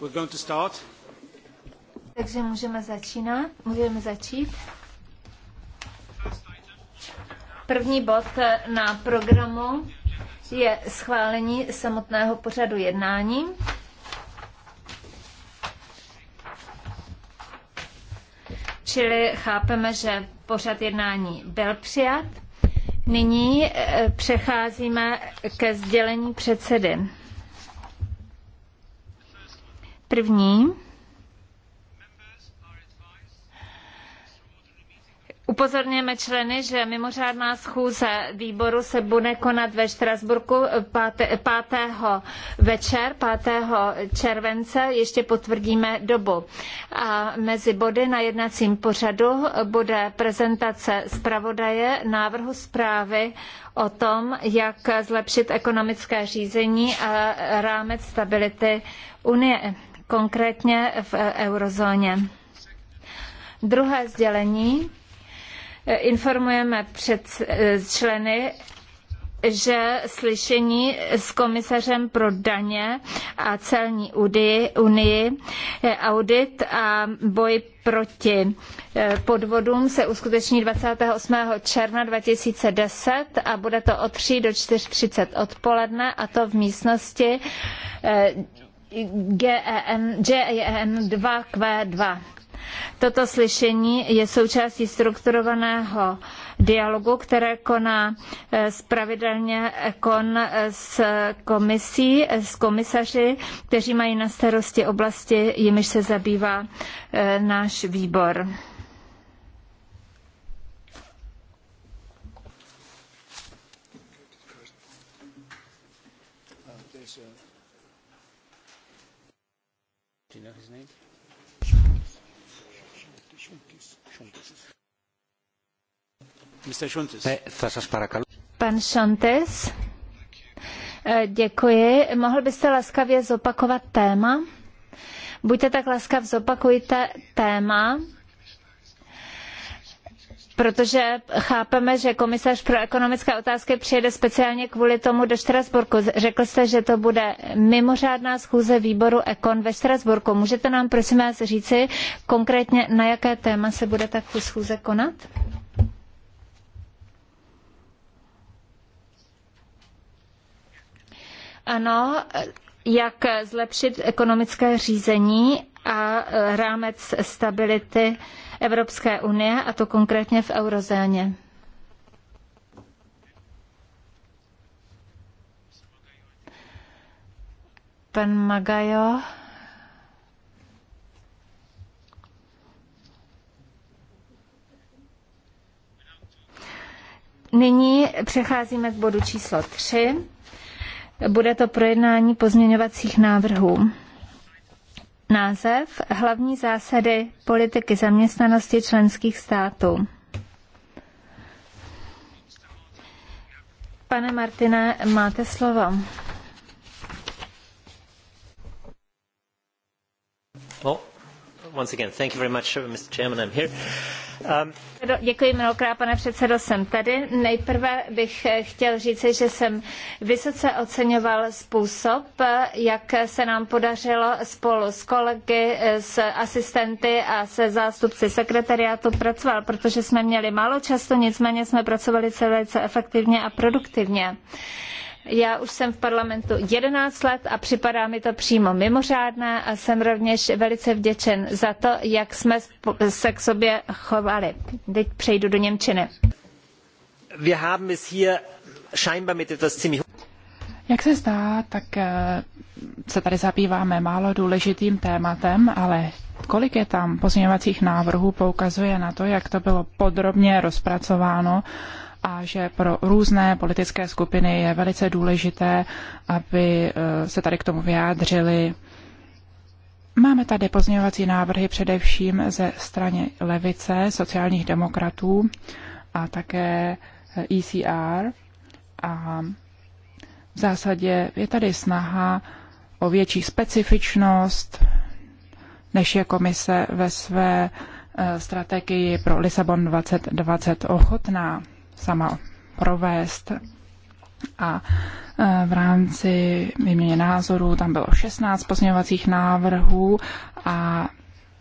We're going to start. Takže můžeme začínat, můžeme začít. První bod na programu je schválení samotného pořadu jednání. Čili chápeme, že pořad jednání byl přijat. Nyní eh, přecházíme ke sdělení předsedy. První. Upozorněme členy, že mimořádná schůze výboru se bude konat ve Štrasburku 5. večer, 5. července, ještě potvrdíme dobu. A mezi body na jednacím pořadu bude prezentace zpravodaje návrhu zprávy o tom, jak zlepšit ekonomické řízení a rámec stability Unie konkrétně v e, eurozóně. Druhé sdělení. Informujeme před e, členy že slyšení s komisařem pro daně a celní unii, e, audit a boj proti podvodům se uskuteční 28. června 2010 a bude to od 3 do 4.30 odpoledne a to v místnosti GEN, GEN 2Q2. Toto slyšení je součástí strukturovaného dialogu, které koná eh, spravidelně kon eh, s komisí, eh, s komisaři, kteří mají na starosti oblasti, jimiž se zabývá náš výbor. Eh, Pan Šontes, eh, děkuji. Mohl byste laskavě zopakovat téma? Buďte tak laskav, zopakujte téma protože chápeme, že komisař pro ekonomické otázky přijede speciálně kvůli tomu do Štrasburku. Řekl jste, že to bude mimořádná schůze výboru Ekon ve Štrasburku. Můžete nám prosím vás říci konkrétně, na jaké téma se bude ta schůze konat? Ano, jak zlepšit ekonomické řízení a rámec stability Evropské unie, a to konkrétně v eurozóně. Pan Magajo. Nyní přecházíme k bodu číslo 3. Bude to projednání pozměňovacích návrhů. Název Hlavní zásady politiky zaměstnanosti členských států. Pane Martine, máte slovo. Well, once again, thank you very much, uh, Mr. Chairman. I'm here. Um... Děkuji mnohokrát, pane předsedo, jsem tady. Nejprve bych eh, chtěl říci, že jsem vysoce oceňoval způsob, eh, jak se nám podařilo spolu s kolegy, eh, s asistenty a se zástupci sekretariátu pracovat, protože jsme měli málo času, nicméně jsme pracovali velice efektivně a produktivně. Já už jsem v parlamentu 11 let a připadá mi to přímo mimořádné a jsem rovněž velice vděčen za to, jak jsme se k sobě chovali. Teď přejdu do Němčiny. Wir haben es hier scheinbar mit etwas ziemlich jak se zdá, tak eh, se tady zabýváme málo důležitým tématem, ale kolik je tam pozměňovacích návrhů, poukazuje na to, jak to bylo podrobně rozpracováno a že pro různé politické skupiny je velice důležité, aby eh, se tady k tomu vyjádřili. Máme tady pozměňovací návrhy především ze strany levice, sociálních demokratů a také ECR. Eh, e a v zásadě je tady snaha o větší specifičnost, než je komise ve své eh, strategii pro Lisabon 2020 ochotná sama provést. A e, v rámci výměny názorů tam bylo 16 pozměňovacích návrhů a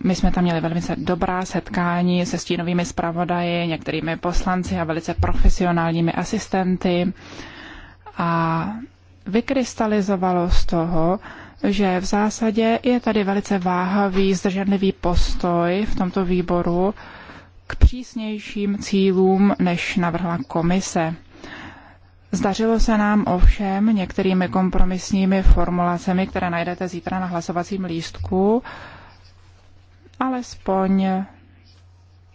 my jsme tam měli velmi dobrá setkání se stínovými zpravodaji, některými poslanci a velice profesionálními asistenty. A vykrystalizovalo z toho, že v zásadě je tady velice váhavý, zdrženlivý postoj v tomto výboru k přísnějším cílům, než navrhla komise. Zdařilo se nám ovšem některými kompromisními formulacemi, které najdete zítra na hlasovacím lístku, alespoň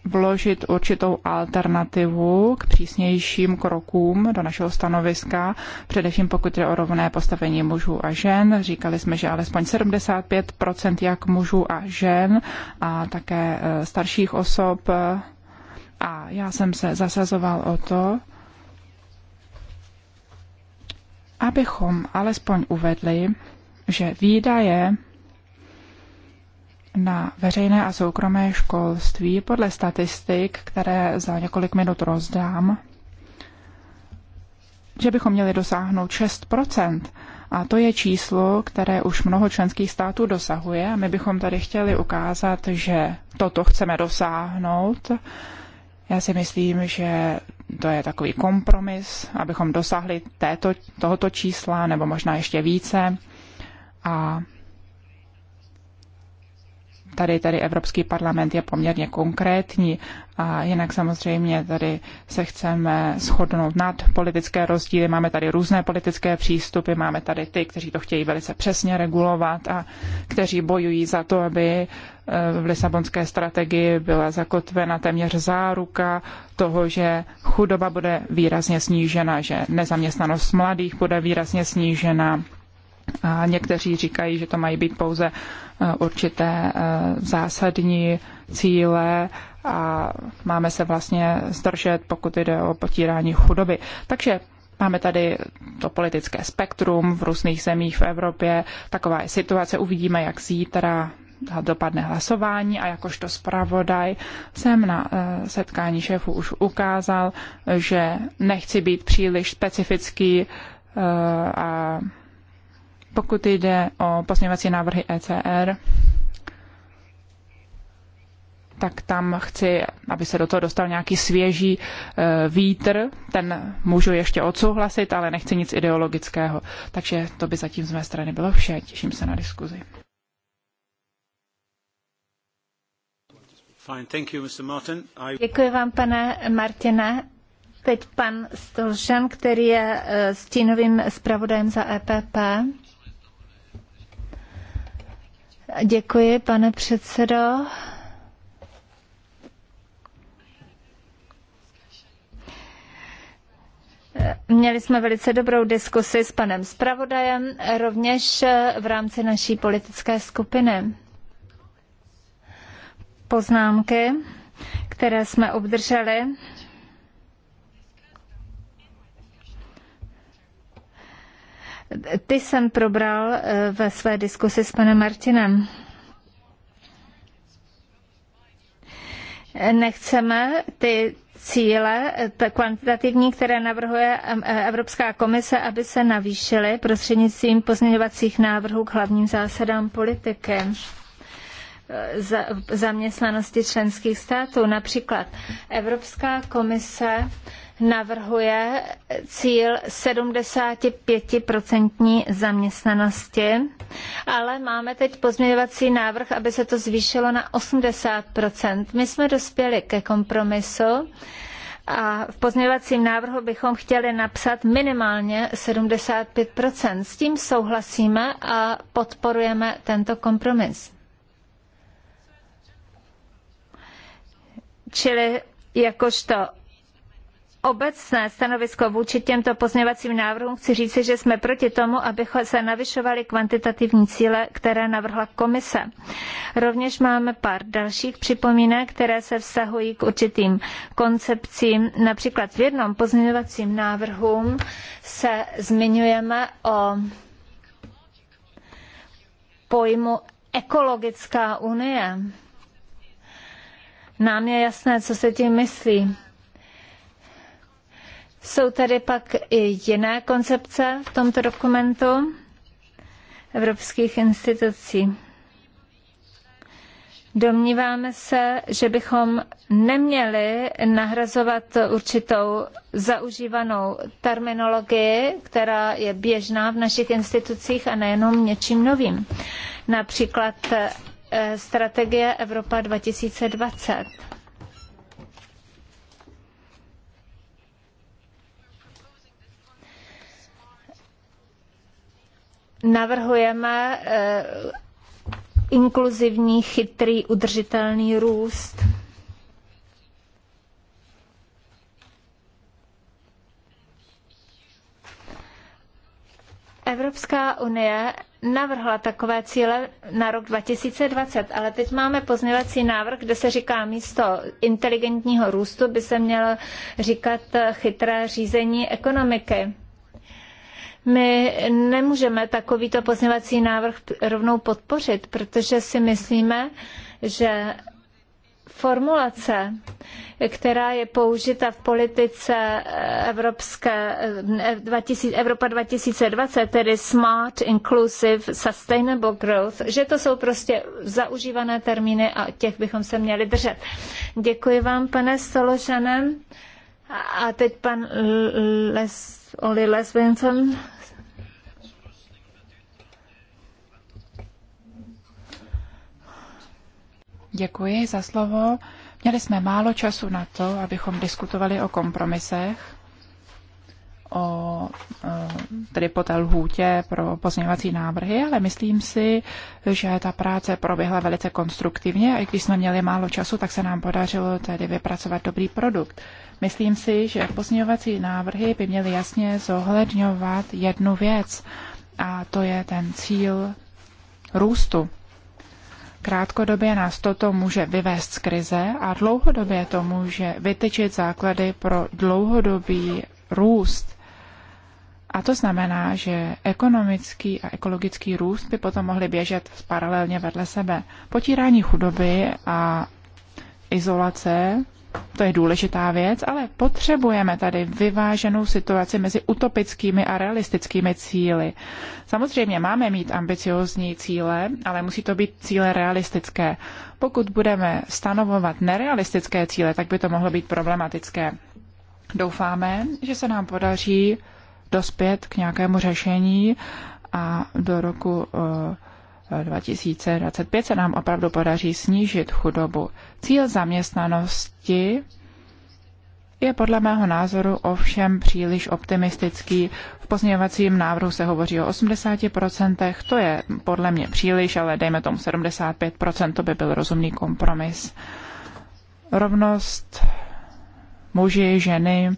vložit určitou alternativu k přísnějším krokům do našeho stanoviska, především pokud je o rovné postavení mužů a žen. Říkali jsme, že alespoň 75 jak mužů a žen a také e, starších osob. A já jsem se zasazoval o to, abychom alespoň uvedli, že výdaje na veřejné a soukromé školství podle statistik, které za několik minut rozdám, že bychom měli dosáhnout 6 a to je číslo, které už mnoho členských států dosahuje a my bychom tady chtěli ukázat, že toto chceme dosáhnout. Já si myslím, že to je takový kompromis, abychom dosáhli této, tohoto čísla nebo možná ještě více. A tady, tady Evropský parlament je poměrně konkrétní a jinak samozřejmě tady se chceme shodnout nad politické rozdíly. Máme tady různé politické přístupy, máme tady ty, kteří to chtějí velice přesně regulovat a kteří bojují za to, aby eh, v Lisabonské strategii byla zakotvena téměř záruka toho, že chudoba bude výrazně snížena, že nezaměstnanost mladých bude výrazně snížena a někteří říkají, že to mají být pouze e, určité e, zásadní cíle a máme se vlastně zdržet, pokud jde o potírání chudoby. Takže Máme tady to politické spektrum v různých zemích v Evropě. Taková je situace. Uvidíme, jak zítra dopadne hlasování a jakožto zpravodaj jsem na e, setkání šéfů už ukázal, že nechci být příliš specifický a pokud jde o pozměňovací návrhy ECR, tak tam chci, aby se do toho dostal nějaký svěží e, vítr. Ten můžu ještě odsouhlasit, ale nechci nic ideologického. Takže to by zatím z mé strany bylo vše. Těším se na diskuzi. Děkuji vám, pane Martine. Teď pan Stolžan, který je e, stínovým zpravodajem za EPP. Děkuji, pane předsedo. Měli jsme velice dobrou diskusi s panem zpravodajem, rovněž v rámci naší politické skupiny. Poznámky, které jsme obdrželi, Ty jsem probral eh, ve své diskusi s panem Martinem. Nechceme ty cíle eh, kvantitativní, které navrhuje eh, Evropská komise, aby se navýšily prostřednictvím pozměňovacích návrhů k hlavním zásadám politiky zaměstnanosti členských států. Například Evropská komise navrhuje cíl 75% zaměstnanosti, ale máme teď pozměňovací návrh, aby se to zvýšilo na 80%. My jsme dospěli ke kompromisu a v pozměňovacím návrhu bychom chtěli napsat minimálně 75%. S tím souhlasíme a podporujeme tento kompromis. Čili jakožto obecné stanovisko vůči těmto pozměňovacím návrhům chci říci, že jsme proti tomu, aby se navyšovaly kvantitativní cíle, které navrhla komise. Rovněž máme pár dalších připomínek, které se vztahují k určitým koncepcím. Například v jednom pozměňovacím návrhu se zmiňujeme o pojmu ekologická unie. Nám je jasné, co se tím myslí. Jsou tady pak i jiné koncepce v tomto dokumentu evropských institucí. Domníváme se, že bychom neměli nahrazovat určitou zaužívanou terminologii, která je běžná v našich institucích a nejenom něčím novým. Například eh, strategie Evropa 2020 navrhujeme eh, inkluzivní, chytrý, udržitelný růst. Evropská unie navrhla takové cíle na rok 2020, ale teď máme pozměvací návrh, kde se říká místo inteligentního růstu by se mělo říkat chytré řízení ekonomiky. My nemůžeme takovýto pozměvací návrh rovnou podpořit, protože si myslíme, že formulace, která je použita v politice eh, Evropské, 2000, eh, Evropa 2020, tedy Smart, Inclusive, Sustainable Growth, že to jsou prostě zaužívané termíny a těch bychom se měli držet. Děkuji vám, pane Stološanem. A teď pan Les Děkuji za slovo. Měli jsme málo času na to, abychom diskutovali o kompromisech o eh, tedy po té lhůtě pro pozměňovací návrhy, ale myslím si, že ta práce proběhla velice konstruktivně a i když jsme měli málo času, tak se nám podařilo tedy vypracovat dobrý produkt. Myslím si, že pozměňovací návrhy by měly jasně zohledňovat jednu věc a to je ten cíl růstu. Krátkodobě nás toto může vyvést z krize a dlouhodobě to může vytyčit základy pro dlouhodobý růst. A to znamená, že ekonomický a ekologický růst by potom mohly běžet paralelně vedle sebe. Potírání chudoby a izolace, to je důležitá věc, ale potřebujeme tady vyváženou situaci mezi utopickými a realistickými cíly. Samozřejmě máme mít ambiciozní cíle, ale musí to být cíle realistické. Pokud budeme stanovovat nerealistické cíle, tak by to mohlo být problematické. Doufáme, že se nám podaří dospět k nějakému řešení a do roku 2025 eh, se nám opravdu podaří snížit chudobu. Cíl zaměstnanosti je podle mého názoru ovšem příliš optimistický. V pozměňovacím návrhu se hovoří o 80%, to je podle mě příliš, ale dejme tomu 75%, to by byl rozumný kompromis. Rovnost muži, ženy,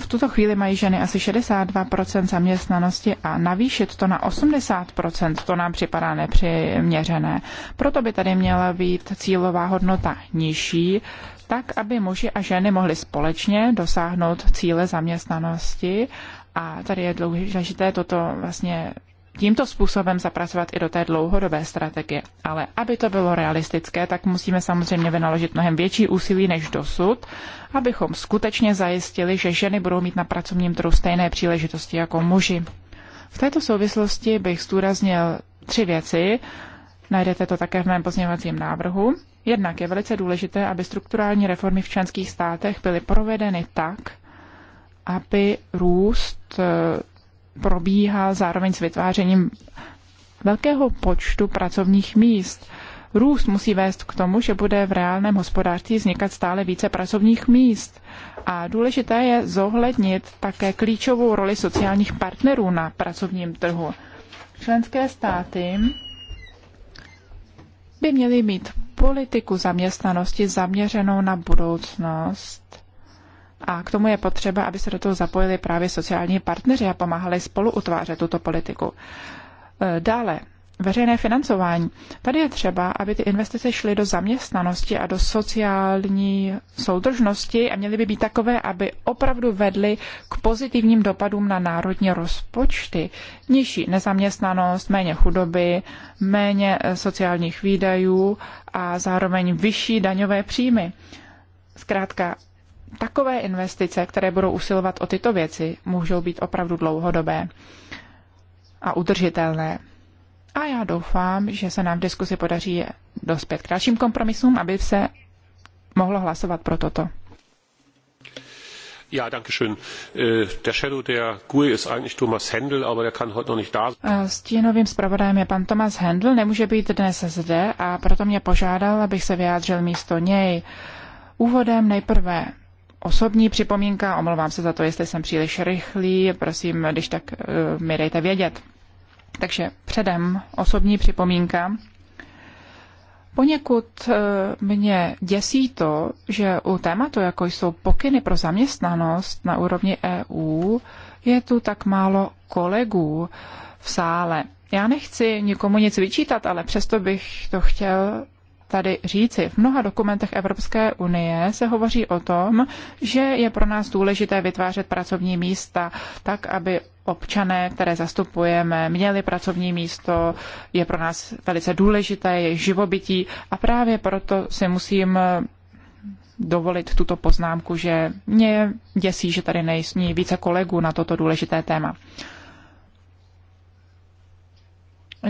v tuto chvíli mají ženy asi 62% zaměstnanosti a navýšit to na 80%, to nám připadá nepřiměřené. Proto by tady měla být cílová hodnota nižší, tak, aby muži a ženy mohli společně dosáhnout cíle zaměstnanosti a tady je důležité toto vlastně tímto způsobem zapracovat i do té dlouhodobé strategie. Ale aby to bylo realistické, tak musíme samozřejmě vynaložit mnohem větší úsilí než dosud, abychom skutečně zajistili, že ženy budou mít na pracovním trhu stejné příležitosti jako muži. V této souvislosti bych zdůraznil tři věci. Najdete to také v mém pozměňovacím návrhu. Jednak je velice důležité, aby strukturální reformy v členských státech byly provedeny tak, aby růst eh, probíhá zároveň s vytvářením velkého počtu pracovních míst. Růst musí vést k tomu, že bude v reálném hospodářství vznikat stále více pracovních míst. A důležité je zohlednit také klíčovou roli sociálních partnerů na pracovním trhu. Členské státy by měly mít politiku zaměstnanosti zaměřenou na budoucnost a k tomu je potřeba, aby se do toho zapojili právě sociální partneři a pomáhali spolu utvářet tuto politiku. E, dále, veřejné financování. Tady je třeba, aby ty investice šly do zaměstnanosti a do sociální soudržnosti a měly by být takové, aby opravdu vedly k pozitivním dopadům na národní rozpočty. Nižší nezaměstnanost, méně chudoby, méně e, sociálních výdajů a zároveň vyšší daňové příjmy. Zkrátka, takové investice, které budou usilovat o tyto věci, můžou být opravdu dlouhodobé a udržitelné. A já doufám, že se nám v diskusi podaří dospět k dalším kompromisům, aby se mohlo hlasovat pro toto. Ja, danke schön. Äh, der Shadow der GUE ist eigentlich Thomas Händel, aber der kann heute noch nicht da sein. Äh, stínovým zpravodajem je pan Thomas Händel, nemůže být dnes zde a proto mě požádal, abych se vyjádřil místo něj. Úvodem nejprve osobní připomínka, omlouvám se za to, jestli jsem příliš rychlý, prosím, když tak eh, mi dejte vědět. Takže předem osobní připomínka. Poněkud eh, mě děsí to, že u tématu, jako jsou pokyny pro zaměstnanost na úrovni EU, je tu tak málo kolegů v sále. Já nechci nikomu nic vyčítat, ale přesto bych to chtěl tady říci. V mnoha dokumentech Evropské unie se hovoří o tom, že je pro nás důležité vytvářet pracovní místa tak, aby občané, které zastupujeme, měli pracovní místo, je pro nás velice důležité je živobytí a právě proto si musím eh, dovolit tuto poznámku, že mě děsí, že tady nejsní více kolegů na toto důležité téma.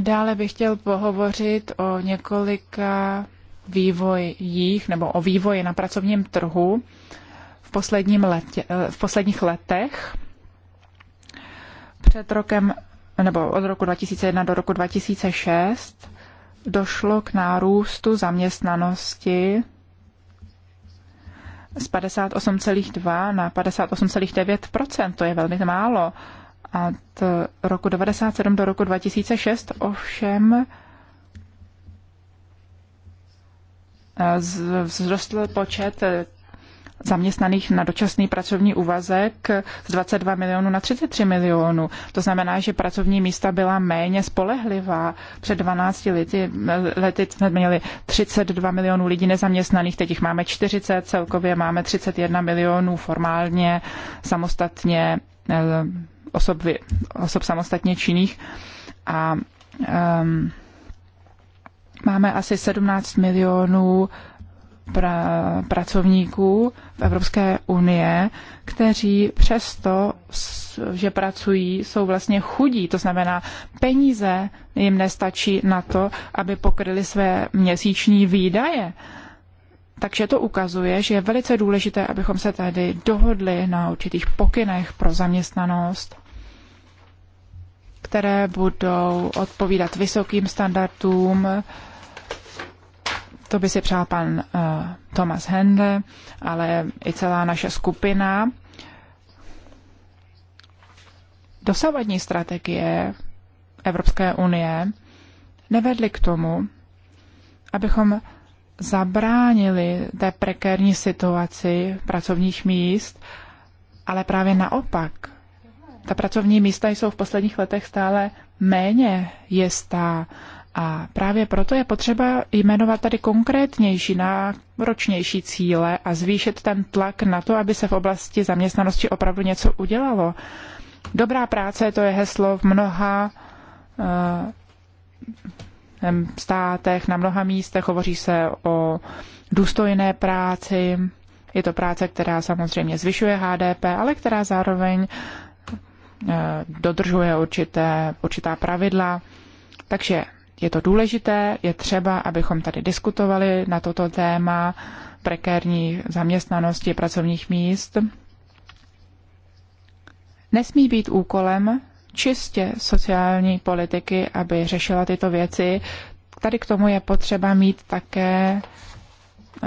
Dále bych chtěl pohovořit o několika vývojích nebo o vývoji na pracovním trhu v, posledním letě, eh, v posledních letech. Před rokem nebo od roku 2001 do roku 2006 došlo k nárůstu zaměstnanosti z 58,2 na 58,9 To je velmi málo od roku 97 do roku 2006, ovšem eh, vzrostl počet eh, zaměstnaných na dočasný pracovní úvazek z 22 milionů na 33 milionů. To znamená, že pracovní místa byla méně spolehlivá. Před 12 lety, eh, lety jsme měli 32 milionů lidí nezaměstnaných, teď jich máme 40, celkově máme 31 milionů formálně, samostatně osob, osob samostatně činných a um, máme asi 17 milionů pra, pracovníků v Evropské unie, kteří přesto, že pracují, jsou vlastně chudí. To znamená, peníze jim nestačí na to, aby pokryli své měsíční výdaje. Uh, takže to ukazuje, že je velice důležité, abychom se tady dohodli na určitých pokynech pro zaměstnanost, které budou odpovídat vysokým standardům. To by si přál pan uh, Thomas Hendle, ale i celá naše skupina. Dosavadní strategie Evropské unie nevedly k tomu, abychom zabránili té prekérní situaci pracovních míst, ale právě naopak. Ta pracovní místa jsou v posledních letech stále méně jistá a právě proto je potřeba jmenovat tady konkrétnější, náročnější cíle a zvýšit ten tlak na to, aby se v oblasti zaměstnanosti opravdu něco udělalo. Dobrá práce, to je heslo v mnoha uh, státech, na mnoha místech. Hovoří se o důstojné práci. Je to práce, která samozřejmě zvyšuje HDP, ale která zároveň eh, dodržuje určité, určitá pravidla. Takže je to důležité, je třeba, abychom tady diskutovali na toto téma prekérní zaměstnanosti pracovních míst. Nesmí být úkolem čistě sociální politiky, aby řešila tyto věci. Tady k tomu je potřeba mít také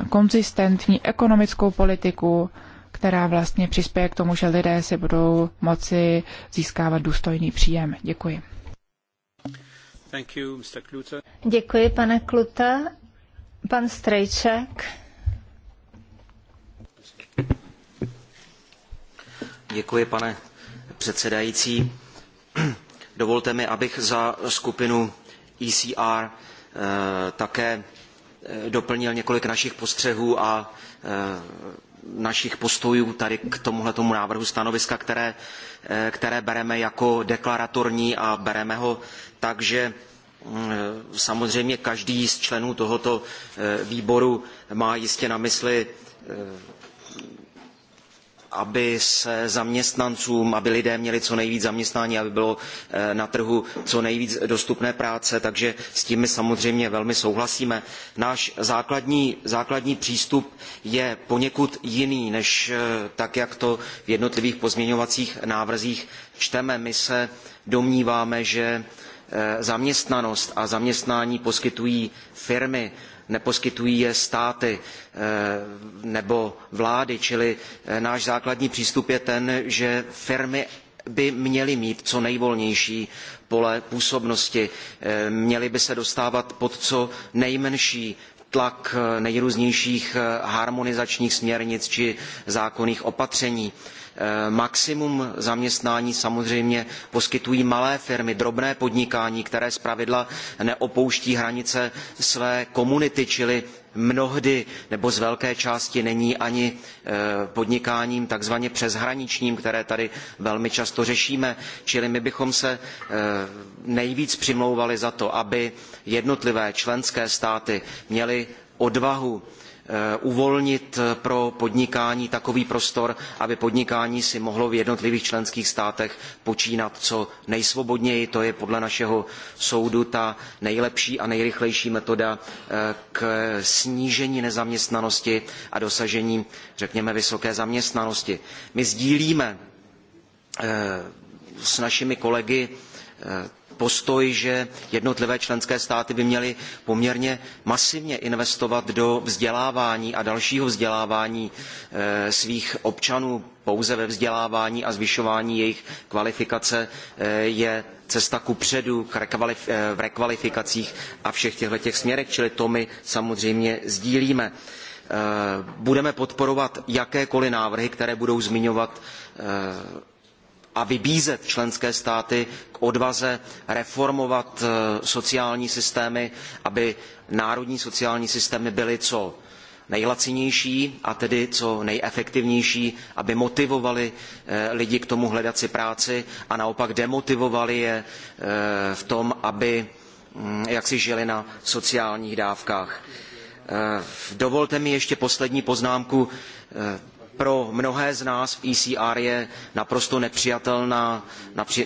konzistentní ekonomickou politiku, která vlastně přispěje k tomu, že lidé si budou moci získávat důstojný příjem. Děkuji. You, Děkuji, pane Kluta. Pan Strejček. Děkuji, pane předsedající Dovolte mi, abych za skupinu ECR eh, také eh, doplnil několik našich postřehů a eh, našich postojů tady k tomuto návrhu stanoviska, které, které bereme jako deklaratorní a bereme ho tak, že samozřejmě každý z členů tohoto výboru má jistě na mysli aby se zaměstnancům, aby lidé měli co nejvíc zaměstnání, aby bylo eh, na trhu co nejvíc dostupné práce, takže s tím my samozřejmě velmi souhlasíme. Náš základní, základní přístup je poněkud jiný, než eh, tak, jak to v jednotlivých pozměňovacích návrzích čteme. My se domníváme, že eh, zaměstnanost a zaměstnání poskytují firmy neposkytují je státy eh, nebo vlády, čili eh, náš základní přístup je ten, že firmy by měly mít co nejvolnější pole působnosti, eh, měly by se dostávat pod co nejmenší tlak nejrůznějších harmonizačních směrnic či zákonných opatření. Eh, maximum zaměstnání samozřejmě poskytují malé firmy, drobné podnikání, které zpravidla neopouští hranice své komunity, čili mnohdy nebo z velké části není ani eh, podnikáním takzvaně přeshraničním, které tady velmi často řešíme. Čili my bychom se eh, nejvíc přimlouvali za to, aby jednotlivé členské státy měly odvahu Eh, uvolnit eh, pro podnikání takový prostor, aby podnikání si mohlo v jednotlivých členských státech počínat co nejsvobodněji. To je podle našeho soudu ta nejlepší a nejrychlejší metoda eh, k snížení nezaměstnanosti a dosažení, řekněme, vysoké zaměstnanosti. My sdílíme s našimi kolegy postoj, že jednotlivé členské státy by měly poměrně masivně investovat do vzdělávání a dalšího vzdělávání eh, svých občanů. Pouze ve vzdělávání a zvyšování jejich kvalifikace eh, je cesta kupředu eh, v rekvalifikacích a všech těchto směrech, čili to my samozřejmě sdílíme budeme podporovat jakékoliv návrhy, které budou zmiňovat a vybízet členské státy k odvaze reformovat eh, sociální systémy, aby národní sociální systémy byly co nejlacinější a tedy co nejefektivnější, aby motivovali eh, lidi k tomu hledat si práci a naopak demotivovali je eh, v tom, aby mm, jak si žili na sociálních dávkách. Dovolte mi ještě poslední poznámku pro mnohé z nás v ECR je naprosto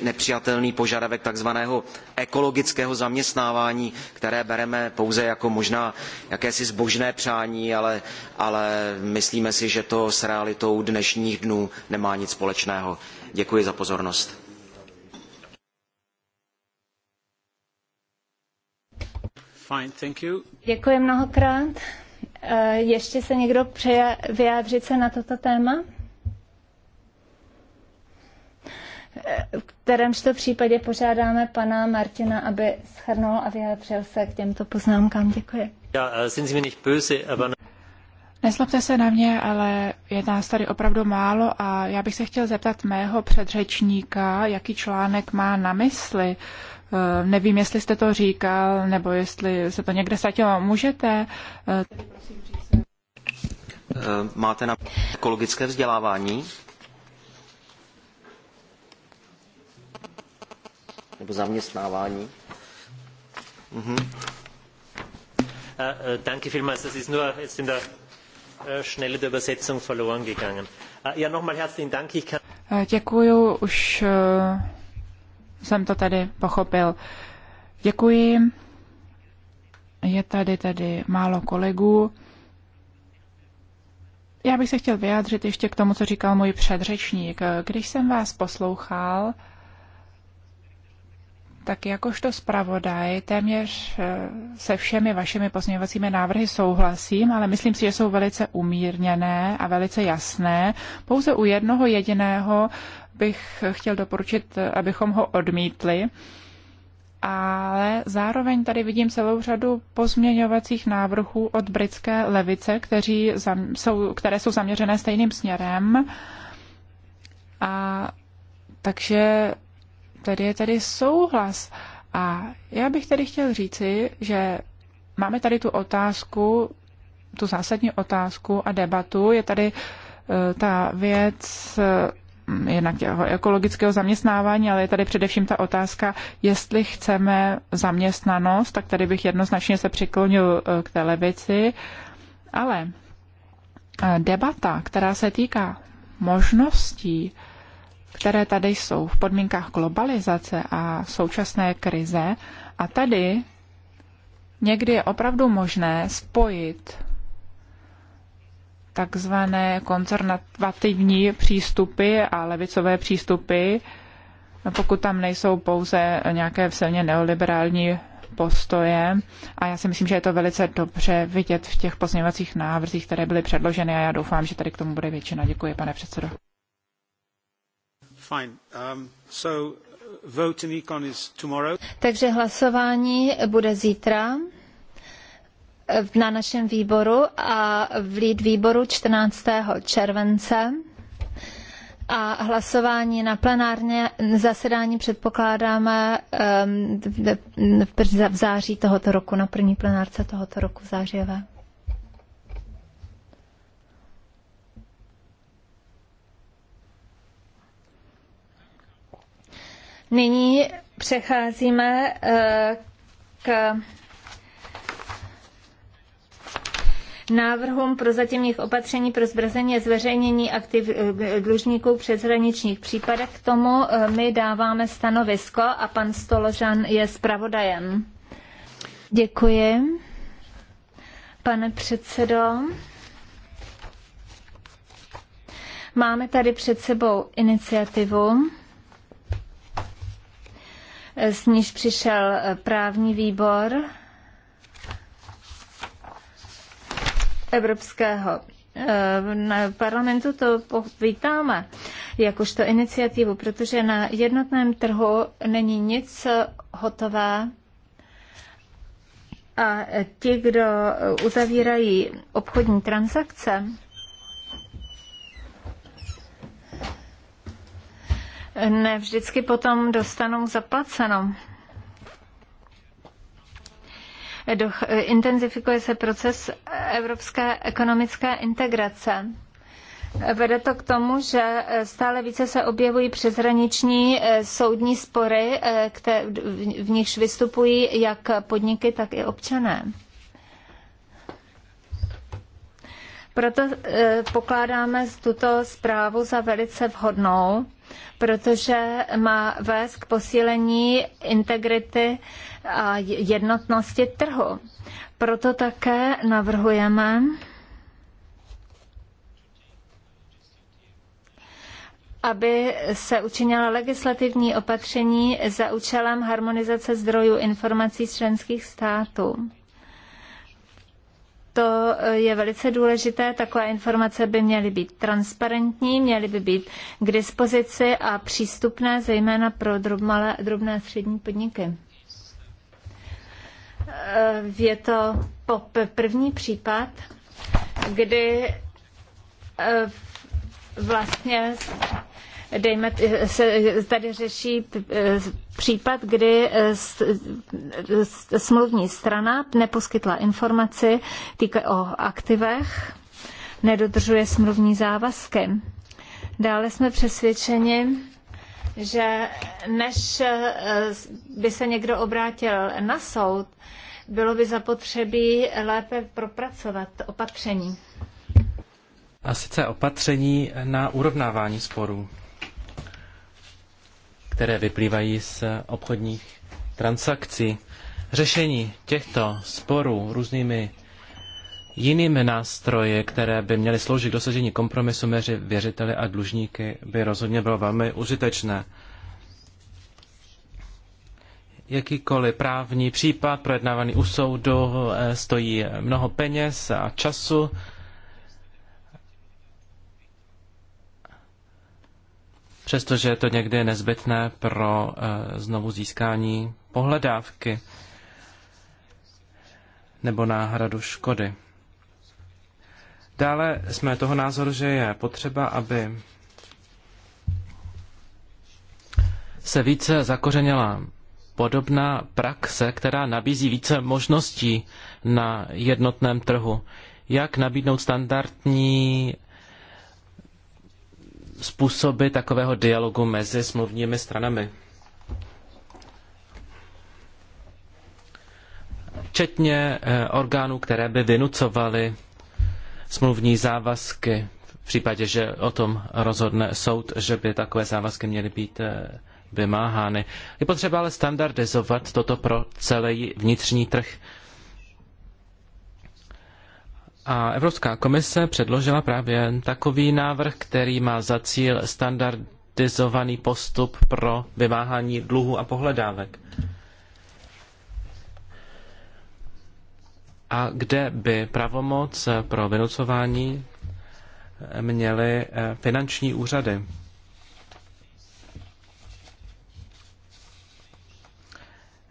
nepřijatelný požadavek takzvaného ekologického zaměstnávání, které bereme pouze jako možná jakési zbožné přání, ale, ale myslíme si, že to s realitou dnešních dnů nemá nic společného. Děkuji za pozornost. Fine, Děkuji mnohokrát. Eh, ještě se někdo přeje vyjádřit se na toto téma? Eh, v kterémž to případě požádáme pana Martina, aby schrnul a vyjádřil se k těmto poznámkám. Děkuji. Ja, eh, böse, aber... Neslobte se na mě, ale je nás tady opravdu málo a já bych se chtěl zeptat mého předřečníka, jaký článek má na mysli, Eh, nevím, jestli jste to říkal, nebo jestli se to někde ztratilo. Můžete? Eh, máte na ekologické vzdělávání? Nebo zaměstnávání? Mhm. Eh, danke vielmals. Das ist nur jetzt in der Schnelle der Übersetzung verloren gegangen. Ah, ja, nochmal herzlichen Dank. Ich kann Děkuju, už jsem to tady pochopil. Děkuji. Je tady tedy málo kolegů. Já bych se chtěl vyjádřit ještě k tomu, co říkal můj předřečník. Když jsem vás poslouchal, tak jakožto zpravodaj téměř eh, se všemi vašimi pozměňovacími návrhy souhlasím, ale myslím si, že jsou velice umírněné a velice jasné. Pouze u jednoho jediného bych chtěl doporučit, eh, abychom ho odmítli ale zároveň tady vidím celou řadu pozměňovacích návrhů od britské levice, kteří zam, jsou, které jsou zaměřené stejným směrem. A takže Tady je tady souhlas. A já bych tady chtěl říci, že máme tady tu otázku, tu zásadní otázku a debatu. Je tady eh, ta věc eh, jednak ekologického zaměstnávání, ale je tady především ta otázka, jestli chceme zaměstnanost, tak tady bych jednoznačně se přiklonil eh, k té levici. Ale debata, která se týká možností které tady jsou v podmínkách globalizace a současné krize. A tady někdy je opravdu možné spojit takzvané konzervativní přístupy a levicové přístupy, pokud tam nejsou pouze nějaké silně neoliberální postoje. A já si myslím, že je to velice dobře vidět v těch pozměňovacích návrzích, které byly předloženy a já doufám, že tady k tomu bude většina. Děkuji, pane předsedo. Um, Takže hlasování bude zítra eh, na našem výboru a v lead výboru 14. července a hlasování na plenárně zasedání předpokládáme ehm, v září tohoto roku, na první plenárce tohoto roku v zářijové. Nyní přecházíme eh, k návrhům prozatímních opatření pro zbrzení a zveřejnění aktiv eh, dlužníků v přeshraničních případech. K tomu eh, my dáváme stanovisko a pan Stoložan je zpravodajem. Děkuji. Pane předsedo, máme tady před sebou iniciativu, s níž přišel eh, právní výbor Evropského eh, na parlamentu to vítáme jakožto iniciativu, protože na jednotném trhu není nic hotové a ti, kdo uzavírají obchodní transakce, ne vždycky potom dostanou zaplaceno. Doch, eh, intenzifikuje se proces evropské ekonomické integrace. Vede to k tomu, že eh, stále více se objevují přeshraniční eh, soudní spory, v nichž vystupují jak podniky, tak i občané. Proto eh, pokládáme tuto zprávu za velice vhodnou, protože má vést k posílení integrity a jednotnosti trhu. Proto také navrhujeme, aby se učinila legislativní opatření za účelem harmonizace zdrojů informací z členských států to eh, je velice důležité. Takové informace by měly být transparentní, měly by být k dispozici a přístupné zejména pro drobmalé, drobné a střední podniky. Eh, je to první případ, kdy eh, vlastně dejme, eh, se eh, tady řeší eh, případ, kdy smluvní strana neposkytla informaci týka o aktivech, nedodržuje smluvní závazky. Dále jsme přesvědčeni, že než by se někdo obrátil na soud, bylo by zapotřebí lépe propracovat opatření. A sice opatření na urovnávání sporů které vyplývají z obchodních transakcí. Řešení těchto sporů různými jinými nástroji, které by měly sloužit k dosažení kompromisu mezi věřiteli a dlužníky, by rozhodně bylo velmi užitečné. Jakýkoliv právní případ projednávaný u soudu eh, stojí mnoho peněz a času přestože je to někdy je nezbytné pro eh, znovu získání pohledávky nebo náhradu škody. Dále jsme toho názoru, že je potřeba, aby se více zakořenila podobná praxe, která nabízí více možností na jednotném trhu. Jak nabídnout standardní způsoby takového dialogu mezi smluvními stranami. Včetně eh, orgánů, které by vynucovaly smluvní závazky v případě, že o tom rozhodne soud, že by takové závazky měly být eh, vymáhány. Je potřeba ale standardizovat toto pro celý vnitřní trh. A Evropská komise předložila právě takový návrh, který má za cíl standardizovaný postup pro vymáhání dluhu a pohledávek. A kde by pravomoc pro vynucování měly eh, finanční úřady.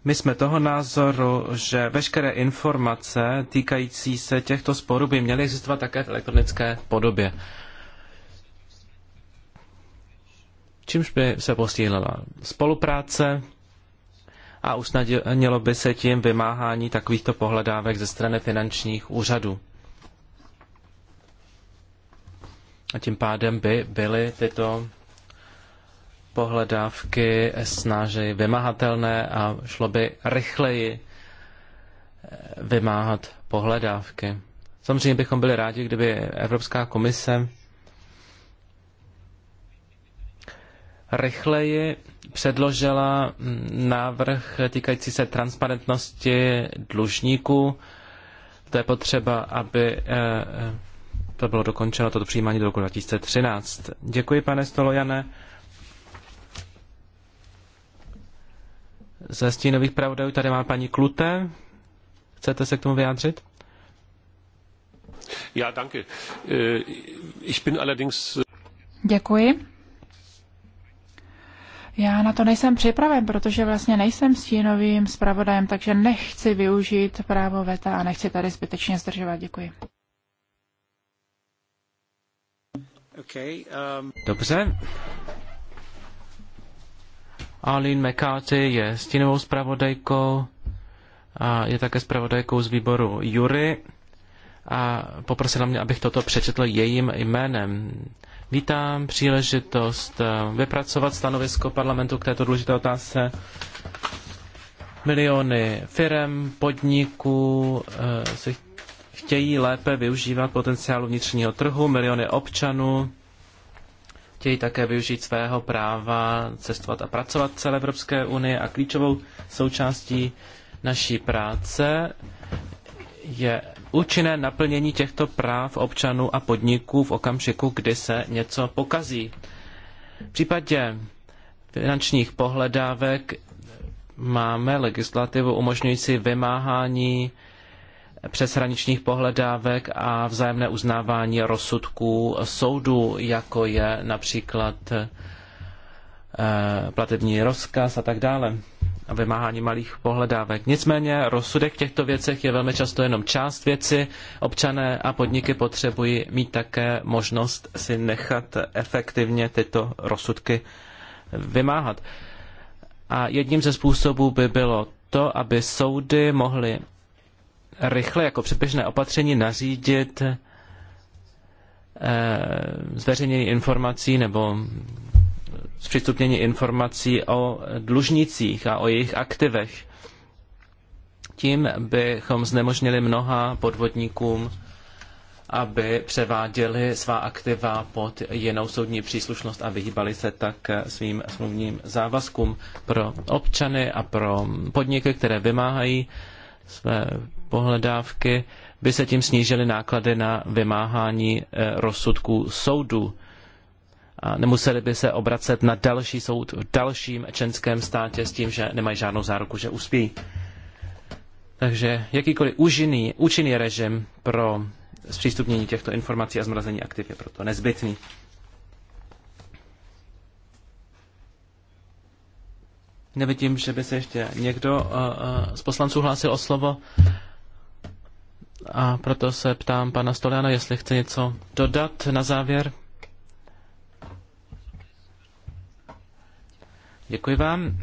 My jsme toho názoru, že veškeré informace týkající se těchto sporů by měly existovat také v elektronické podobě. Čímž by se posílila spolupráce a usnadnilo by se tím vymáhání takovýchto pohledávek ze strany finančních úřadů. A tím pádem by byly tyto pohledávky snážej vymahatelné a šlo by rychleji eh, vymáhat pohledávky. Samozřejmě bychom byli rádi, kdyby Evropská komise rychleji předložila mm, návrh týkající se transparentnosti dlužníků. To je potřeba, aby eh, eh, to bylo dokončeno, toto přijímání do roku 2013. Děkuji, pane Stolojane. Ze stínových pravodajů tady má paní Klute. Chcete se k tomu vyjádřit? Ja, danke. E, ich bin allerdings... Děkuji. Já na to nejsem připraven, protože vlastně nejsem stínovým zpravodajem, takže nechci využít právo VETA a nechci tady zbytečně zdržovat. Děkuji. Okay, um... Dobře, Arlene McCarthy je stínovou zpravodajkou a je také zpravodajkou z výboru Jury a poprosila mě, abych toto přečetl jejím jménem. Vítám příležitost eh, vypracovat stanovisko parlamentu k této důležité otázce. Miliony firm, podniků eh, se chtějí lépe využívat potenciálu vnitřního trhu, miliony občanů chtějí také využít svého práva cestovat a pracovat v celé Evropské unii a klíčovou součástí naší práce je účinné naplnění těchto práv občanů a podniků v okamžiku, kdy se něco pokazí. V případě finančních pohledávek máme legislativu umožňující vymáhání přeshraničních pohledávek a vzájemné uznávání rozsudků soudu, jako je například eh, platební rozkaz a tak dále a vymáhání malých pohledávek. Nicméně rozsudek v těchto věcech je velmi často jenom část věci. Občané a podniky potřebují mít také možnost si nechat efektivně tyto rozsudky vymáhat. A jedním ze způsobů by bylo to, aby soudy mohly rychle jako předběžné opatření nařídit eh, zveřejnění informací nebo zpřístupnění informací o dlužnicích a o jejich aktivech. Tím bychom znemožnili mnoha podvodníkům, aby převáděli svá aktiva pod jinou soudní příslušnost a vyhýbali se tak svým smluvním závazkům pro občany a pro podniky, které vymáhají své pohledávky, by se tím snížily náklady na vymáhání eh, rozsudků soudů. A nemuseli by se obracet na další soud v dalším členském státě s tím, že nemají žádnou záruku, že uspějí. Takže jakýkoliv úžinný, účinný režim pro zpřístupnění těchto informací a zmrazení aktiv je proto nezbytný. Nevidím, že by se ještě někdo eh, eh, z poslanců hlásil o slovo. A proto se ptám pana Stoliana, jestli chce něco dodat na závěr. Děkuji vám.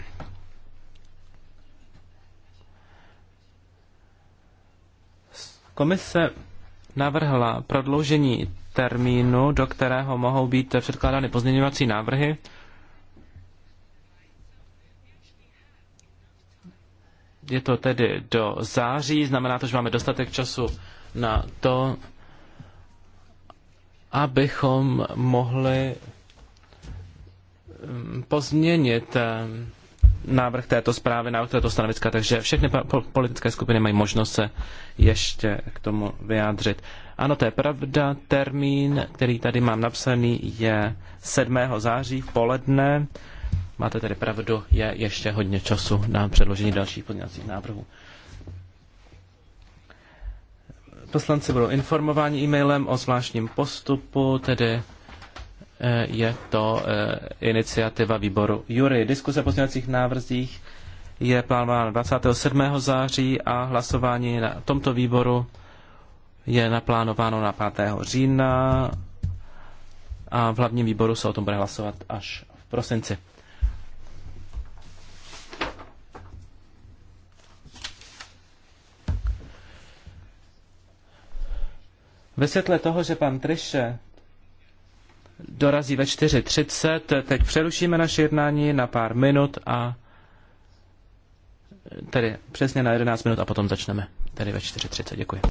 Komise navrhla prodloužení termínu, do kterého mohou být předkládány pozměňovací návrhy. Je to tedy do září, znamená to, že máme dostatek času na to, abychom mohli mm, pozměnit eh, návrh této zprávy, návrh této stanoviska, takže všechny politické skupiny mají možnost se ještě k tomu vyjádřit. Ano, to je pravda, termín, který tady mám napsaný, je 7. září v poledne. Máte tedy pravdu, je ještě hodně času na předložení dalších podněcích návrhů. Poslanci budou informováni e-mailem o zvláštním postupu, tedy eh, je to eh, iniciativa výboru Jury. Diskuse o pozměňovacích návrzích je plánována 27. září a hlasování na tomto výboru je naplánováno na 5. října a v hlavním výboru se o tom bude hlasovat až v prosinci. Ve světle toho, že pan Triše dorazí ve 4.30, teď přerušíme naše jednání na pár minut a tedy přesně na 11 minut a potom začneme. Tedy ve 4.30. Děkuji.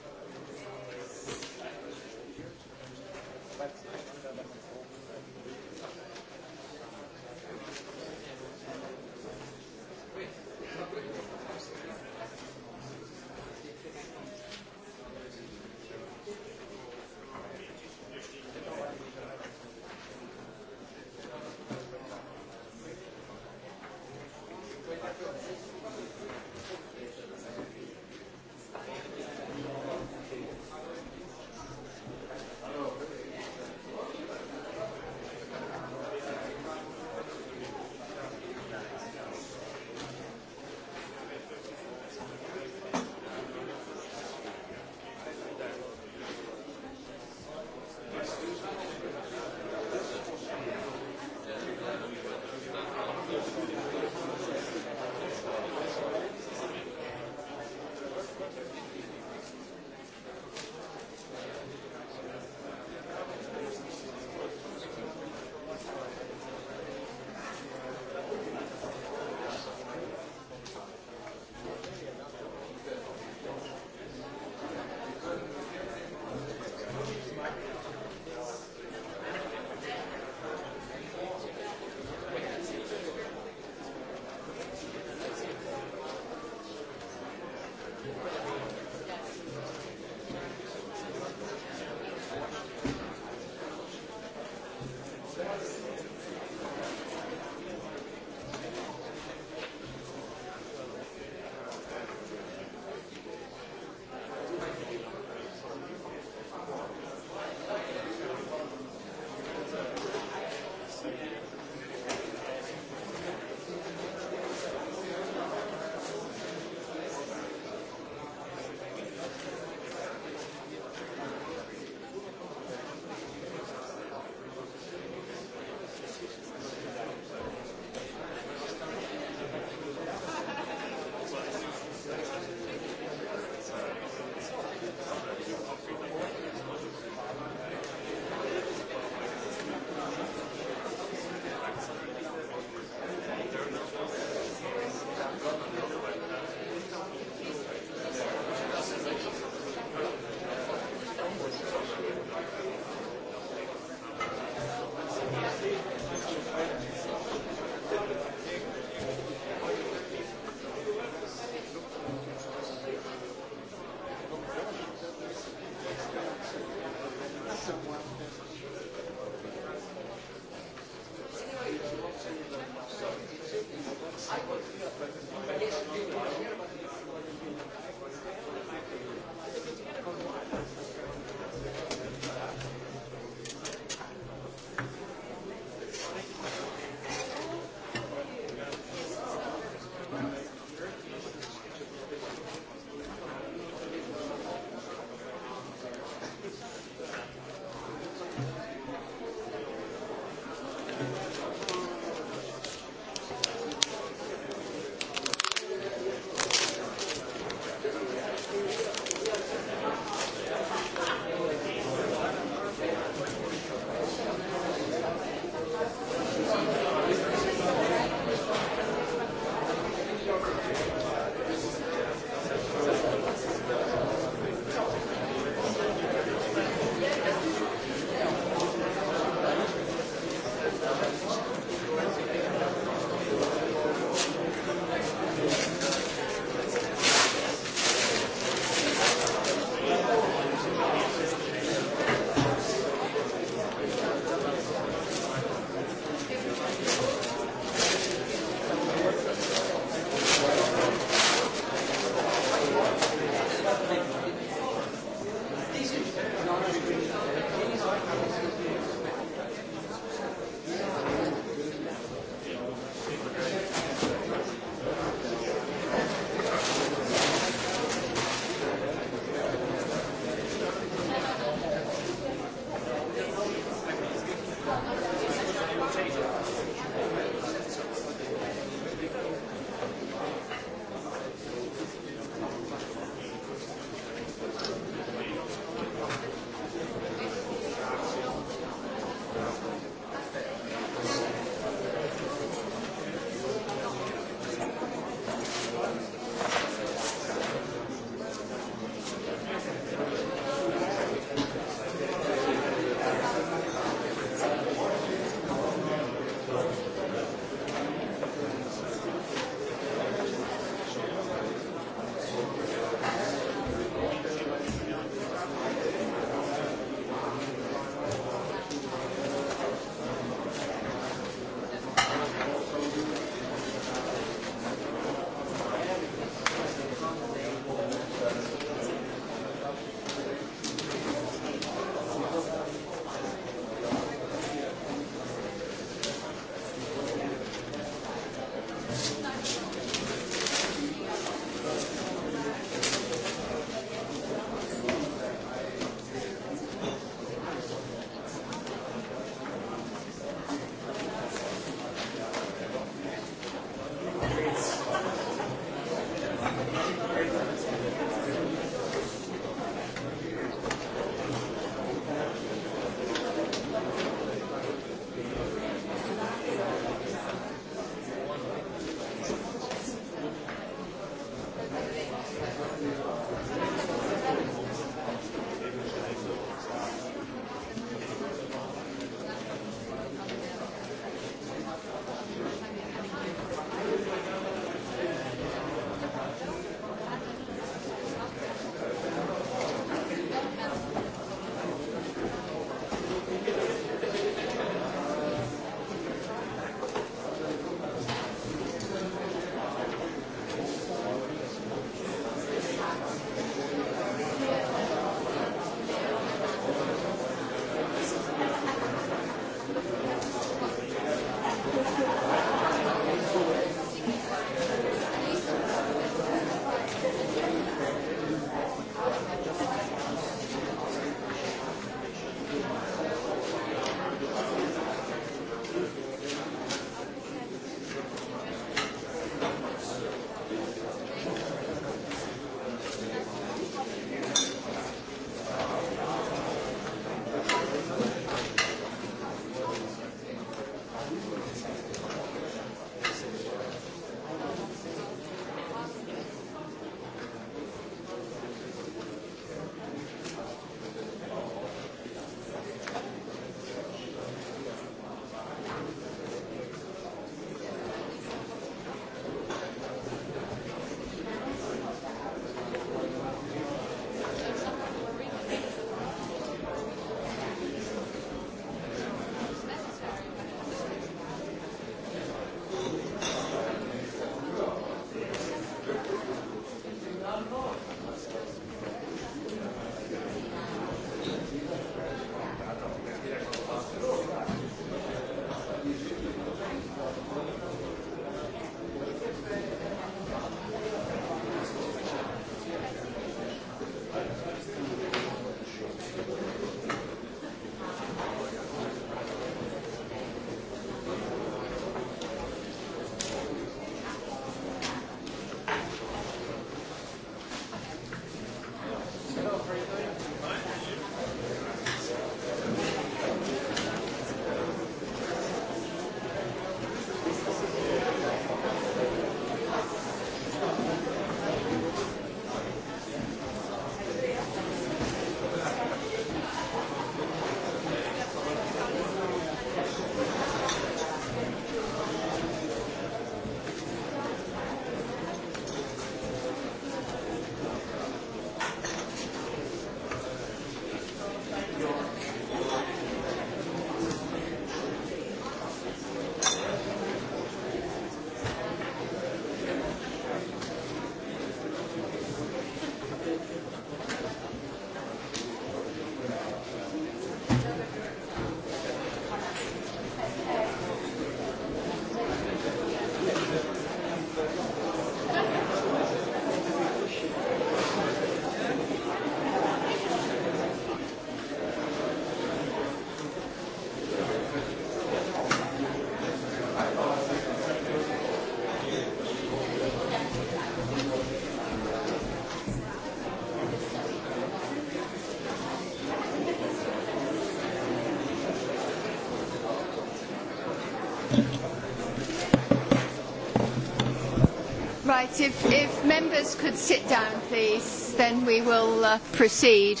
Right, if, if members could sit down, please, then we will uh, proceed.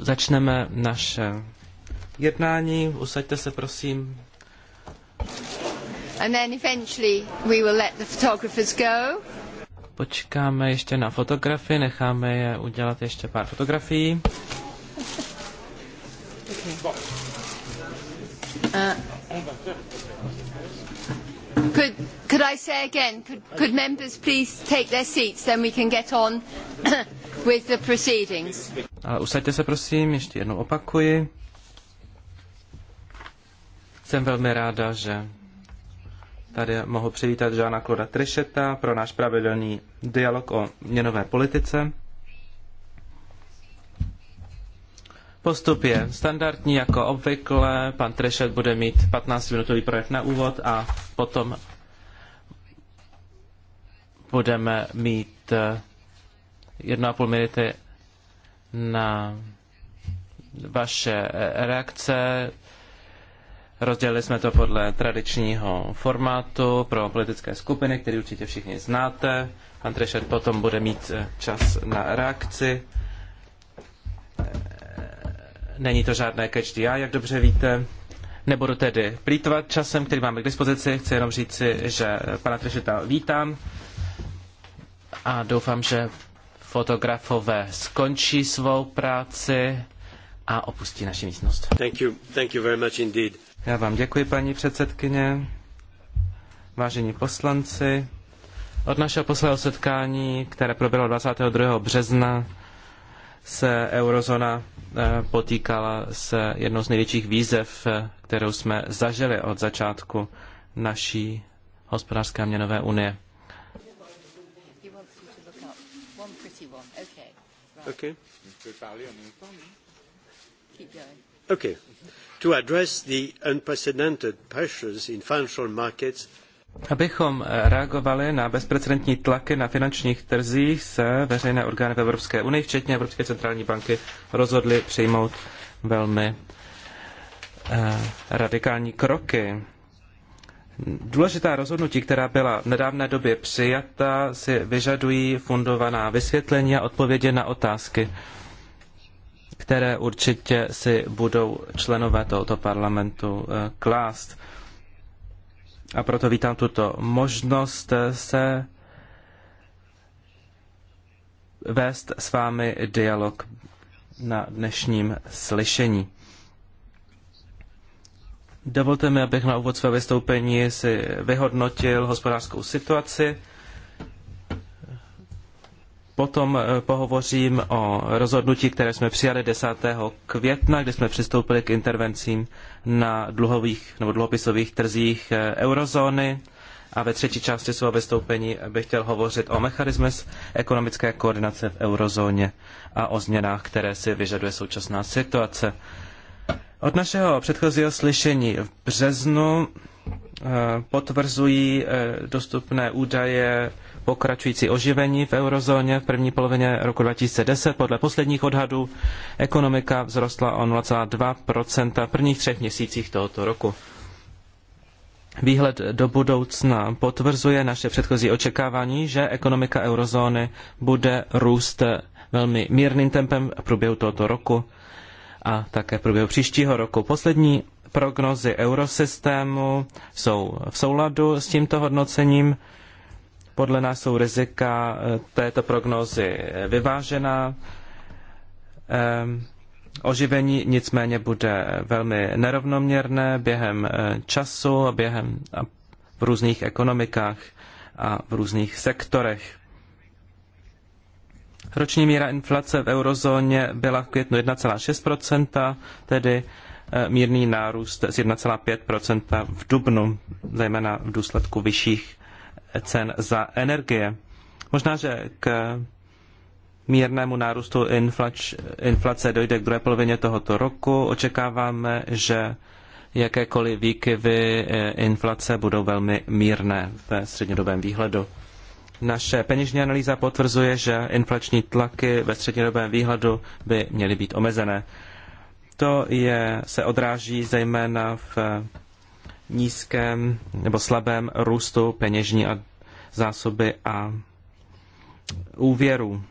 Začneme naše jednání. Usaďte se, prosím. And then eventually we will let the photographers go. Počkáme ještě na fotografii, necháme je udělat ještě pár fotografií. okay. uh. Could, could I say again, could, could members please take their seats, then we can get on with the proceedings. Ale usaďte se prosím, ještě jednou opakuji. Jsem velmi ráda, že tady mohu přivítat Žána Kloda Trišeta pro náš pravidelný dialog o měnové politice. Postup je standardní, jako obvykle. Pan Trešet bude mít 15-minutový projev na úvod a potom budeme mít 1,5 eh, minuty na vaše eh, reakce. Rozdělili jsme to podle tradičního formátu pro politické skupiny, který určitě všichni znáte. Pan Trešet potom bude mít eh, čas na reakci. Není to žádné catch the eye, jak dobře víte. Nebudu tedy plítvat časem, který máme k dispozici. Chci jenom říci, že pana Trešita vítám a doufám, že fotografové skončí svou práci a opustí naši místnost. Thank you. Thank you very much indeed. Já vám děkuji, paní předsedkyně. Vážení poslanci, od našeho posledního setkání, které proběhlo 22. března, se eurozona eh, potýkala s jednou z největších výzev, eh, kterou jsme zažili od začátku naší hospodářské a měnové unie. Okay. Okay. To address the unprecedented pressures in financial markets Abychom eh, reagovali na bezprecedentní tlaky na finančních trzích, se veřejné orgány v Evropské unii, včetně Evropské centrální banky, rozhodly přijmout velmi eh, radikální kroky. Důležitá rozhodnutí, která byla v nedávné době přijata, si vyžadují fundovaná vysvětlení a odpovědi na otázky, které určitě si budou členové tohoto parlamentu eh, klást. A proto vítám tuto možnost se vést s vámi dialog na dnešním slyšení. Dovolte mi, abych na úvod svého vystoupení si vyhodnotil hospodářskou situaci. Potom eh, pohovořím o rozhodnutí, které jsme přijali 10. května, kdy jsme přistoupili k intervencím na dluhových nebo dluhopisových trzích eh, eurozóny. A ve třetí části svého vystoupení bych chtěl hovořit o mechanismech ekonomické koordinace v eurozóně a o změnách, které si vyžaduje současná situace. Od našeho předchozího slyšení v březnu eh, potvrzují eh, dostupné údaje pokračující oživení v eurozóně v první polovině roku 2010. Podle posledních odhadů ekonomika vzrostla o 0,2 v prvních třech měsících tohoto roku. Výhled do budoucna potvrzuje naše předchozí očekávání, že ekonomika eurozóny bude růst velmi mírným tempem v průběhu tohoto roku a také v průběhu příštího roku. Poslední prognozy eurosystému jsou v souladu s tímto hodnocením. Podle nás jsou rizika eh, této prognózy vyvážená. Eh, oživení nicméně bude velmi nerovnoměrné během eh, času a během a v různých ekonomikách a v různých sektorech. Roční míra inflace v eurozóně byla v květnu 1,6%, tedy mírný nárůst z 1,5% v dubnu, zejména v důsledku vyšších cen za energie. Možná, že k mírnému nárůstu inflač, inflace dojde k druhé polovině tohoto roku. Očekáváme, že jakékoliv výkyvy e, inflace budou velmi mírné ve střednědobém výhledu. Naše peněžní analýza potvrzuje, že inflační tlaky ve střednědobém výhledu by měly být omezené. To je, se odráží zejména v nízkém nebo slabém růstu peněžní a zásoby a úvěru.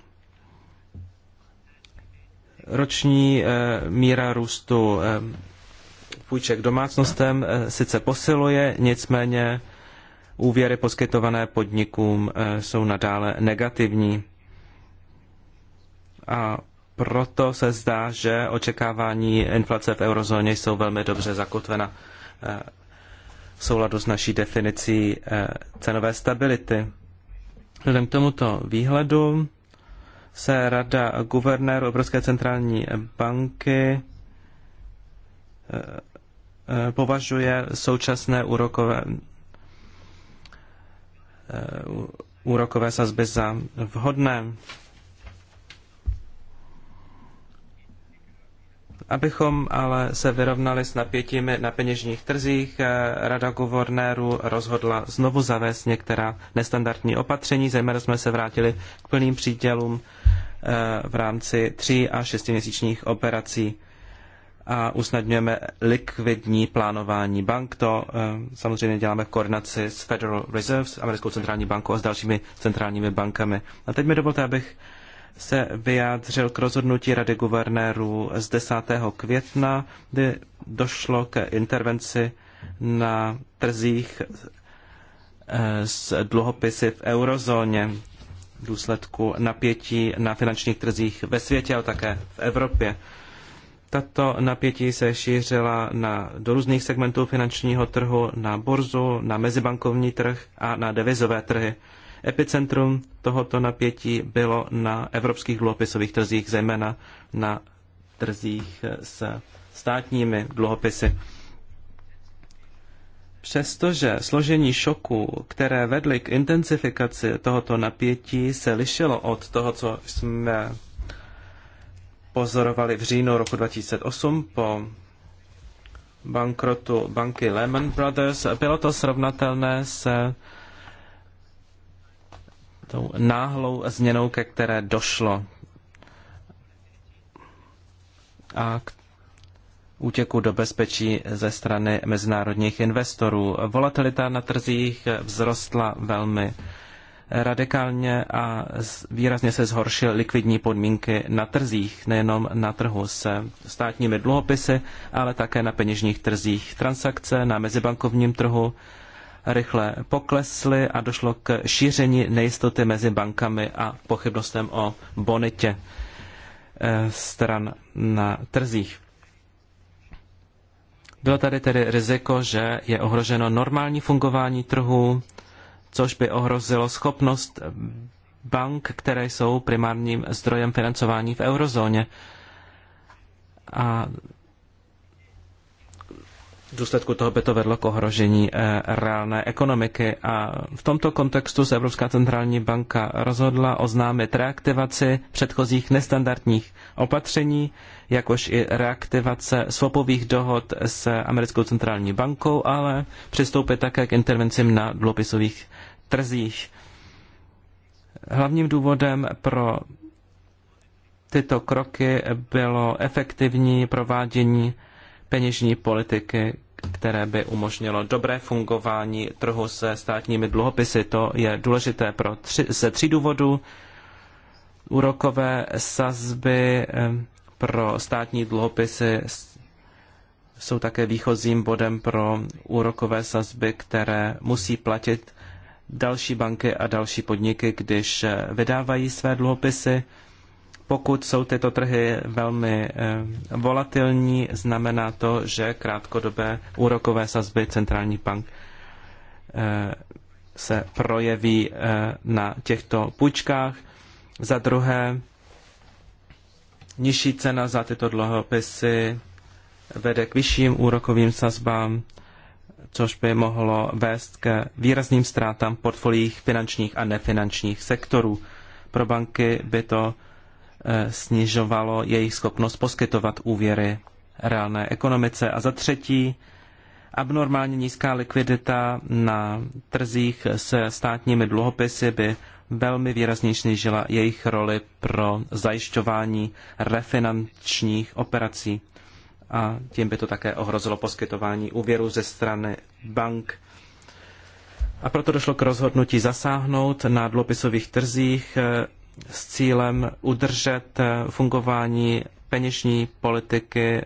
Roční eh, míra růstu eh, půjček domácnostem eh, sice posiluje, nicméně úvěry poskytované podnikům jsou nadále negativní. A proto se zdá, že očekávání inflace v eurozóně jsou velmi dobře zakotvena v souladu s naší definicí eh, cenové stability. Vzhledem k tomuto výhledu se Rada guvernéru Evropské centrální banky eh, eh, považuje současné úrokové, úrokové sazby za vhodné. Abychom ale se vyrovnali s napětími na peněžních trzích, eh, Rada guvernérů rozhodla znovu zavést některá nestandardní opatření, zejména jsme se vrátili k plným přídělům eh, v rámci tří a šestiměsíčních operací a usnadňujeme likvidní plánování bank. To eh, samozřejmě děláme v koordinaci s Federal Reserve, s Americkou centrální bankou a s dalšími centrálními bankami. A teď mi dovolte, abych se vyjádřil k rozhodnutí Rady guvernérů z 10. května, kdy došlo k intervenci na trzích eh, s dluhopisy v eurozóně v důsledku napětí na finančních trzích ve světě, ale také v Evropě. Tato napětí se šířila na, do různých segmentů finančního trhu, na burzu, na mezibankovní trh a na devizové trhy. Epicentrum tohoto napětí bylo na evropských dluhopisových trzích, zejména na trzích s státními dluhopisy. Přestože složení šoku, které vedly k intenzifikaci tohoto napětí, se lišilo od toho, co jsme pozorovali v říjnu roku 2008 po bankrotu banky Lehman Brothers, bylo to srovnatelné se tou náhlou změnou, ke které došlo a k útěku do bezpečí ze strany mezinárodních investorů. Volatilita na trzích vzrostla velmi radikálně a výrazně se zhoršily likvidní podmínky na trzích, nejenom na trhu se státními dluhopisy, ale také na peněžních trzích transakce, na mezibankovním trhu rychle poklesly a došlo k šíření nejistoty mezi bankami a pochybnostem o bonitě eh, stran na trzích. Bylo tady tedy riziko, že je ohroženo normální fungování trhu, což by ohrozilo schopnost bank, které jsou primárním zdrojem financování v eurozóně. A v důsledku toho by to vedlo k ohrožení eh, reálné ekonomiky a v tomto kontextu se Evropská centrální banka rozhodla oznámit reaktivaci předchozích nestandardních opatření, jakož i reaktivace swapových dohod s Americkou centrální bankou, ale přistoupit také k intervencím na dluhopisových trzích. Hlavním důvodem pro tyto kroky bylo efektivní provádění peněžní politiky, které by umožnilo dobré fungování trhu se státními dluhopisy. To je důležité pro tři, ze tří důvodů. Úrokové sazby eh, pro státní dluhopisy jsou také výchozím bodem pro úrokové sazby, které musí platit další banky a další podniky, když eh, vydávají své dluhopisy. Pokud jsou tyto trhy velmi eh, volatilní, znamená to, že krátkodobé úrokové sazby centrální bank eh, se projeví eh, na těchto půjčkách. Za druhé, nižší cena za tyto dluhopisy vede k vyšším úrokovým sazbám, což by mohlo vést k výrazným ztrátám portfoliích finančních a nefinančních sektorů. Pro banky by to Eh, snižovalo jejich schopnost poskytovat úvěry reálné ekonomice. A za třetí, abnormálně nízká likvidita na trzích se státními dluhopisy by velmi výrazně snížila jejich roli pro zajišťování refinančních operací a tím by to také ohrozilo poskytování úvěru ze strany bank. A proto došlo k rozhodnutí zasáhnout na dluhopisových trzích eh, s cílem udržet eh, fungování peněžní politiky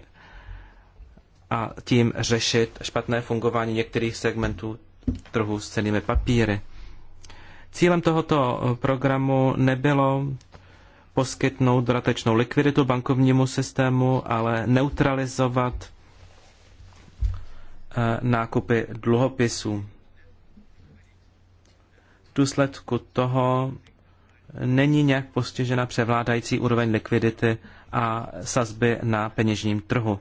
a tím řešit špatné fungování některých segmentů trhu s cenými papíry. Cílem tohoto eh, programu nebylo poskytnout dodatečnou likviditu bankovnímu systému, ale neutralizovat eh, nákupy dluhopisů. V důsledku toho není nějak postižena převládající úroveň likvidity a sazby na peněžním trhu.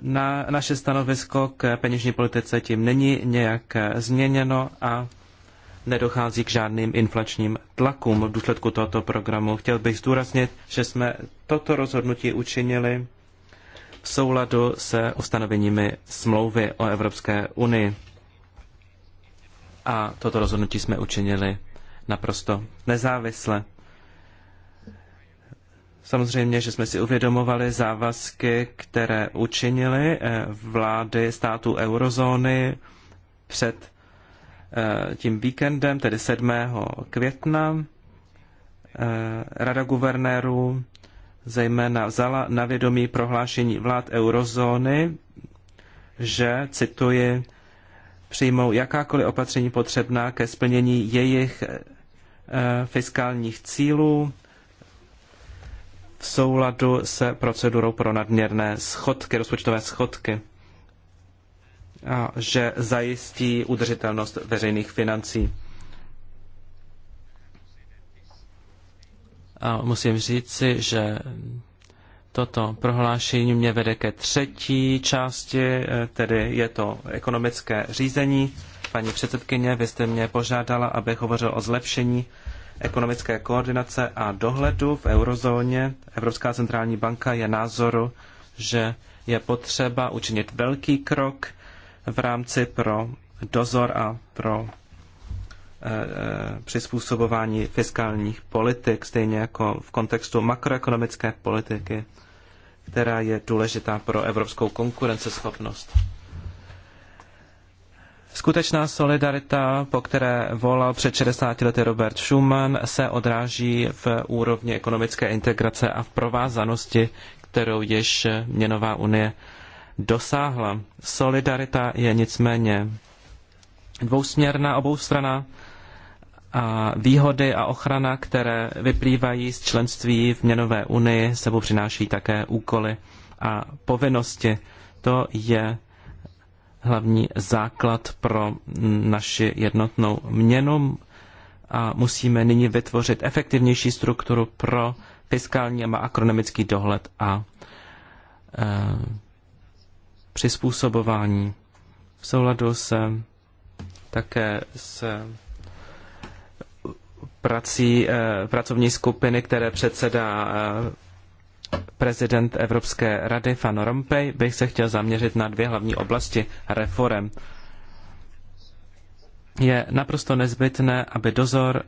Na naše stanovisko k peněžní politice tím není nějak změněno a nedochází k žádným inflačním tlakům v důsledku tohoto programu. Chtěl bych zdůraznit, že jsme toto rozhodnutí učinili v souladu se ustanoveními smlouvy o Evropské unii. A toto rozhodnutí jsme učinili naprosto nezávisle. Samozřejmě, že jsme si uvědomovali závazky, které učinili eh, vlády států eurozóny před eh, tím víkendem, tedy 7. května. Eh, Rada guvernérů zejména vzala na vědomí prohlášení vlád eurozóny, že, cituji, přijmou jakákoliv opatření potřebná ke splnění jejich eh, fiskálních cílů v souladu s procedurou pro nadměrné schodky, rozpočtové schodky a že zajistí udržitelnost veřejných financí. A musím říci, že Toto prohlášení mě vede ke třetí části, eh, tedy je to ekonomické řízení. Paní předsedkyně, vy jste mě požádala, abych hovořil o zlepšení ekonomické koordinace a dohledu v eurozóně. Evropská centrální banka je názoru, že je potřeba učinit velký krok v rámci pro dozor a pro Eh, eh, přizpůsobování fiskálních politik, stejně jako v kontextu makroekonomické politiky, která je důležitá pro evropskou konkurenceschopnost. Skutečná solidarita, po které volal před 60 lety Robert Schuman, se odráží v úrovni ekonomické integrace a v provázanosti, kterou již měnová unie dosáhla. Solidarita je nicméně dvousměrná, oboustraná a výhody a ochrana, které vyplývají z členství v měnové unii, sebou přináší také úkoly a povinnosti. To je hlavní základ pro naši jednotnou měnu a musíme nyní vytvořit efektivnější strukturu pro fiskální a makronomický dohled a e, přizpůsobování v souladu se také s prací eh, pracovní skupiny, které předsedá eh, prezident Evropské rady Van Rompuy, bych se chtěl zaměřit na dvě hlavní oblasti reform. Je naprosto nezbytné, aby dozor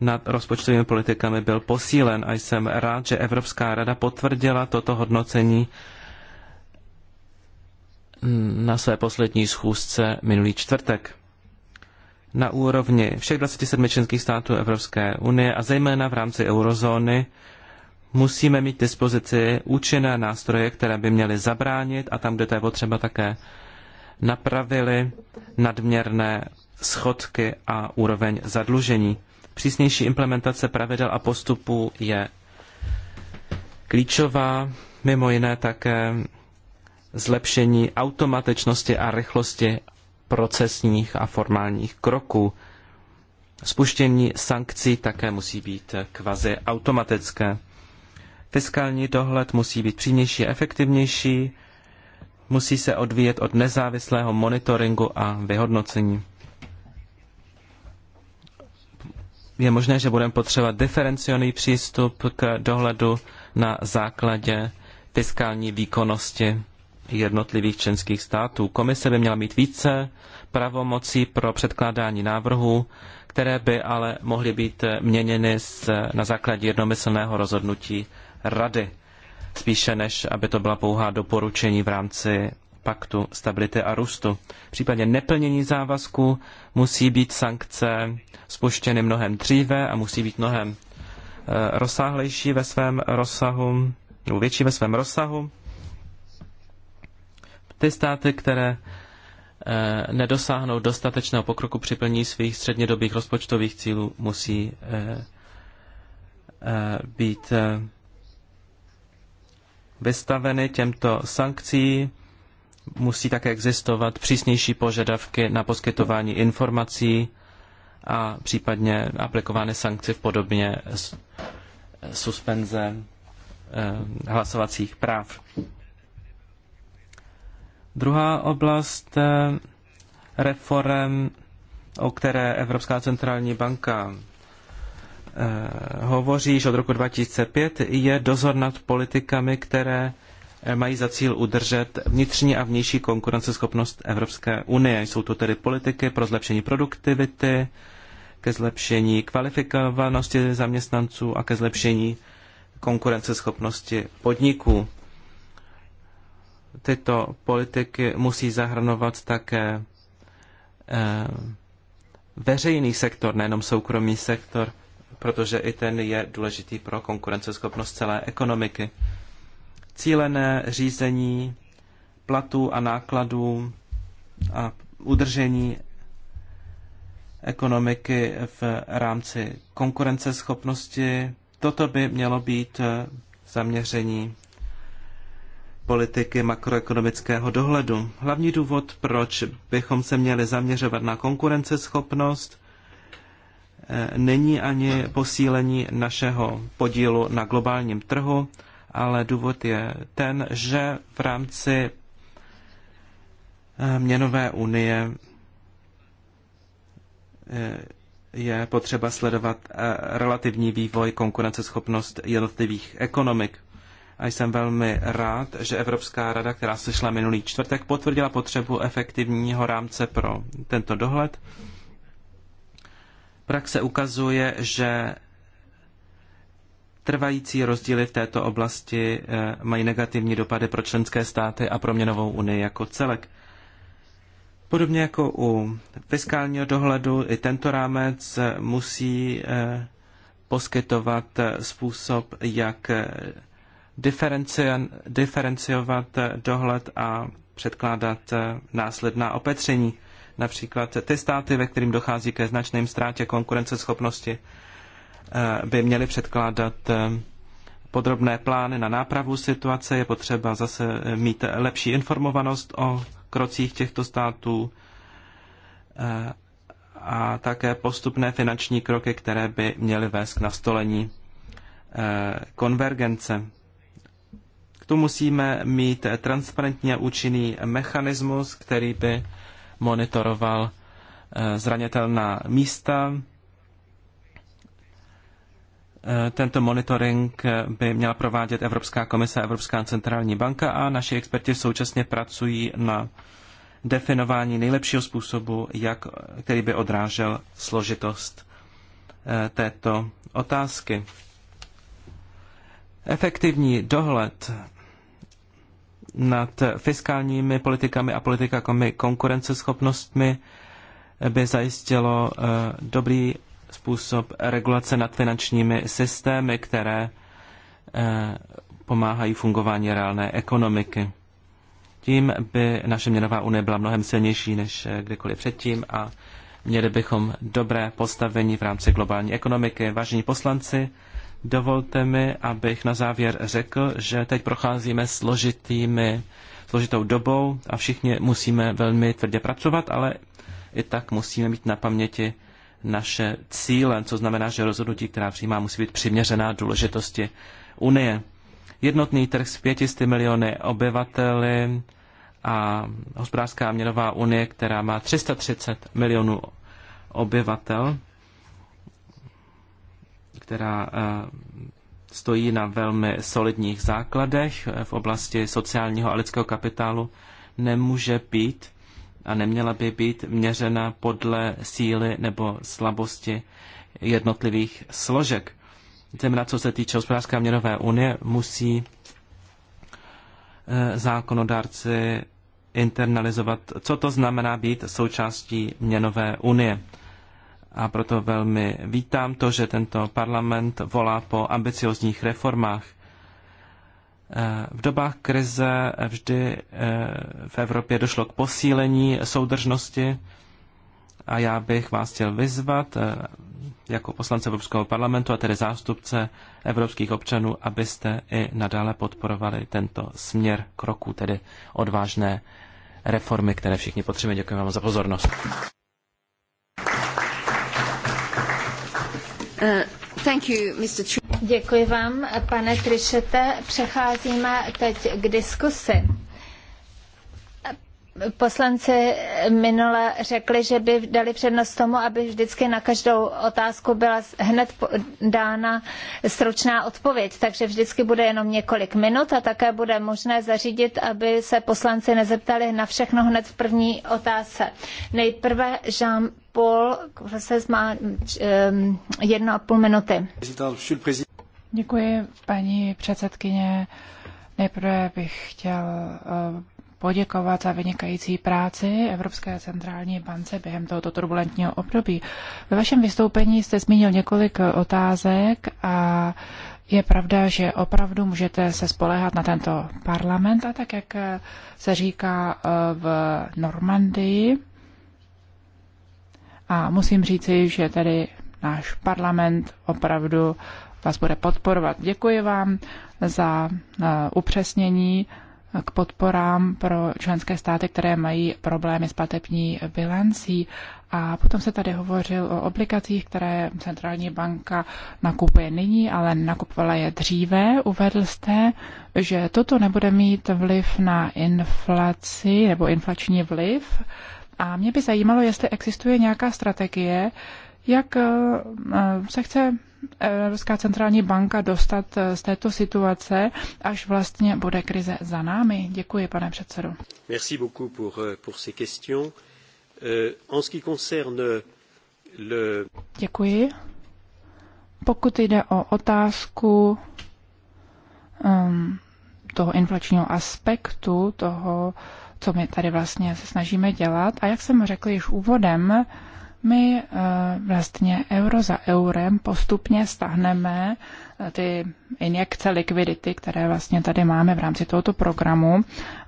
nad rozpočtovými politikami byl posílen a jsem rád, že Evropská rada potvrdila toto hodnocení na své poslední schůzce minulý čtvrtek na úrovni všech 27 členských států Evropské unie a zejména v rámci eurozóny musíme mít dispozici účinné nástroje, které by měly zabránit a tam, kde to je potřeba také napravili nadměrné schodky a úroveň zadlužení. Přísnější implementace pravidel a postupů je klíčová, mimo jiné také zlepšení automatičnosti a rychlosti procesních a formálních kroků. Spuštění sankcí také musí být kvazi automatické. Fiskální dohled musí být přímější, efektivnější, musí se odvíjet od nezávislého monitoringu a vyhodnocení. Je možné, že budeme potřebovat diferenciovaný přístup k dohledu na základě fiskální výkonnosti jednotlivých členských států. Komise by měla mít více pravomocí pro předkládání návrhů, které by ale mohly být měněny na základě jednomyslného rozhodnutí Rady, spíše než aby to byla pouhá doporučení v rámci paktu stability a růstu. V případě neplnění závazku musí být sankce spuštěny mnohem dříve a musí být mnohem eh, rozsáhlejší ve svém rozsahu, větší ve svém rozsahu ty státy, které eh, nedosáhnou dostatečného pokroku při plnění svých střednědobých rozpočtových cílů, musí eh, eh, být vystaveny těmto sankcí. Musí také existovat přísnější požadavky na poskytování informací a případně aplikovány sankce v podobě suspenze hlasovacích práv. Druhá oblast eh, reform, o které Evropská centrální banka eh, hovoří již od roku 2005, je dozor nad politikami, které eh, mají za cíl udržet vnitřní a vnější konkurenceschopnost Evropské unie. Jsou to tedy politiky pro zlepšení produktivity, ke zlepšení kvalifikovanosti zaměstnanců a ke zlepšení konkurenceschopnosti podniků tyto politiky musí zahrnovat také eh, veřejný sektor, nejenom soukromý sektor, protože i ten je důležitý pro konkurenceschopnost celé ekonomiky. Cílené řízení platů a nákladů a udržení ekonomiky v rámci konkurenceschopnosti, toto by mělo být eh, zaměření politiky makroekonomického dohledu. Hlavní důvod, proč bychom se měli zaměřovat na konkurenceschopnost, eh, není ani posílení našeho podílu na globálním trhu, ale důvod je ten, že v rámci eh, měnové unie eh, je potřeba sledovat relativní vývoj konkurenceschopnost jednotlivých ekonomik a jsem velmi rád, že Evropská rada, která se šla minulý čtvrtek, potvrdila potřebu efektivního rámce pro tento dohled. Praxe ukazuje, že trvající rozdíly v této oblasti eh, mají negativní dopady pro členské státy a pro měnovou unii jako celek. Podobně jako u fiskálního dohledu, i tento rámec eh, musí eh, poskytovat způsob, jak diferencovat diferenciovat dohled a předkládat následná opatření. Například ty státy, ve kterým dochází ke značným ztrátě konkurenceschopnosti, eh, by měly předkládat eh, podrobné plány na nápravu situace. Je potřeba zase mít lepší informovanost o krocích těchto států eh, a také postupné finanční kroky, které by měly vést k nastolení konvergence. Tu musíme mít transparentně účinný mechanismus, který by monitoroval eh, zranitelná místa. Eh, tento monitoring by měla provádět Evropská komise, a Evropská centrální banka a naši experti současně pracují na definování nejlepšího způsobu, jak, který by odrážel složitost eh, této otázky. Efektivní dohled nad fiskálními politikami a politikami konkurenceschopnostmi by zajistilo eh, dobrý způsob regulace nad finančními systémy, které eh, pomáhají fungování reálné ekonomiky. Tím by naše měnová unie byla mnohem silnější než eh, kdykoliv předtím a měli bychom dobré postavení v rámci globální ekonomiky. Vážení poslanci, Dovolte mi, abych na závěr řekl, že teď procházíme složitými, složitou dobou a všichni musíme velmi tvrdě pracovat, ale i tak musíme mít na paměti naše cíle, co znamená, že rozhodnutí, která přijímá, musí být přiměřená důležitosti Unie. Jednotný trh s 500 miliony obyvateli a hospodářská měnová unie, která má 330 milionů obyvatel, která eh, stojí na velmi solidních základech eh, v oblasti sociálního a lidského kapitálu, nemůže být a neměla by být měřena podle síly nebo slabosti jednotlivých složek. Zejména co se týče hospodářské a měnové unie, musí eh, zákonodárci internalizovat, co to znamená být součástí měnové unie a proto velmi vítám to, že tento parlament volá po ambiciozních reformách. Eh, v dobách krize vždy eh, v Evropě došlo k posílení soudržnosti a já bych vás chtěl vyzvat eh, jako poslance Evropského parlamentu a tedy zástupce evropských občanů, abyste i nadále podporovali tento směr kroků, tedy odvážné reformy, které všichni potřebujeme. Děkuji vám za pozornost. Uh, Děkuji vám, pane Trišete. Přecházíme teď k diskusi poslanci minule řekli, že by dali přednost tomu, aby vždycky na každou otázku byla hned dána stručná odpověď, takže vždycky bude jenom několik minut a také bude možné zařídit, aby se poslanci nezeptali na všechno hned v první otázce. Nejprve Jean-Paul se má ehm, jedno a půl minuty. Děkuji, paní předsedkyně. Nejprve bych chtěl eh, poděkovat za vynikající práci Evropské centrální bance během tohoto turbulentního období. Ve vašem vystoupení jste zmínil několik otázek a je pravda, že opravdu můžete se spolehat na tento parlament a tak, jak se říká eh, v Normandii. A musím říci, že tedy náš parlament opravdu vás bude podporovat. Děkuji vám za eh, upřesnění k podporám pro členské státy, které mají problémy s platební bilancí. A potom se tady hovořil o obligacích, které centrální banka nakupuje nyní, ale nakupovala je dříve. Uvedl jste, že toto nebude mít vliv na inflaci nebo inflační vliv. A mě by zajímalo, jestli existuje nějaká strategie, jak eh, se chce Evropská centrální banka dostat eh, z této situace, až vlastně bude krize za námi? Děkuji, pane předsedo. Merci beaucoup pour, euh, pour ces questions. Euh, en ce qui concerne le... Děkuji. Pokud jde o otázku um, toho inflačního aspektu, toho, co my tady vlastně se snažíme dělat, a jak jsem řekl již úvodem, uh, my eh, vlastně euro za eurem postupně stahneme eh, ty injekce likvidity, které vlastně tady máme v rámci tohoto programu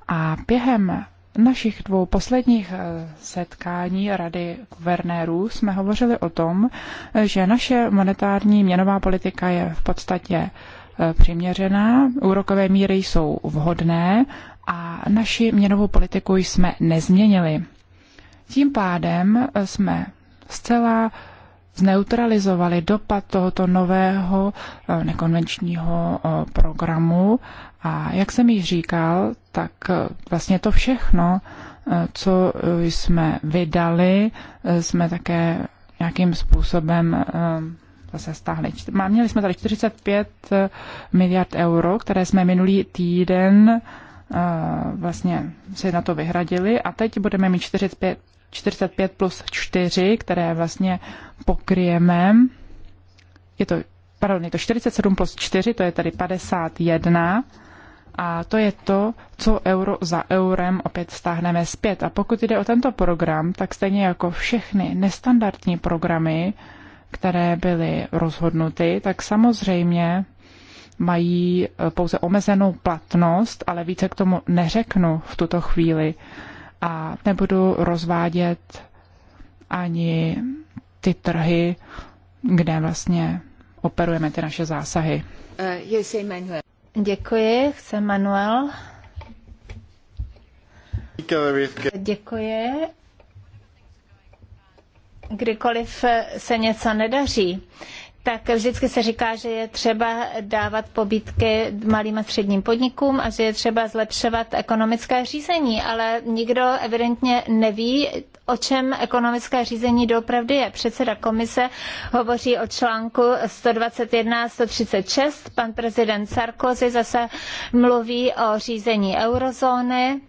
a během našich dvou posledních eh, setkání Rady guvernérů jsme hovořili o tom, že naše monetární měnová politika je v podstatě přiměřená, úrokové míry jsou vhodné a naši měnovou politiku jsme nezměnili. Tím pádem jsme zcela zneutralizovali dopad tohoto nového eh, nekonvenčního eh, programu. A jak jsem již říkal, tak eh, vlastně to všechno, co jsme vydali, jsme také nějakým způsobem zase stáhli. Měli jsme tady 45 miliard euro, které jsme minulý týden vlastně si na to vyhradili a teď budeme mít 45 45 plus 4, které vlastně pokryjeme. Je to, pardon, je to 47 plus 4, to je tady 51. A to je to, co euro za eurem opět stáhneme zpět. A pokud jde o tento program, tak stejně jako všechny nestandardní programy, které byly rozhodnuty, tak samozřejmě mají eh, pouze omezenou platnost, ale více k tomu neřeknu v tuto chvíli a nebudu rozvádět ani ty trhy, kde vlastně operujeme ty naše zásahy. Uh, Děkuji, jsem Manuel. Děkuji. Kdykoliv se něco nedaří, tak vždycky se říká, že je třeba dávat pobídky malým a středním podnikům a že je třeba zlepšovat ekonomické řízení, ale nikdo evidentně neví, o čem ekonomické řízení doopravdy je. Předseda komise hovoří o článku 121 136, pan prezident Sarkozy zase mluví o řízení eurozóny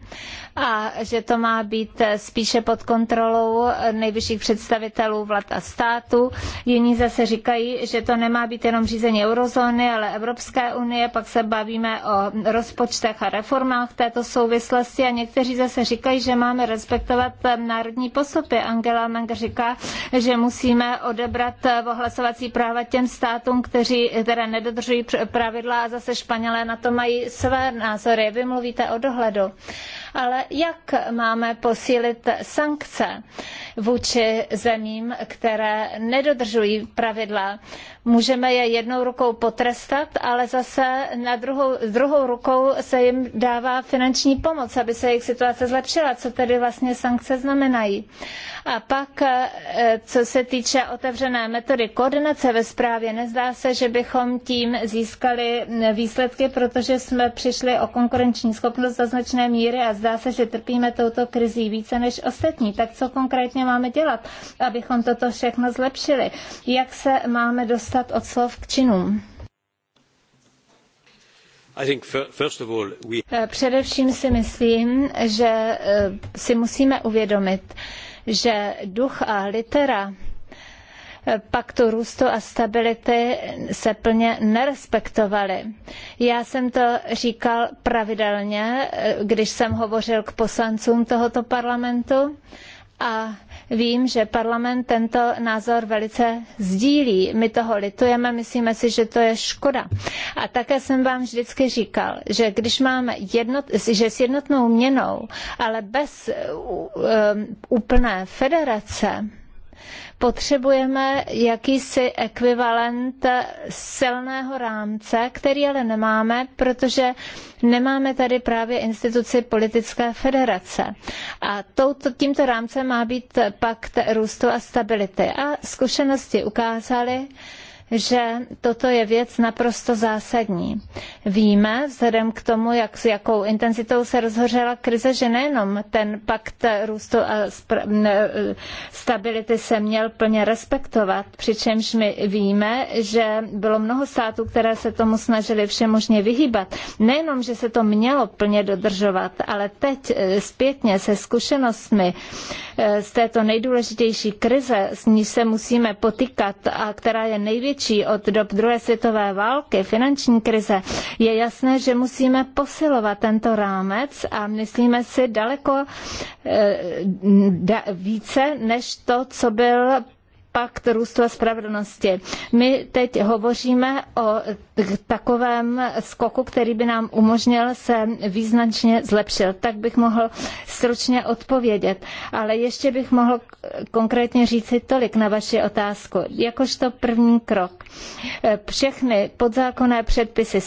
a že to má být eh, spíše pod kontrolou eh, nejvyšších představitelů vlád a států. Jiní zase říkají, že to nemá být jenom řízení eurozóny, ale Evropské unie, pak se bavíme o rozpočtech a reformách v této souvislosti a někteří zase říkají, že máme respektovat eh, národní postupy. Angela Merkel říká, že musíme odebrat ohlasovací práva těm státům, kteří teda nedodržují pravidla a zase Španělé na to mají své názory. Vy mluvíte o dohledu ale jak máme posílit sankce vůči zemím, které nedodržují pravidla Můžeme je jednou rukou potrestat, ale zase na druhou, druhou rukou se jim dává finanční pomoc, aby se jejich situace zlepšila, co tedy vlastně sankce znamenají. A pak, eh, co se týče otevřené metody koordinace ve zprávě, nezdá se, že bychom tím získali výsledky, protože jsme přišli o konkurenční schopnost do značné míry a zdá se, že trpíme touto krizí více než ostatní. Tak co konkrétně máme dělat, abychom toto všechno zlepšili? Jak se máme dostat dostat od slov k činům. Eh, především si myslím, že eh, si musíme uvědomit, že duch a litera eh, paktu růstu a stability se plně nerespektovaly. Já jsem to říkal pravidelně, když jsem hovořil k poslancům tohoto parlamentu a Vím, že parlament tento názor velice sdílí. My toho litujeme, myslíme si, že to je škoda. A také jsem vám vždycky říkal, že když máme jednot, že s jednotnou měnou, ale bez um, úplné federace, Potřebujeme jakýsi ekvivalent silného rámce, který ale nemáme, protože nemáme tady právě instituci politické federace. A tímto rámcem má být pakt růstu a stability. A zkušenosti ukázaly, že toto je věc naprosto zásadní. Víme, vzhledem k tomu, jak, s jakou intenzitou se rozhořela krize, že nejenom ten pakt růstu a e, stability se měl plně respektovat, přičemž my víme, že bylo mnoho států, které se tomu snažili všemožně vyhýbat. Nejenom, že se to mělo plně dodržovat, ale teď e, zpětně se zkušenostmi e, z této nejdůležitější krize, s níž se musíme potýkat a která je největší, výročí od dob druhé světové války, finanční krize, je jasné, že musíme posilovat tento rámec a myslíme si daleko eh, více než to, co byl pakt růstu a spravedlnosti. My teď hovoříme o takovém skoku, který by nám umožnil se význačně zlepšit. Tak bych mohl stručně odpovědět. Ale ještě bych mohl konkrétně říci tolik na vaši otázku. Jakožto první krok. Všechny podzákonné předpisy,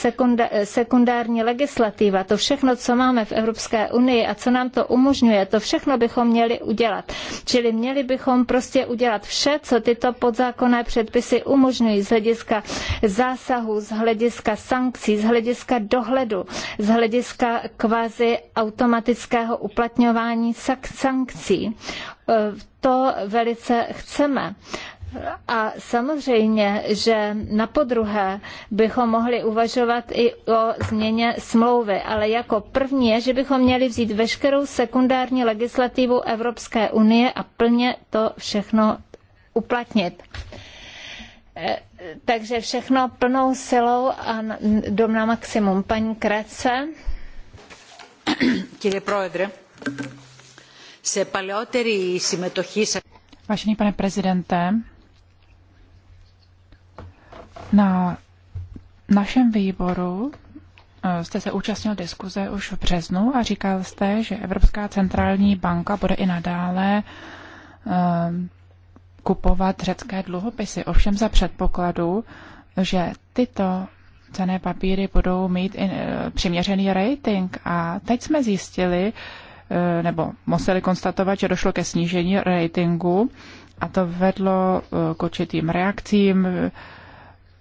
sekundární legislativa, to všechno, co máme v Evropské unii a co nám to umožňuje, to všechno bychom měli udělat. Čili měli bychom prostě udělat vše, co co tyto podzákonné předpisy umožňují z hlediska zásahu, z hlediska sankcí, z hlediska dohledu, z hlediska kvazi automatického uplatňování sankcí. E, to velice chceme. A samozřejmě, že na podruhé bychom mohli uvažovat i o změně smlouvy, ale jako první je, že bychom měli vzít veškerou sekundární legislativu Evropské unie a plně to všechno uplatnit. Eh, takže všechno plnou silou a jdem na maximum. Paní Krece. kde Proedre, se paleoteri συμμετοχή... Vážený pane prezidente, na našem výboru eh, jste se účastnil diskuze už v březnu a říkal jste, že Evropská centrální banka bude i nadále eh, kupovat řecké dluhopisy, ovšem za předpokladu, že tyto cené papíry budou mít in, e, přiměřený rating. A teď jsme zjistili, e, nebo museli konstatovat, že došlo ke snížení ratingu a to vedlo e, k určitým reakcím.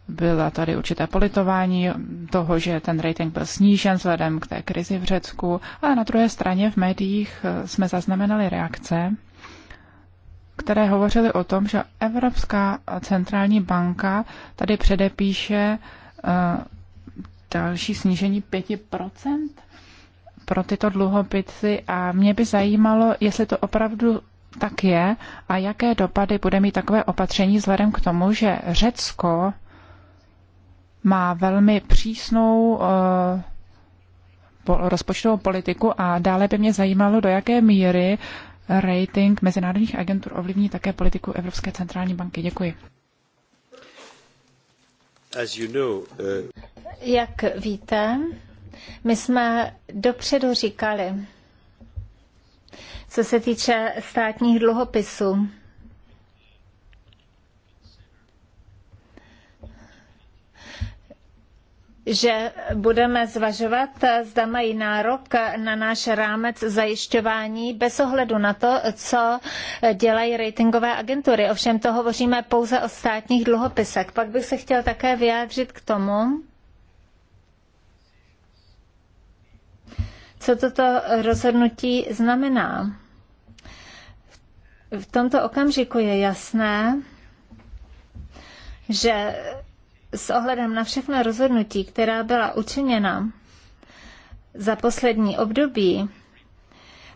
Byla tady určité politování toho, že ten rating byl snížen vzhledem k té krizi v Řecku, ale na druhé straně v médiích jsme zaznamenali reakce které hovořily o tom, že Evropská centrální banka tady předepíše eh, další snížení 5% pro tyto dluhopisy a mě by zajímalo, jestli to opravdu tak je a jaké dopady bude mít takové opatření vzhledem k tomu, že Řecko má velmi přísnou eh, rozpočtovou politiku a dále by mě zajímalo, do jaké míry rating mezinárodních agentur ovlivní také politiku Evropské centrální banky. Děkuji. Uh, Jak víte, my jsme dopředu říkali, co se týče státních dluhopisů, že budeme zvažovat, zda mají nárok na náš rámec zajišťování bez ohledu na to, co dělají ratingové agentury. Ovšem to hovoříme pouze o státních dluhopisech. Pak bych se chtěl také vyjádřit k tomu, co toto rozhodnutí znamená. V tomto okamžiku je jasné, že s ohledem na všechna rozhodnutí, která byla učiněna za poslední období,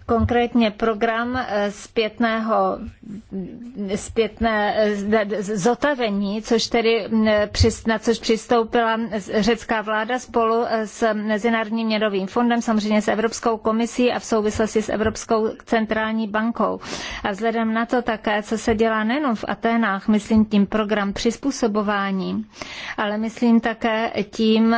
konkrétně program eh, zpětného, zpětné eh, zotavení, což tedy, mm, eh, na což přistoupila řecká vláda spolu s Mezinárodním měnovým fondem, samozřejmě s Evropskou komisí a v souvislosti s Evropskou centrální bankou. A vzhledem na to také, co se dělá nejenom v Aténách, myslím tím program přizpůsobování, ale myslím také tím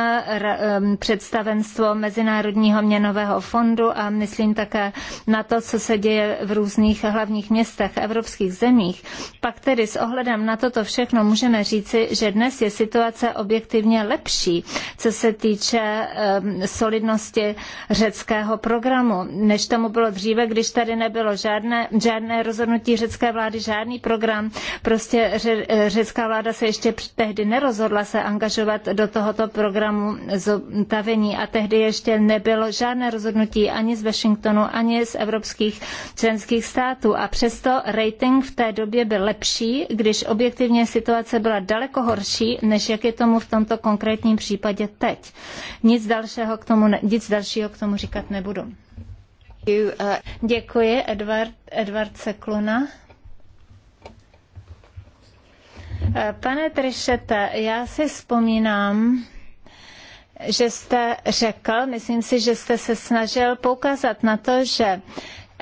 představenstvo Mezinárodního měnového fondu a myslím také na to, co se děje v různých hlavních městech evropských zemích, pak tedy s ohledem na toto všechno můžeme říci, že dnes je situace objektivně lepší, co se týče ehm, solidnosti řeckého programu, než tomu bylo dříve, když tady nebylo žádné, žádné rozhodnutí řecké vlády, žádný program. Prostě e, řecká vláda se ještě tehdy nerozhodla se angažovat do tohoto programu zotavení a tehdy ještě nebylo žádné rozhodnutí ani z Washingtonu, ani z z evropských členských států a přesto rating v té době byl lepší, když objektivně situace byla daleko horší, než jak je tomu v tomto konkrétním případě teď. Nic dalšího k tomu, nic dalšího k tomu říkat nebudu. Děkuji, Edward, Edward Sekluna. Pane Trišete, já si vzpomínám, že jste řekl, myslím si, že jste se snažil poukázat na to, že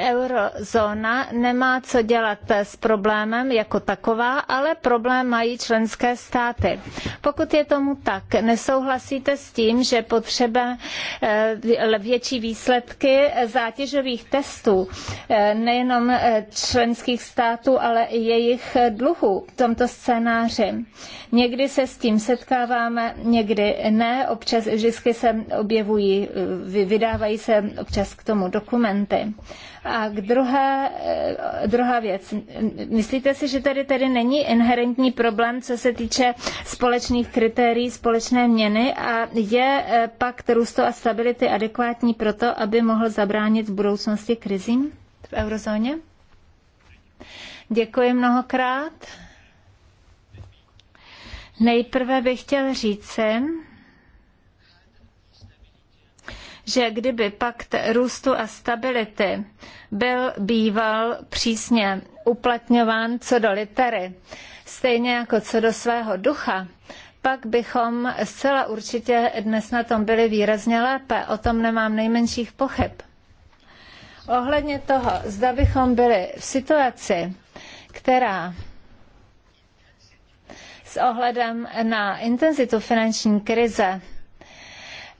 eurozóna nemá co dělat s problémem jako taková, ale problém mají členské státy. Pokud je tomu tak, nesouhlasíte s tím, že potřeba eh, větší výsledky zátěžových testů eh, nejenom eh, členských států, ale i jejich dluhů v tomto scénáři. Někdy se s tím setkáváme, někdy ne, občas vždycky se objevují, vydávají se občas k tomu dokumenty. A k druhé, eh, druhá věc. Myslíte si, že tady tady není inherentní problém, co se týče společných kritérií společné měny a je eh, pak růstu a stability adekvátní pro to, aby mohl zabránit v budoucnosti krizím v eurozóně? Děkuji mnohokrát. Nejprve bych chtěl říct, že kdyby pakt růstu a stability byl býval přísně uplatňován co do litery, stejně jako co do svého ducha, pak bychom zcela určitě dnes na tom byli výrazně lépe. O tom nemám nejmenších pochyb. Ohledně toho, zda bychom byli v situaci, která s ohledem na intenzitu finanční krize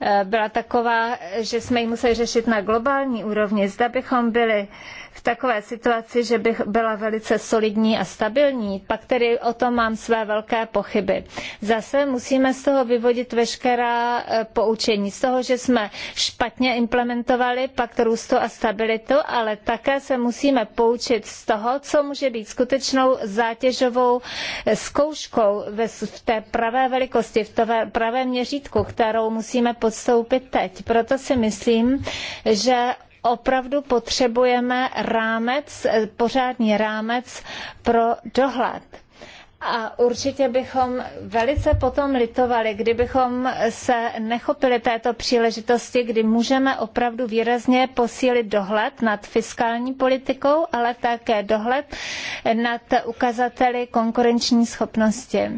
Eh, byla taková, že jsme ji museli řešit na globální úrovni. Zda bychom byli v takové situaci, že bych byla velice solidní a stabilní, pak tedy o tom mám své velké pochyby. Zase musíme z toho vyvodit veškerá e, poučení. Z toho, že jsme špatně implementovali pakt růstu a stabilitu, ale také se musíme poučit z toho, co může být skutečnou zátěžovou e, zkouškou v té pravé velikosti, v tom pravém měřítku, kterou musíme podstoupit teď. Proto si myslím, že opravdu potřebujeme rámec, eh, pořádný rámec pro dohled a určitě bychom velice potom litovali, kdybychom se nechopili této příležitosti, kdy můžeme opravdu výrazně posílit dohled nad fiskální politikou, ale také dohled nad ukazateli konkurenční schopnosti.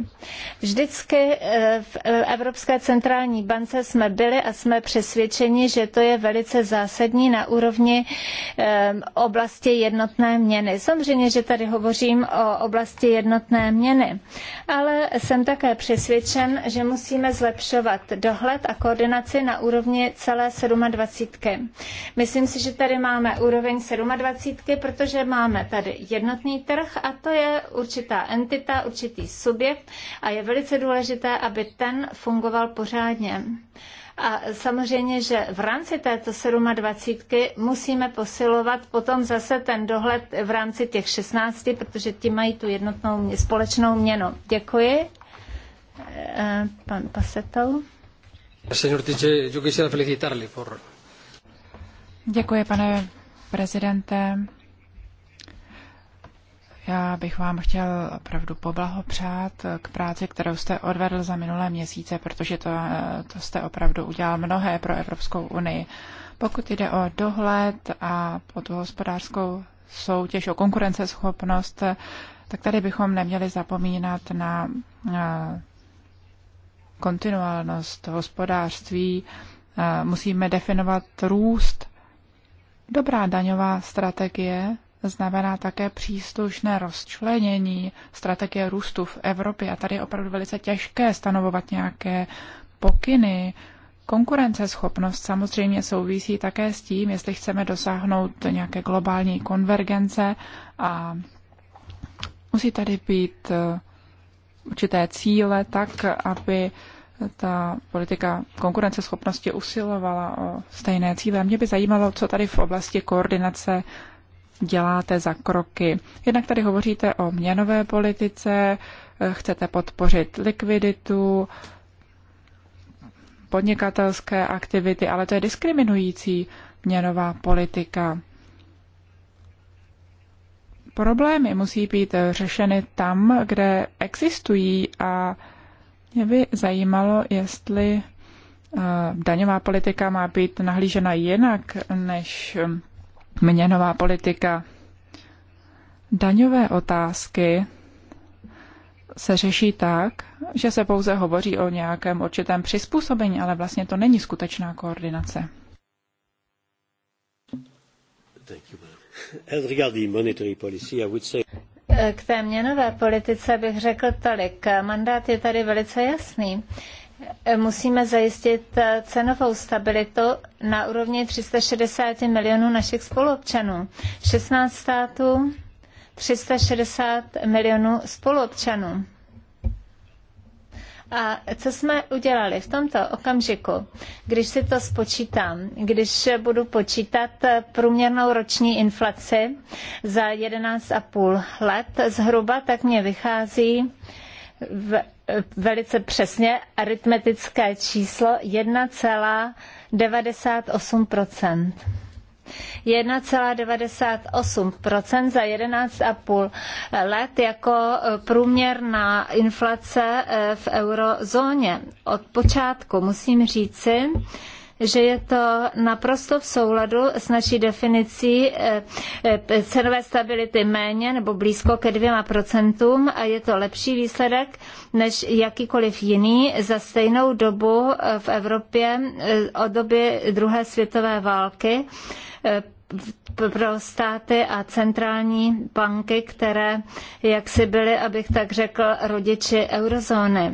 Vždycky eh, v Evropské centrální bance jsme byli a jsme přesvědčeni, že to je velice zásadní na úrovni eh, oblasti jednotné měny. Samozřejmě, že tady hovořím o oblasti jednotné měny, změny. Ale jsem také přesvědčen, že musíme zlepšovat dohled a koordinaci na úrovni celé 27. Myslím si, že tady máme úroveň 27, protože máme tady jednotný trh a to je určitá entita, určitý subjekt a je velice důležité, aby ten fungoval pořádně. A samozřejmě, že v rámci této 27 musíme posilovat potom zase ten dohled v rámci těch 16, protože ti mají tu jednotnou společnou měnu. Děkuji. E, pan Pasetou. Děkuji, pane prezidente. Já bych vám chtěl opravdu poblahopřát k práci, kterou jste odvedl za minulé měsíce, protože to, to jste opravdu udělal mnohé pro Evropskou unii. Pokud jde o dohled a o tu hospodářskou soutěž, o konkurenceschopnost, tak tady bychom neměli zapomínat na, na kontinuálnost hospodářství. Musíme definovat růst. Dobrá daňová strategie znamená také příslušné rozčlenění strategie růstu v Evropě. A tady je opravdu velice těžké stanovovat nějaké pokyny. Konkurenceschopnost samozřejmě souvisí také s tím, jestli chceme dosáhnout nějaké globální konvergence a musí tady být eh, určité cíle tak, aby ta politika konkurenceschopnosti usilovala o stejné cíle. Mě by zajímalo, co tady v oblasti koordinace děláte za kroky. Jednak tady hovoříte o měnové politice, chcete podpořit likviditu, podnikatelské aktivity, ale to je diskriminující měnová politika. Problémy musí být řešeny tam, kde existují a mě by zajímalo, jestli eh, daňová politika má být nahlížena jinak než měnová politika. Daňové otázky se řeší tak, že se pouze hovoří o nějakém určitém přizpůsobení, ale vlastně to není skutečná koordinace. K té měnové politice bych řekl tolik. Mandát je tady velice jasný musíme zajistit eh, cenovou stabilitu na úrovni 360 milionů našich spoluobčanů. 16 států, 360 milionů spoluobčanů. A co jsme udělali v tomto okamžiku, když si to spočítám, když budu počítat eh, průměrnou roční inflaci za 11,5 let zhruba, tak mě vychází velice přesně aritmetické číslo 1,98%. 1,98% za 11,5 let jako e, průměrná inflace e, v eurozóně. Od počátku musím říci, že je to naprosto v souladu s naší definicí eh, eh, cenové stability méně nebo blízko ke dvěma procentům a je to lepší výsledek než jakýkoliv jiný za stejnou dobu eh, v Evropě od doby druhé světové války pro státy a centrální banky, které jaksi byly, abych tak řekl, rodiči eurozóny.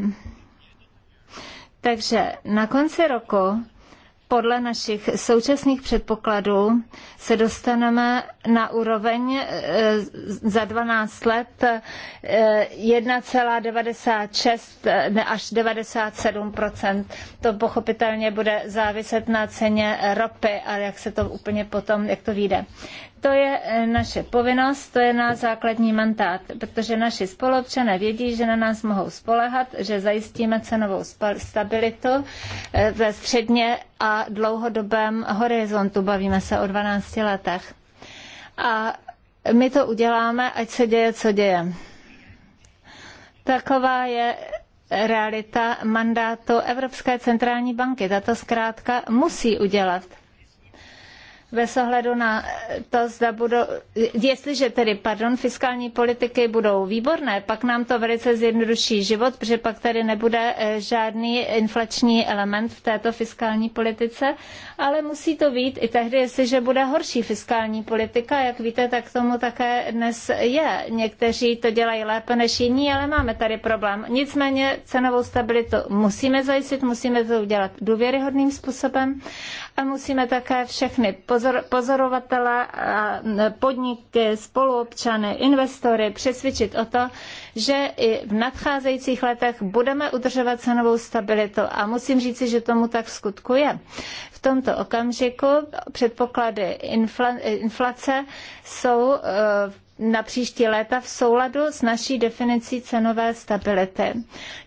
Takže na konci roku podle našich současných předpokladů se dostaneme na úroveň e, za 12 let 1,96 e, až 97 To pochopitelně bude záviset na ceně ropy a jak se to úplně potom, jak to vyjde. To je eh, naše povinnost, to je náš základní mandát, protože naši spoluobčané vědí, že na nás mohou spolehat, že zajistíme cenovou stabilitu eh, ve středně a dlouhodobém horizontu. Bavíme se o 12 letech. A my to uděláme, ať se děje, co děje. Taková je realita mandátu Evropské centrální banky. Tato zkrátka musí udělat bez ohledu na to, zda budou, jestliže tedy, pardon, fiskální politiky budou výborné, pak nám to velice zjednoduší život, protože pak tady nebude eh, žádný inflační element v této fiskální politice, ale musí to být i tehdy, jestliže bude horší fiskální politika, jak víte, tak tomu také dnes je. Někteří to dělají lépe než jiní, ale máme tady problém. Nicméně cenovou stabilitu musíme zajistit, musíme to udělat důvěryhodným způsobem a musíme také všechny pozor, pozorovatele, podniky, spoluobčany, investory přesvědčit o to, že i v nadcházejících letech budeme udržovat cenovou stabilitu a musím říci, že tomu tak v skutku je. V tomto okamžiku předpoklady inflace jsou v eh, na příští léta v souladu s naší definicí cenové stability.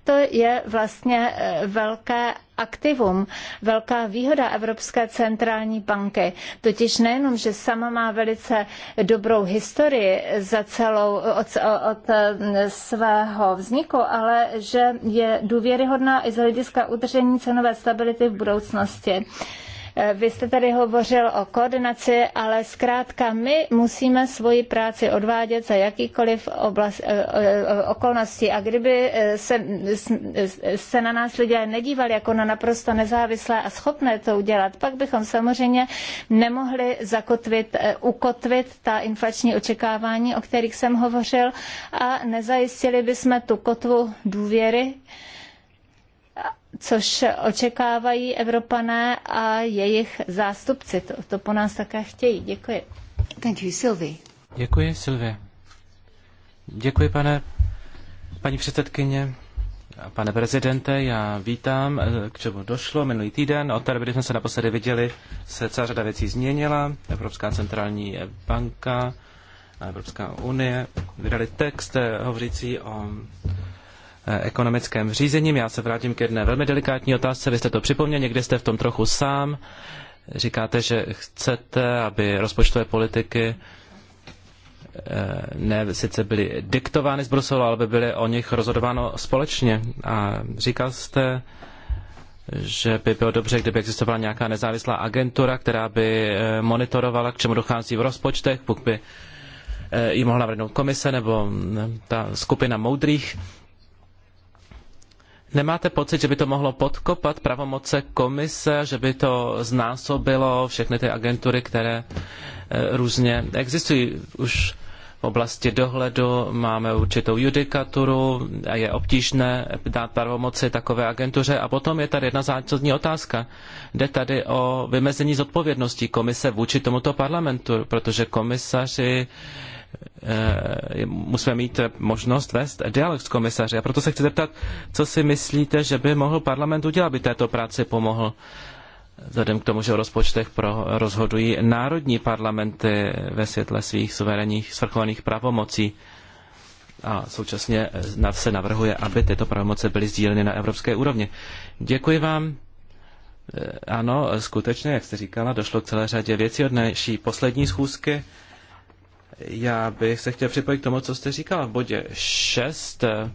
To je vlastně e, velké aktivum, velká výhoda Evropské centrální banky. Totiž nejenom, že sama má velice dobrou historii za celou od, od e, svého vzniku, ale že je důvěryhodná i z hlediska udržení cenové stability v budoucnosti. Eh, vy jste tady hovořil o koordinaci, ale zkrátka my musíme svoji práci odvádět za jakýkoliv oblast, eh, eh, okolností. A kdyby se, se na nás lidé nedívali jako na naprosto nezávislé a schopné to udělat, pak bychom samozřejmě nemohli zakotvit, ukotvit ta inflační očekávání, o kterých jsem hovořil, a nezajistili bychom tu kotvu důvěry, což očekávají Evropané a jejich zástupci. To, to po nás také chtějí. Děkuji. Thank you, Sylvie. Děkuji, Sylvie. Děkuji, pane, paní předsedkyně. Pane prezidente, já vítám, eh, k čemu došlo minulý týden. Od té doby, kdy jsme se naposledy viděli, se celá řada věcí změnila. Evropská centrální banka a Evropská unie vydali text eh, hovořící o Eh, ekonomickém řízením. Já se vrátím k jedné velmi delikátní otázce. Vy jste to připomněl, někde jste v tom trochu sám. Říkáte, že chcete, aby rozpočtové politiky eh, ne sice byly diktovány z Bruselu, ale by byly o nich rozhodováno společně. A říkal jste, že by bylo dobře, kdyby existovala nějaká nezávislá agentura, která by eh, monitorovala, k čemu dochází v rozpočtech, pokud by ji mohla vrhnout komise nebo ta skupina moudrých Nemáte pocit, že by to mohlo podkopat pravomoce komise, že by to znásobilo všechny ty agentury, které eh, různě existují? Už v oblasti dohledu máme určitou judikaturu a je obtížné dát pravomoci takové agentuře. A potom je tady jedna zásadní otázka. Jde tady o vymezení zodpovědností komise vůči tomuto parlamentu, protože komisaři Eh, musíme mít možnost vést dialog s komisaři. A proto se chci zeptat, co si myslíte, že by mohl parlament udělat, aby této práci pomohl? Vzhledem k tomu, že o rozpočtech pro, rozhodují národní parlamenty ve světle svých suverénních svrchovaných pravomocí a současně se navrhuje, aby tyto pravomoce byly sdíleny na evropské úrovni. Děkuji vám. Eh, ano, skutečně, jak jste říkala, došlo k celé řadě věcí od naší poslední schůzky. Já bych se chtěl připojit k tomu, co jste říkala v bodě 6 eh,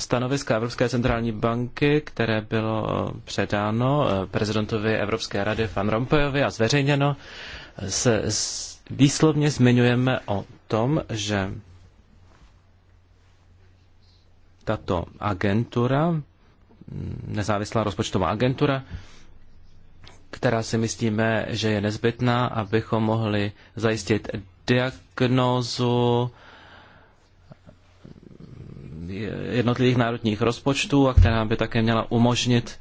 stanoviska Evropské centrální banky, které bylo předáno eh, prezidentovi Evropské rady Van Rompuyovi a zveřejněno, se výslovně zmiňujeme o tom, že tato agentura, mm, nezávislá rozpočtová agentura, která si myslíme, že je nezbytná, abychom mohli zajistit diagnózu jednotlivých národních rozpočtů a která by také měla umožnit,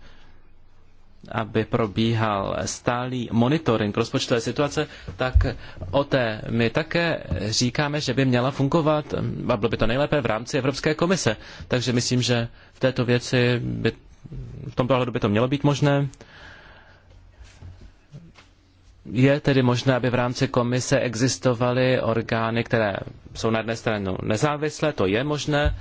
aby probíhal stálý monitoring rozpočtové situace, tak o té my také říkáme, že by měla fungovat, a bylo by to nejlépe v rámci Evropské komise. Takže myslím, že v této věci by v tomto pohledu by to mělo být možné. Je tedy možné, aby v rámci komise existovaly orgány, které jsou na jedné stranu nezávislé, to je možné,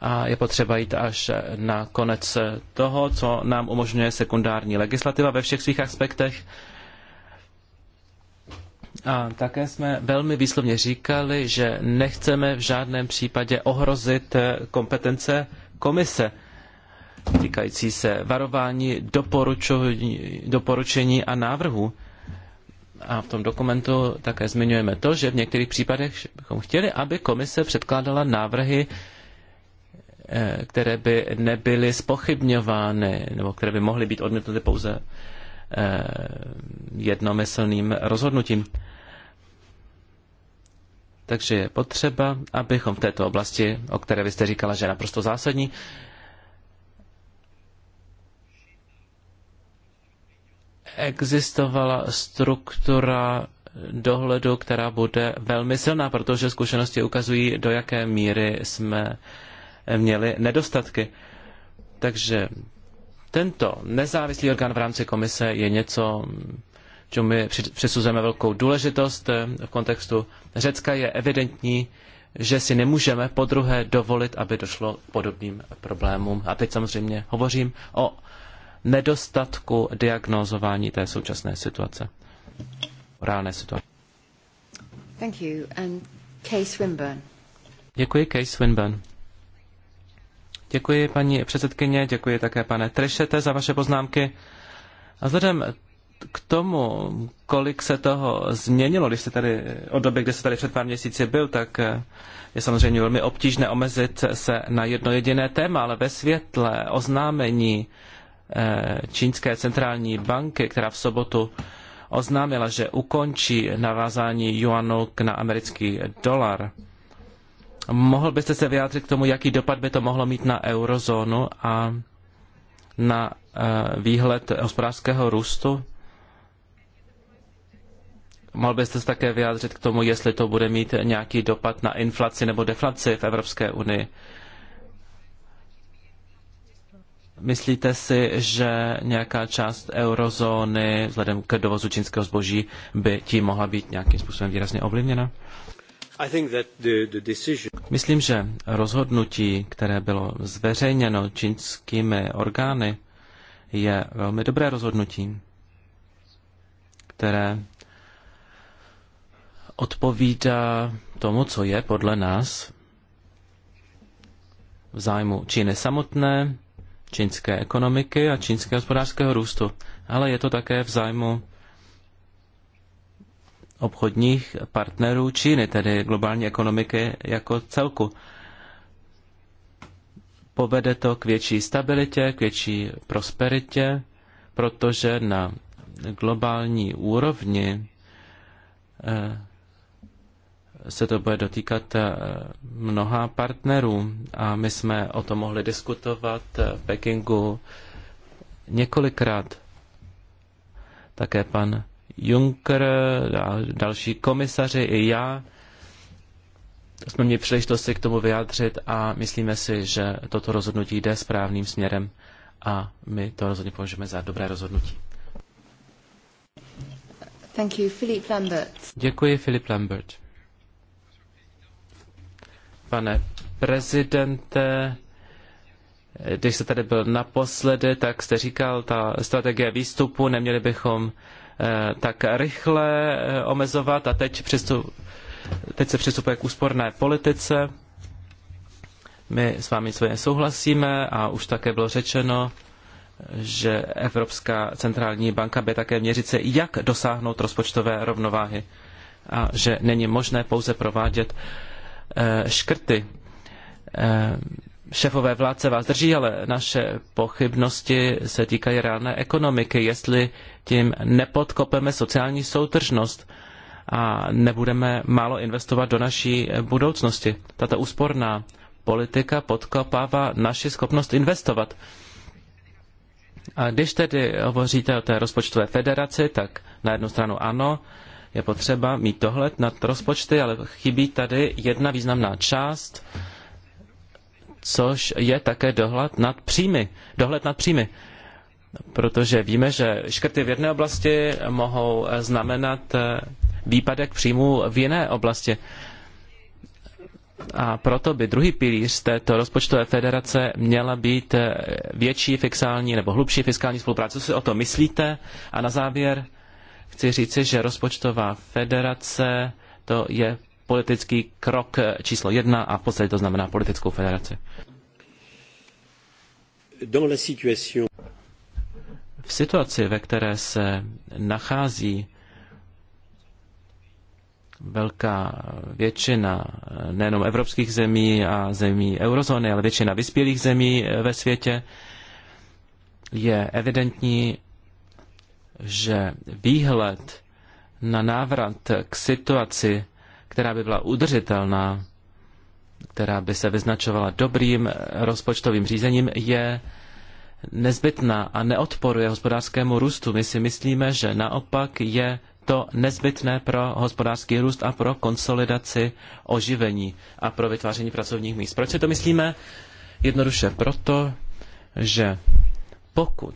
a je potřeba jít až na konec toho, co nám umožňuje sekundární legislativa ve všech svých aspektech. A také jsme velmi výslovně říkali, že nechceme v žádném případě ohrozit kompetence komise týkající se varování, doporučení a návrhu. A v tom dokumentu také zmiňujeme to, že v některých případech bychom chtěli, aby komise předkládala návrhy, eh, které by nebyly spochybňovány nebo které by mohly být odmítnuty pouze eh, jednomyslným rozhodnutím. Takže je potřeba, abychom v této oblasti, o které vy jste říkala, že je naprosto zásadní, existovala struktura dohledu, která bude velmi silná, protože zkušenosti ukazují, do jaké míry jsme měli nedostatky. Takže tento nezávislý orgán v rámci komise je něco, čemu my přisuzujeme velkou důležitost v kontextu Řecka. Je evidentní, že si nemůžeme podruhé dovolit, aby došlo k podobným problémům. A teď samozřejmě hovořím o nedostatku diagnózování té současné situace, reálné situace. Thank you. And Kay Swinburne. Děkuji, Kay Swinburne. Děkuji, paní předsedkyně, děkuji také, pane Trešete, za vaše poznámky. A vzhledem k tomu, kolik se toho změnilo, když jste tady, od doby, kdy jste tady před pár měsíci byl, tak eh, je samozřejmě velmi obtížné omezit se na jedno jediné téma, ale ve světle oznámení Eh, čínské centrální banky, která v sobotu oznámila, že ukončí navázání juanu na americký dolar. Mohl byste se vyjádřit k tomu, jaký dopad by to mohlo mít na eurozónu a na eh, výhled hospodářského růstu? Mohl byste se také vyjádřit k tomu, jestli to bude mít nějaký dopad na inflaci nebo deflaci v Evropské unii? Myslíte si, že nějaká část eurozóny vzhledem k dovozu čínského zboží by tím mohla být nějakým způsobem výrazně ovlivněna? Myslím, že rozhodnutí, které bylo zveřejněno čínskými orgány, je velmi dobré rozhodnutí, které odpovídá tomu, co je podle nás v zájmu Číny samotné, čínské ekonomiky a čínského hospodářského růstu, ale je to také v zájmu obchodních partnerů Číny, tedy globální ekonomiky jako celku. Povede to k větší stabilitě, k větší prosperitě, protože na globální úrovni eh, se to bude dotýkat eh, mnoha partnerů a my jsme o tom mohli diskutovat eh, v Pekingu několikrát. Také pan Juncker a další komisaři i já jsme měli příležitost se k tomu vyjádřit a myslíme si, že toto rozhodnutí jde správným směrem a my to rozhodně považujeme za dobré rozhodnutí. Thank you, Philip Lambert. Děkuji, Philip Lambert pane prezidente. Když jste tady byl naposledy, tak jste říkal, ta strategie výstupu, neměli bychom eh, tak rychle eh, omezovat a teď, přistup, teď se přistupuje k úsporné politice. My s vámi nicméně souhlasíme a už také bylo řečeno, že Evropská centrální banka by také měřit se, jak dosáhnout rozpočtové rovnováhy a že není možné pouze provádět Eh, škrty. Eh, Šefové vládce vás drží, ale naše pochybnosti se týkají reálné ekonomiky, jestli tím nepodkopeme sociální soutržnost a nebudeme málo investovat do naší budoucnosti. Tato úsporná politika podkopává naši schopnost investovat. A když tedy hovoříte o té rozpočtové federaci, tak na jednu stranu ano, je potřeba mít dohled nad rozpočty, ale chybí tady jedna významná část, což je také dohled nad příjmy. Dohled nad příjmy. Protože víme, že škrty v jedné oblasti mohou znamenat eh, výpadek příjmů v jiné oblasti. A proto by druhý pilíř této rozpočtové federace měla být eh, větší fiskální nebo hlubší fiskální spolupráce. Co si o to myslíte? A na závěr chci říci, že rozpočtová federace to je politický krok číslo jedna a v podstatě to znamená politickou federaci. V situaci, ve které se nachází velká většina nejenom evropských zemí a zemí eurozóny, ale většina vyspělých zemí ve světě, je evidentní, že výhled na návrat k situaci, která by byla udržitelná, která by se vyznačovala dobrým rozpočtovým řízením, je nezbytná a neodporuje hospodářskému růstu. My si myslíme, že naopak je to nezbytné pro hospodářský růst a pro konsolidaci oživení a pro vytváření pracovních míst. Proč si to myslíme? Jednoduše proto, že pokud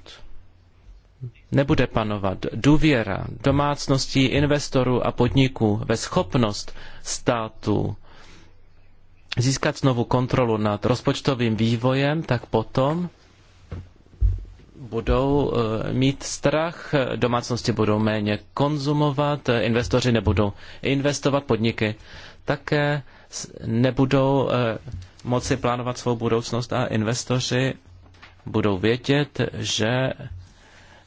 nebude panovat důvěra domácností, investorů a podniků ve schopnost státu získat znovu kontrolu nad rozpočtovým vývojem, tak potom budou eh, mít strach, domácnosti budou méně konzumovat, eh, investoři nebudou investovat, podniky také nebudou eh, moci plánovat svou budoucnost a investoři budou vědět, že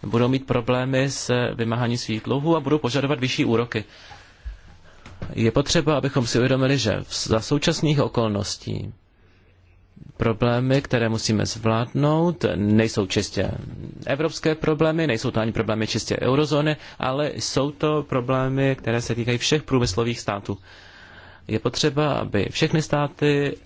budou mít problémy s vymáháním svých dluhů a budou požadovat vyšší úroky. Je potřeba, abychom si uvědomili, že za současných okolností problémy, které musíme zvládnout, nejsou čistě evropské problémy, nejsou to ani problémy čistě eurozóny, ale jsou to problémy, které se týkají všech průmyslových států. Je potřeba, aby všechny státy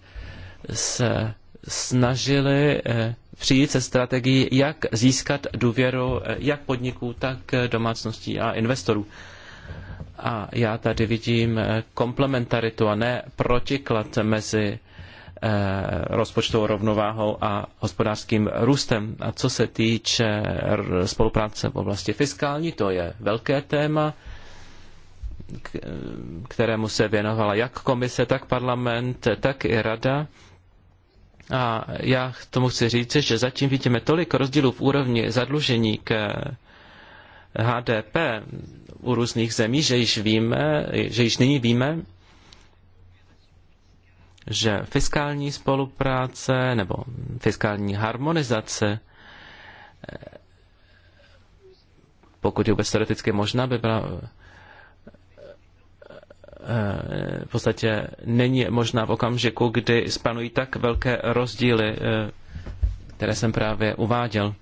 se snažili eh, přijít se strategií, jak získat důvěru eh, jak podniků, tak eh, domácností a investorů. A já tady vidím eh, komplementaritu a ne protiklad mezi rozpočtovou rovnováhou a hospodářským růstem. A co se týče spolupráce v oblasti fiskální, to je velké téma, kterému se věnovala jak komise, tak parlament, tak i rada. A já k tomu chci říct, že zatím vidíme tolik rozdílů v úrovni zadlužení k HDP u různých zemí, že již víme, že již nyní víme, že fiskální spolupráce nebo fiskální harmonizace, pokud je vůbec teoreticky možná, by byla Eh, v podstatě není možná v okamžiku, kdy spanují tak velké rozdíly, eh, které jsem právě uváděl.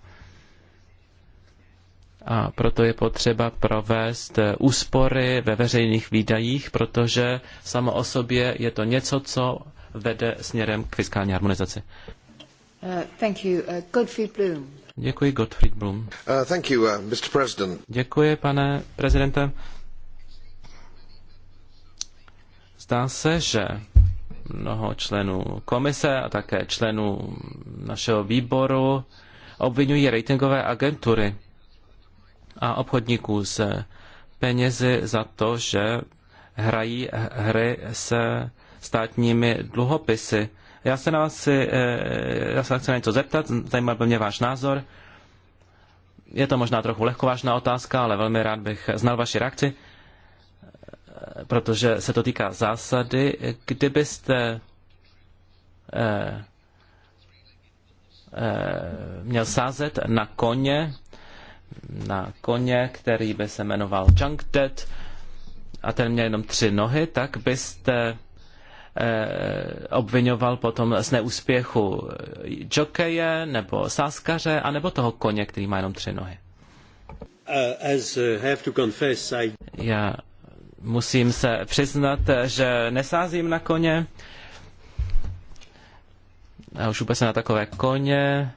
A proto je potřeba provést eh, úspory ve veřejných výdajích, protože samo o sobě je to něco, co vede směrem k fiskální harmonizaci. Uh, thank you. Uh, Gottfried Bloom. Děkuji, Gottfried Blum. Uh, thank you, uh, Mr. President. Děkuji, pane prezidente. Zdá se, že mnoho členů komise a také členů našeho výboru obvinují ratingové agentury a obchodníků z penězi za to, že hrají hry se státními dluhopisy. Já se na vás si, eh, já se chci na něco zeptat, zajímá by mě váš názor. Je to možná trochu lehkovážná otázka, ale velmi rád bych znal vaši reakci protože se to týká zásady, kdybyste eh, eh, měl sázet na koně, na koně, který by se jmenoval Junkdead a ten měl jenom tři nohy, tak byste eh, obvinoval potom z neúspěchu jokeje nebo sáskaře, nebo toho koně, který má jenom tři nohy. Uh, as, uh, have to confess, I... Já musím se přiznat, že nesázím na koně. A už vůbec na takové koně.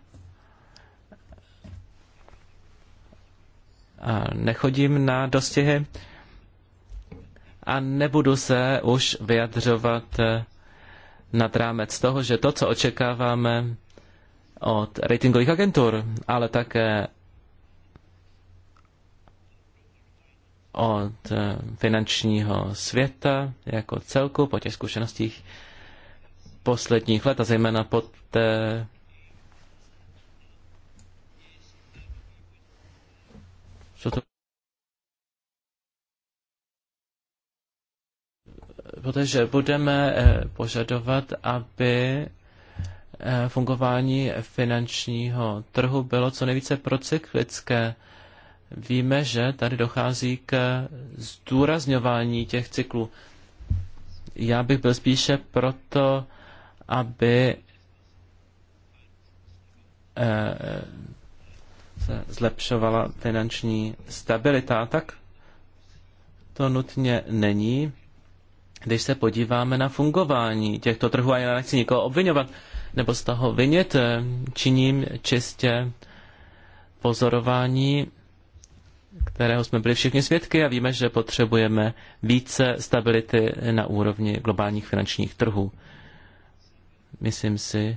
A nechodím na dostihy. A nebudu se už vyjadřovat nad rámec toho, že to, co očekáváme od ratingových agentur, ale také od eh, finančního světa jako celku po těch zkušenostích posledních let a zejména po té co to protože budeme eh, požadovat, aby eh, fungování finančního trhu bylo co nejvíce procyklické víme, že tady dochází k zdůrazňování těch cyklů. Já bych byl spíše proto, aby eh, se zlepšovala finanční stabilita. Tak to nutně není. Když se podíváme na fungování těchto trhů, a já nechci nikoho obvinovat nebo z toho vinit, eh, činím čistě pozorování kterého jsme byli všichni svědky a víme, že potřebujeme více stability na úrovni globálních finančních trhů. Myslím si,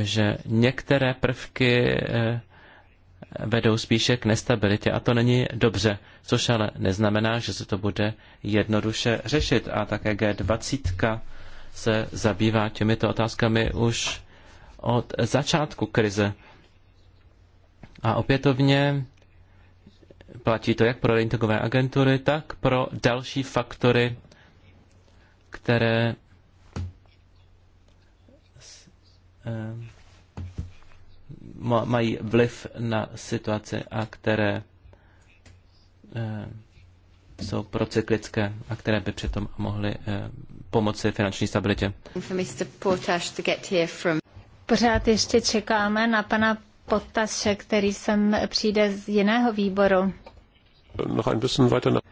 že některé prvky eh, vedou spíše k nestabilitě a to není dobře, což ale neznamená, že se to bude jednoduše řešit. A také G20 se zabývá těmito otázkami už od začátku krize. A opětovně Platí to jak pro ratingové agentury, tak pro další faktory, které eh, mají vliv na situaci a které eh, jsou procyklické a které by přitom mohly eh, pomoci finanční stabilitě. Pořád ještě čekáme na pana Potaše, který sem přijde z jiného výboru noch ein bisschen weiter nach.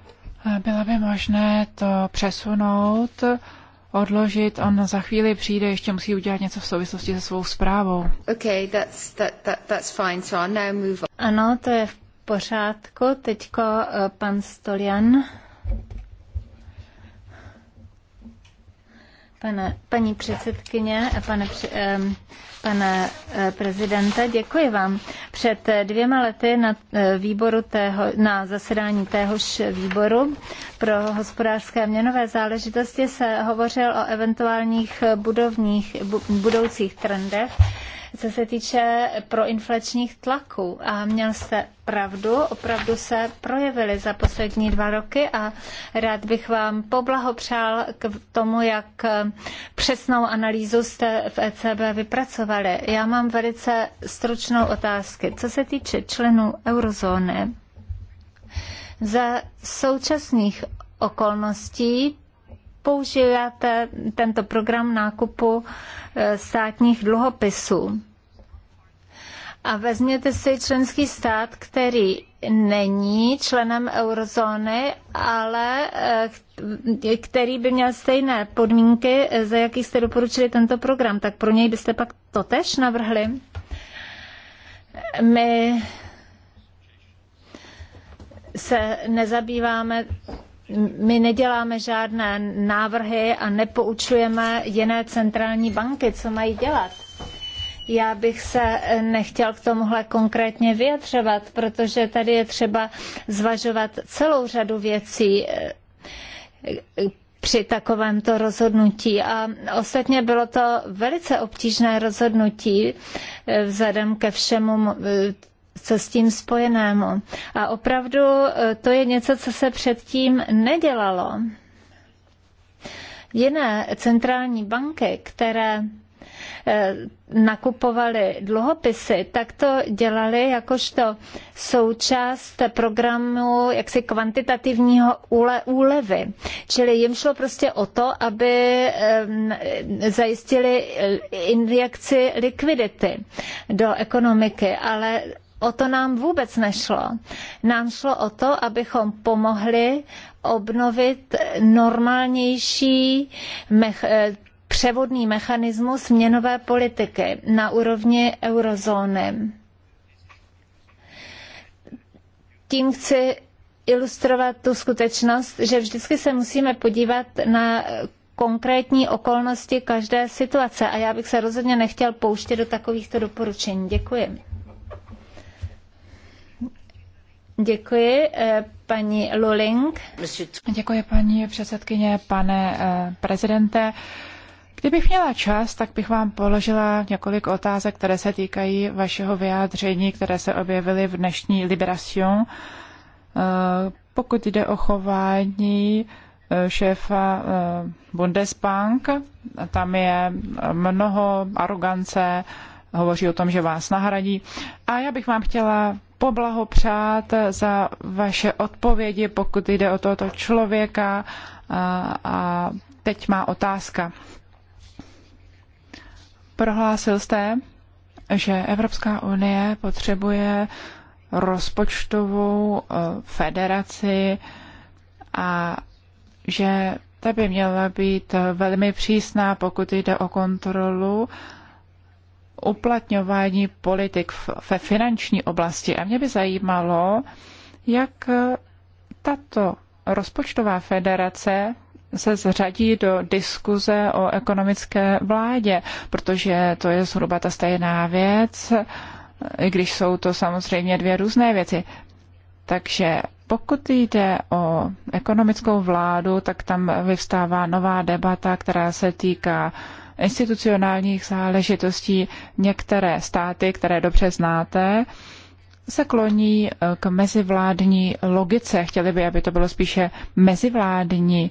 Bylo by možné to přesunout, odložit, on za chvíli přijde, ještě musí udělat něco v souvislosti se svou zprávou. Okay, that's, that, that, that's fine, so I'll now move on. Ano, to je v pořádku. Teďko eh, pan Stolian. Pane, paní předsedkyně a pane, pane eh, prezidente, děkuji vám. Před eh, dvěma lety na, eh, výboru tého, na zasedání téhož výboru pro hospodářské a měnové záležitosti se hovořil o eventuálních budovních, budoucích trendech co se týče proinflačních tlaků. A měl jste pravdu, opravdu se projevily za poslední dva roky a rád bych vám poblahopřál k tomu, jak přesnou analýzu jste v ECB vypracovali. Já mám velice stručnou otázku. Co se týče členů eurozóny, za současných okolností použije tento program nákupu eh, státních dluhopisů. A vezměte si členský stát, který není členem eurozóny, ale eh, který by měl stejné podmínky, eh, za jakých jste doporučili tento program, tak pro něj byste pak to tež navrhli. My se nezabýváme my neděláme žádné návrhy a nepoučujeme jiné centrální banky, co mají dělat. Já bych se nechtěl k tomuhle konkrétně vyjadřovat, protože tady je třeba zvažovat celou řadu věcí eh, při takovémto rozhodnutí. A ostatně bylo to velice obtížné rozhodnutí eh, vzhledem ke všemu eh, co s tím spojenému. A opravdu e, to je něco, co se předtím nedělalo. Jiné centrální banky, které e, nakupovali dluhopisy, tak to dělali jakožto součást programu jaksi kvantitativního úlevy. Čili jim šlo prostě o to, aby e, zajistili injekci likvidity do ekonomiky, ale O to nám vůbec nešlo. Nám šlo o to, abychom pomohli obnovit normálnější eh, převodný mechanismus měnové politiky na úrovni eurozóny. Tím chci ilustrovat tu skutečnost, že vždycky se musíme podívat na konkrétní okolnosti každé situace a já bych se rozhodně nechtěl pouštět do takovýchto doporučení. Děkuji. Děkuji, eh, paní Luling. Děkuji, paní předsedkyně, pane eh, prezidente. Kdybych měla čas, tak bych vám položila několik otázek, které se týkají vašeho vyjádření, které se objevily v dnešní Liberation. Eh, pokud jde o chování šéfa Bundesbank, tam je mnoho arogance, hovoří o tom, že vás nahradí. A já bych vám chtěla poblahopřát za vaše odpovědi, pokud jde o tohoto člověka. A, a teď má otázka. Prohlásil jste, že Evropská unie potřebuje rozpočtovou e, federaci a že ta by měla být velmi přísná, pokud jde o kontrolu uh, uplatňování politik ve finanční oblasti. A mě by zajímalo, jak eh, tato rozpočtová federace se zřadí do diskuze o ekonomické vládě, protože to je zhruba ta stejná věc, i když jsou to samozřejmě dvě různé věci. Takže pokud jde o ekonomickou vládu, tak tam vyvstává nová debata, která se týká uh, institucionálních záležitostí některé státy, které dobře znáte, se kloní eh, k mezivládní logice. Chtěli by, aby to bylo spíše mezivládní.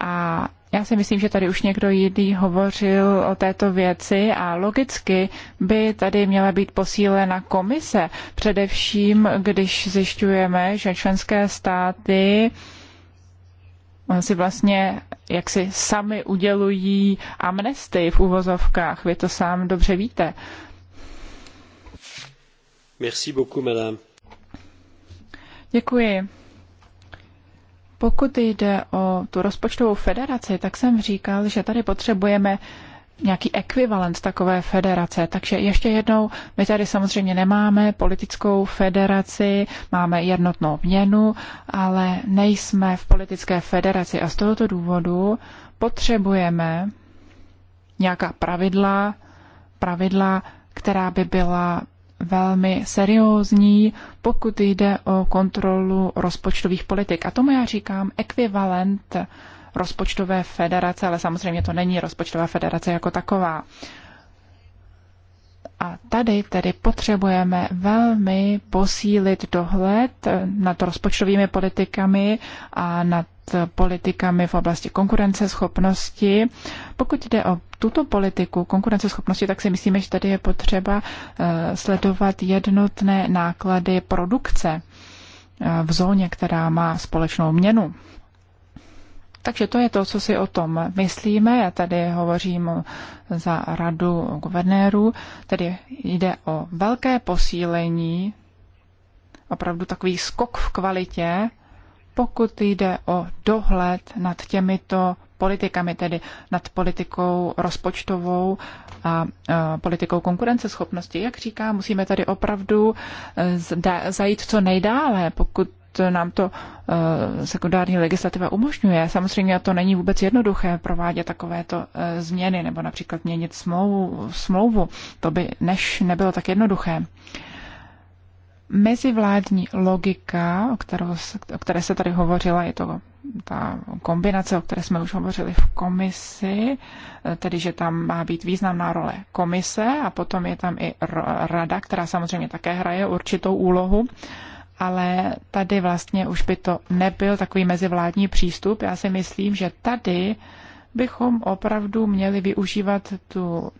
A já si myslím, že tady už někdo jiný hovořil o této věci a logicky by tady měla být posílena komise, především když zjišťujeme, že členské státy si vlastně jak si sami udělují amnesty v uvozovkách. Vy to sám dobře víte. Merci beaucoup, madame. Děkuji. Pokud jde o tu rozpočtovou federaci, tak jsem říkal, že tady potřebujeme nějaký ekvivalent takové federace. Takže ještě jednou, my tady samozřejmě nemáme politickou federaci, máme jednotnou měnu, ale nejsme v politické federaci a z tohoto důvodu potřebujeme nějaká pravidla, pravidla, která by byla velmi seriózní, pokud jde o kontrolu rozpočtových politik. A tomu já říkám ekvivalent rozpočtové federace, ale samozřejmě to není rozpočtová federace jako taková. A tady tedy potřebujeme velmi posílit dohled nad rozpočtovými politikami a nad politikami v oblasti konkurenceschopnosti. Pokud jde o tuto politiku konkurenceschopnosti, tak si myslíme, že tady je potřeba eh, sledovat jednotné náklady produkce eh, v zóně, která má společnou měnu. Takže to je to, co si o tom myslíme. Já tady hovořím za radu guvernérů. Tedy jde o velké posílení, opravdu takový skok v kvalitě, pokud jde o dohled nad těmito politikami, tedy nad politikou rozpočtovou a e, politikou konkurenceschopnosti. Jak říká, musíme tady opravdu e, zajít co nejdále, pokud nám to eh, sekundární legislativa umožňuje. Samozřejmě to není vůbec jednoduché provádět takovéto eh, změny nebo například měnit smlouvu. smlouvu. To by než nebylo tak jednoduché. Mezivládní logika, o, kterou, o které se tady hovořila, je to ta kombinace, o které jsme už hovořili v komisi, eh, tedy že tam má být významná role komise a potom je tam i rada, která samozřejmě také hraje určitou úlohu ale tady vlastně už by to nebyl takový mezivládní přístup. Já si myslím, že tady bychom opravdu měli využívat tu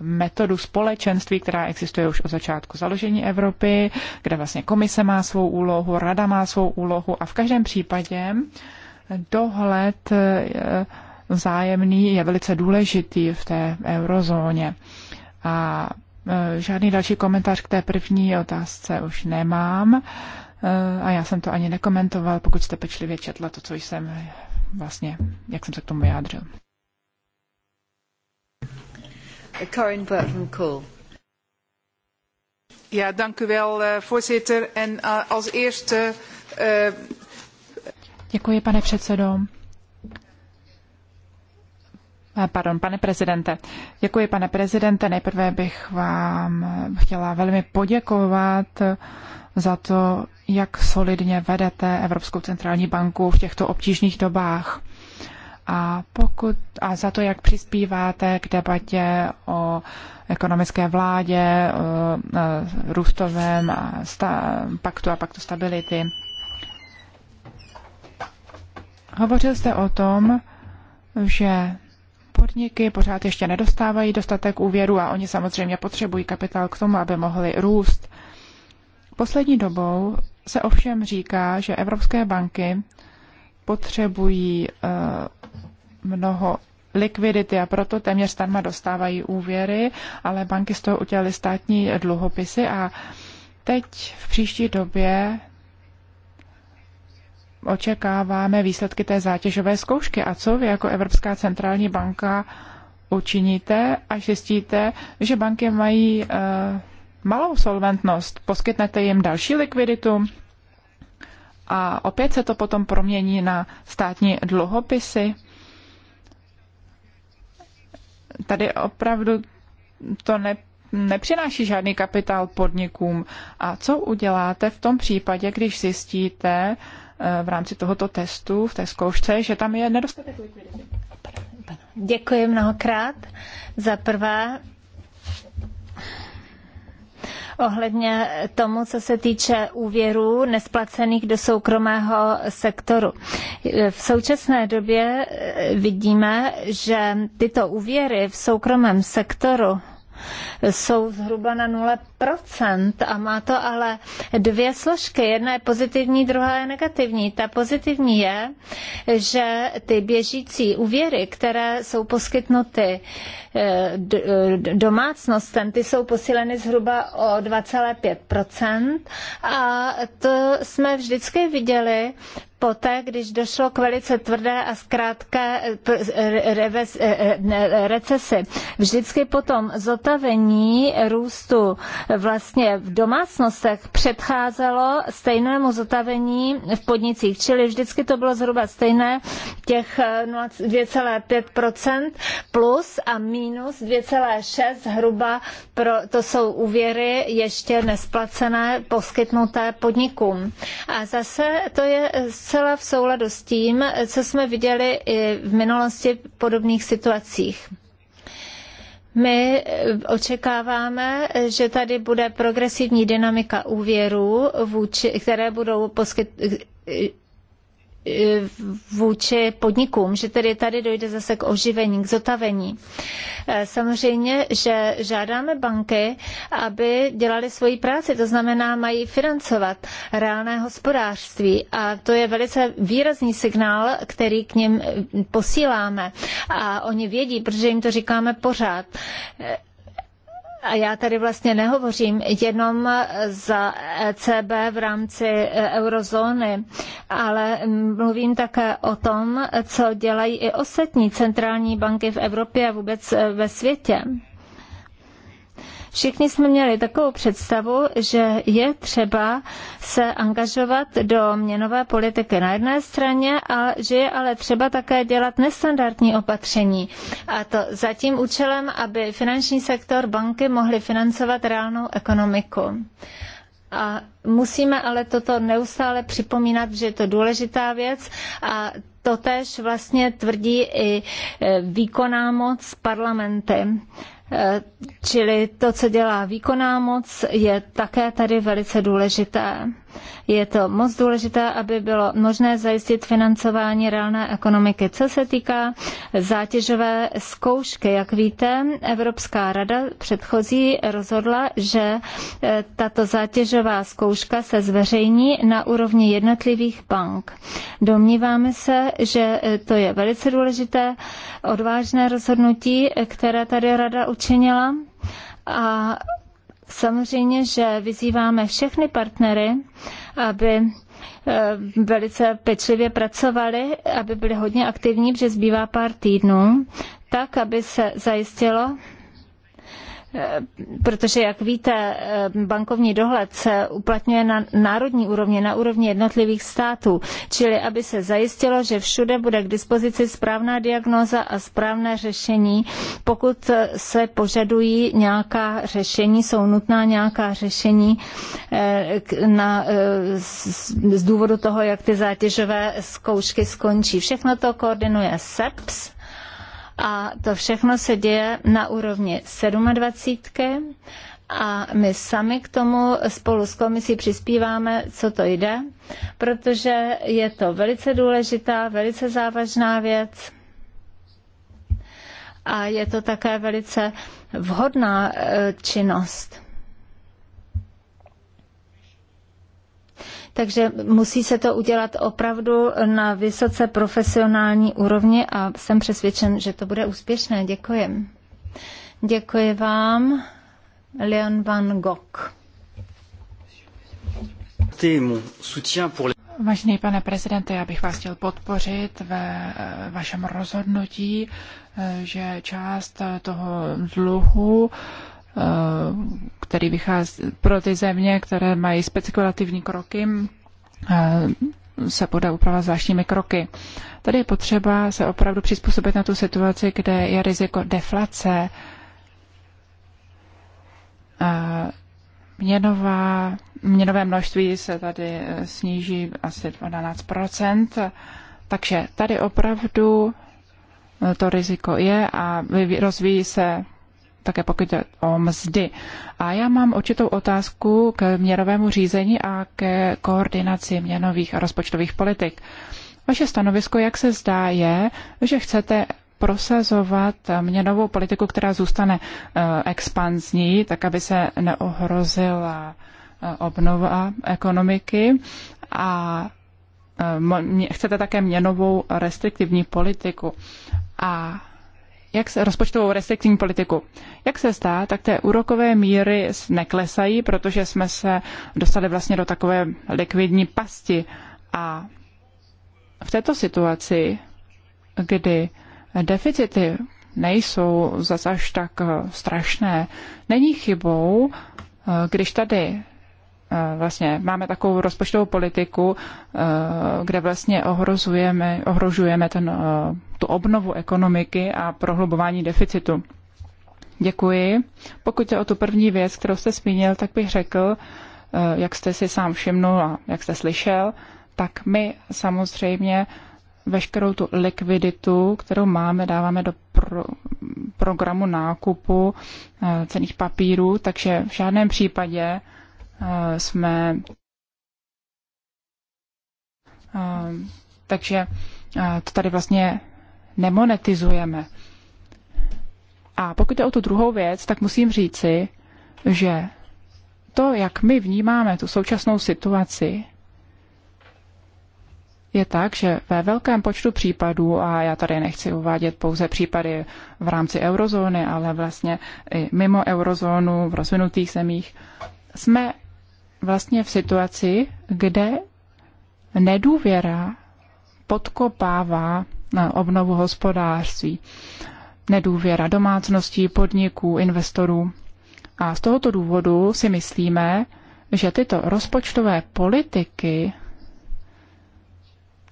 metodu společenství, která existuje už od začátku založení Evropy, kde vlastně komise má svou úlohu, rada má svou úlohu a v každém případě dohled eh, vzájemný je velice důležitý v té eurozóně. A Eh, žádný další komentář k té první otázce už nemám eh, a já jsem to ani nekomentoval, pokud jste pečlivě četla to, co jsem vlastně, jak jsem se k tomu vyjádřil. Ja, dank u wel, eh, voorzitter. En als eerste... Děkuji, pane předsedo. Eh, pardon, pane prezidente. Děkuji, pane prezidente. Nejprve bych vám chtěla velmi poděkovat za to, jak solidně vedete Evropskou centrální banku v těchto obtížných dobách a, pokud, a za to, jak přispíváte k debatě o ekonomické vládě, o, o e, růstovém a sta, paktu a paktu stability. Hovořil jste o tom, že podniky pořád ještě nedostávají dostatek úvěru a oni samozřejmě potřebují kapitál k tomu, aby mohli růst. Poslední dobou se ovšem říká, že evropské banky potřebují eh, mnoho likvidity a proto téměř zdarma dostávají úvěry, ale banky z toho udělaly státní dluhopisy a teď v příští době očekáváme výsledky té zátěžové zkoušky a co vy jako Evropská centrální banka učiníte až zjistíte, že banky mají uh, malou solventnost, poskytnete jim další likviditu a opět se to potom promění na státní dluhopisy. Tady opravdu to ne, nepřináší žádný kapitál podnikům. A co uděláte v tom případě, když zjistíte, Eh, v rámci tohoto testu, v té zkoušce, že tam je nedostatek likvidity. Děkuji mnohokrát. Za prvé, ohledně tomu, co se týče úvěrů nesplacených do soukromého sektoru. V současné době eh, vidíme, že tyto úvěry v soukromém sektoru jsou zhruba na a má to ale dvě složky. Jedna je pozitivní, druhá je negativní. Ta pozitivní je, že ty běžící úvěry, které jsou poskytnuty eh, domácnostem, ty jsou posíleny zhruba o 2,5 a to jsme vždycky viděli poté, když došlo k velice tvrdé a zkrátké eh, eh, recesi. Vždycky potom zotavení růstu vlastně v domácnostech předcházelo stejnému zotavení v podnicích, čili vždycky to bylo zhruba stejné těch 2,5% eh, plus a minus 2,6 hruba pro, to jsou úvěry ještě nesplacené, poskytnuté podnikům. A zase to je eh, zcela v souladu s tím, eh, co jsme viděli i v minulosti v podobných situacích. My eh, očekáváme, že tady bude progresivní dynamika úvěrů, vůči, které budou poskyt, eh, vůči podnikům, že tedy tady dojde zase k oživení, k zotavení. Eh, samozřejmě, že žádáme banky, aby dělali svoji práci, to znamená, mají financovat reálné hospodářství a to je velice výrazný signál, který k ním posíláme a oni vědí, protože jim to říkáme pořád eh, a já tady vlastně nehovořím jenom za ECB v rámci eurozóny, ale mluvím také o tom, co dělají i ostatní centrální banky v Evropě a vůbec ve světě. Všichni jsme měli takovou představu, že je třeba se angažovat do měnové politiky na jedné straně a že je ale třeba také dělat nestandardní opatření. A to za tím účelem, aby finanční sektor banky mohly financovat reálnou ekonomiku. A musíme ale toto neustále připomínat, že je to důležitá věc a to vlastně tvrdí i e, výkonná moc parlamenty. Eh, čili to, co dělá výkonná moc, je také tady velice důležité. Je to moc důležité, aby bylo možné zajistit financování reálné ekonomiky. Co se týká zátěžové zkoušky, jak víte, Evropská rada předchozí rozhodla, že eh, tato zátěžová zkouška se zveřejní na úrovni jednotlivých bank. Domníváme se, že eh, to je velice důležité, odvážné rozhodnutí, eh, které tady rada učinila a Samozřejmě, že vyzýváme všechny partnery, aby eh, velice pečlivě pracovali, aby byli hodně aktivní, protože zbývá pár týdnů, tak, aby se zajistilo, protože, jak víte, bankovní dohled se uplatňuje na národní úrovni, na úrovni jednotlivých států, čili aby se zajistilo, že všude bude k dispozici správná diagnóza a správné řešení, pokud se požadují nějaká řešení, jsou nutná nějaká řešení eh, na, eh, z důvodu toho, jak ty zátěžové zkoušky skončí. Všechno to koordinuje SEPS, a to všechno se děje na úrovni 27. A my sami k tomu spolu s komisí přispíváme, co to jde, protože je to velice důležitá, velice závažná věc a je to také velice vhodná e, činnost. Takže musí se to udělat opravdu na vysoce profesionální úrovni a jsem přesvědčen, že to bude úspěšné. Děkuji. Děkuji vám, Leon Van Gogh. Vážený pane prezidente, já bych vás chtěl podpořit ve vašem rozhodnutí, že část toho dluhu Eh, který vychází pro ty země, které mají spekulativní kroky, eh, se bude upravovat zvláštními kroky. Tady je potřeba se opravdu přizpůsobit na tu situaci, kde je riziko deflace, měnová, měnové množství se tady eh, sníží asi 12 takže tady opravdu to riziko je a rozvíjí se také pokud jde o mzdy. A já mám určitou otázku k měnovému řízení a ke koordinaci měnových a rozpočtových politik. Vaše stanovisko, jak se zdá, je, že chcete prosazovat měnovou politiku, která zůstane eh, expanzní, tak aby se neohrozila eh, obnova ekonomiky a eh, chcete také měnovou restriktivní politiku. A jak se rozpočtovou restriktivní politiku. Jak se zdá, tak té úrokové míry neklesají, protože jsme se dostali vlastně do takové likvidní pasti. A v této situaci, kdy deficity nejsou zase až tak eh, strašné, není chybou, eh, když tady Eh, vlastně máme takovou rozpočtovou politiku, eh, kde vlastně ohrozujeme, ohrožujeme ten, eh, tu obnovu ekonomiky a prohlubování deficitu. Děkuji. Pokud je o tu první věc, kterou jste zmínil, tak bych řekl, jak jste si sám všimnul a jak jste slyšel, tak my samozřejmě veškerou tu likviditu, kterou máme, dáváme do pro, programu nákupu cených papírů, takže v žádném případě Eh, jsme. Eh, takže eh, to tady vlastně nemonetizujeme. A pokud jde o tu druhou věc, tak musím říci, že to, jak my vnímáme tu současnou situaci, je tak, že ve velkém počtu případů, a já tady nechci uvádět pouze případy v rámci eurozóny, ale vlastně i mimo eurozónu, v rozvinutých zemích, jsme vlastně v situaci, kde nedůvěra podkopává eh, obnovu hospodářství. Nedůvěra domácností, podniků, investorů. A z tohoto důvodu si myslíme, že tyto rozpočtové politiky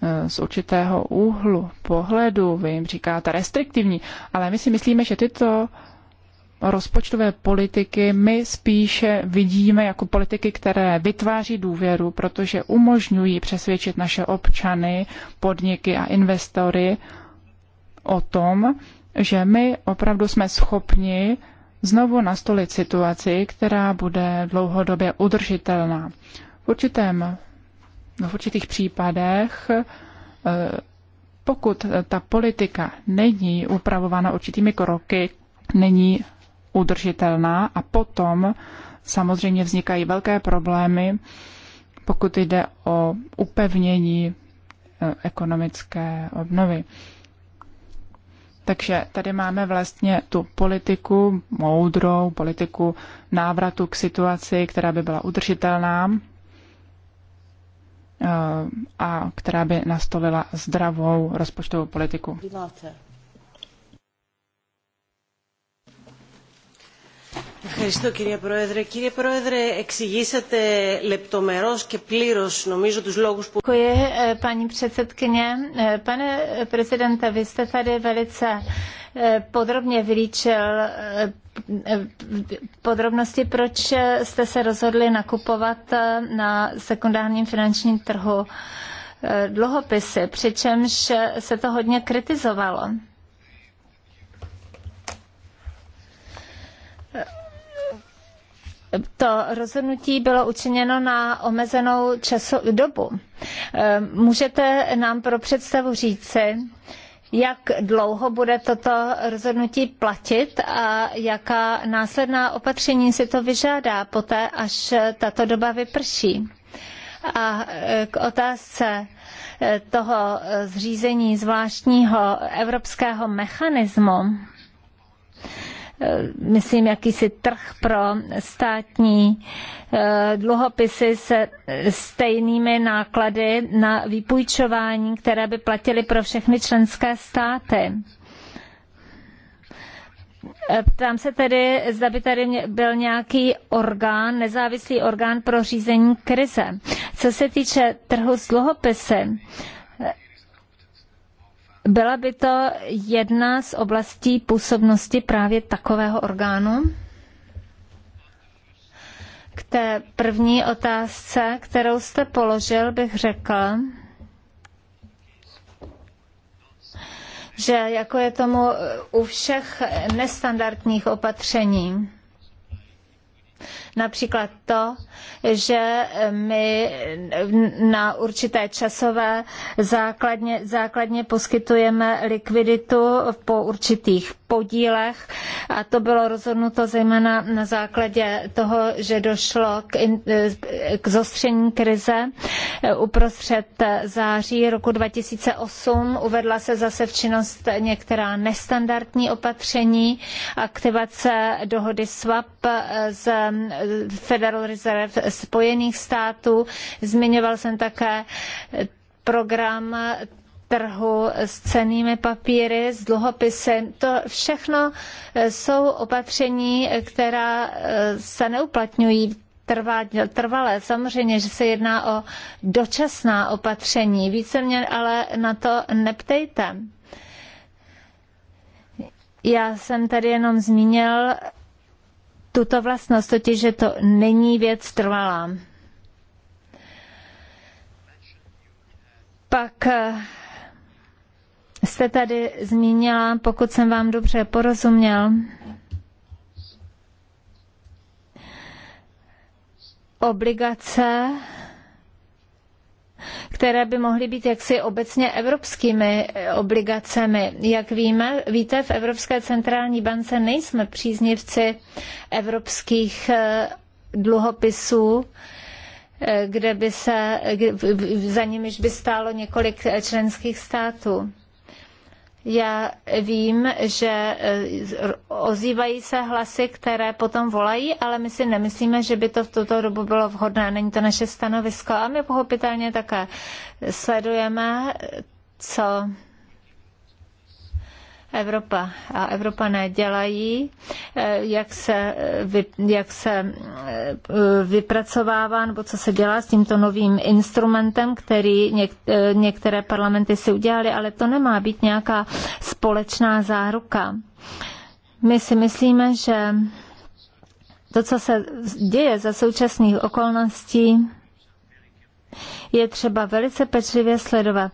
eh, z určitého úhlu pohledu, vy jim říkáte restriktivní, ale my si myslíme, že tyto rozpočtové politiky my spíše vidíme jako politiky, které vytváří důvěru, protože umožňují přesvědčit naše občany, podniky a investory o tom, že my opravdu jsme schopni znovu nastolit situaci, která bude dlouhodobě udržitelná. V, určitém, v určitých případech eh, pokud ta politika není upravována určitými kroky, není udržitelná a potom samozřejmě vznikají velké problémy, pokud jde o upevnění e, ekonomické obnovy. Takže tady máme vlastně tu politiku moudrou, politiku návratu k situaci, která by byla udržitelná e, a která by nastolila zdravou rozpočtovou politiku. Ευχαριστώ κύριε Πρόεδρε. Κύριε Πρόεδρε, εξηγήσατε λεπτομερώς και πλήρως νομίζω τους λόγους που... Eh, paní předsedkyně. Eh, pane prezidente, vy jste tady velice eh, podrobně vylíčil podrobnosti, proč jste se rozhodli nakupovat na sekundárním finančním trhu dluhopisy, přičemž se to hodně kritizovalo. to rozhodnutí bylo učiněno na omezenou času, dobu. Eh, můžete nám pro představu říci, jak dlouho bude toto rozhodnutí platit a jaká následná opatření si to vyžádá poté, až tato doba vyprší. A eh, k otázce eh, toho zřízení zvláštního evropského mechanismu, Eh, myslím, jakýsi trh pro státní eh, dluhopisy se stejnými náklady na vypůjčování, které by platily pro všechny členské státy. Eh, ptám se tedy, zda by tady byl nějaký orgán, nezávislý orgán pro řízení krize. Co se týče trhu s dluhopisy, byla by to jedna z oblastí působnosti právě takového orgánu? K té první otázce, kterou jste položil, bych řekl, že jako je tomu u všech nestandardních opatření, Například to, že my na určité časové základně, základně poskytujeme likviditu po určitých podílech a to bylo rozhodnuto zejména na základě toho, že došlo k, in, k zostření krize uprostřed září roku 2008. Uvedla se zase v činnost některá nestandardní opatření, aktivace dohody SWAP z Federal Reserve Spojených států. Zmiňoval jsem také program trhu s cenými papíry, s dluhopisy. To všechno eh, jsou opatření, která eh, se neuplatňují trvá, trvalé. Samozřejmě, že se jedná o dočasná opatření. Více mě ale na to neptejte. Já jsem tady jenom zmínil tuto vlastnost, totiž, že to není věc trvalá. Pak eh, jste tady zmínila, pokud jsem vám dobře porozuměl, obligace, které by mohly být jaksi obecně evropskými eh, obligacemi. Jak víme, víte, v Evropské centrální bance nejsme příznivci evropských eh, dluhopisů, eh, kde by se, za nimiž by stálo několik členských států. Já vím, že eh, ozývají se hlasy, které potom volají, ale my si nemyslíme, že by to v tuto dobu bylo vhodné. Není to naše stanovisko a my pochopitelně také sledujeme, co Evropa a Evropané dělají, eh, jak se, vy, jak se eh, vypracovává nebo co se dělá s tímto novým instrumentem, který něk, eh, některé parlamenty si udělali, ale to nemá být nějaká společná záruka. My si myslíme, že to, co se děje za současných okolností, je třeba velice pečlivě sledovat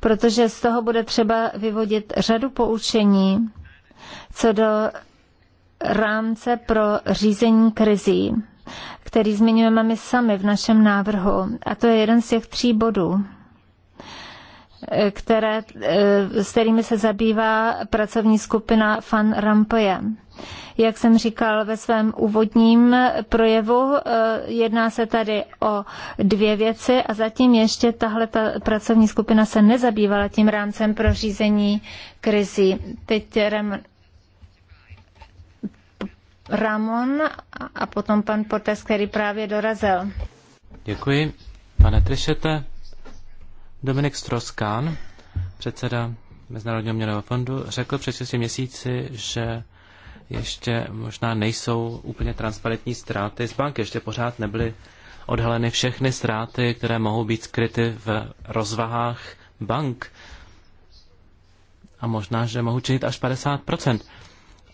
protože z toho bude třeba vyvodit řadu poučení co do rámce pro řízení krizí, který zmiňujeme my sami v našem návrhu. A to je jeden z těch tří bodů které, eh, s kterými se zabývá pracovní skupina Fan Rampoje. Jak jsem říkal ve svém úvodním projevu, eh, jedná se tady o dvě věci a zatím ještě tahle ta pracovní skupina se nezabývala tím rámcem pro řízení krizí. Teď Rem... Ramon a potom pan Portes, který právě dorazil. Děkuji. Pane Trišete, Dominik Stroskán, předseda Mezinárodního měnového fondu, řekl před 6 měsíci, že ještě možná nejsou úplně transparentní ztráty z banky, ještě pořád nebyly odhaleny všechny ztráty, které mohou být skryty v rozvahách bank. A možná, že mohou činit až 50%.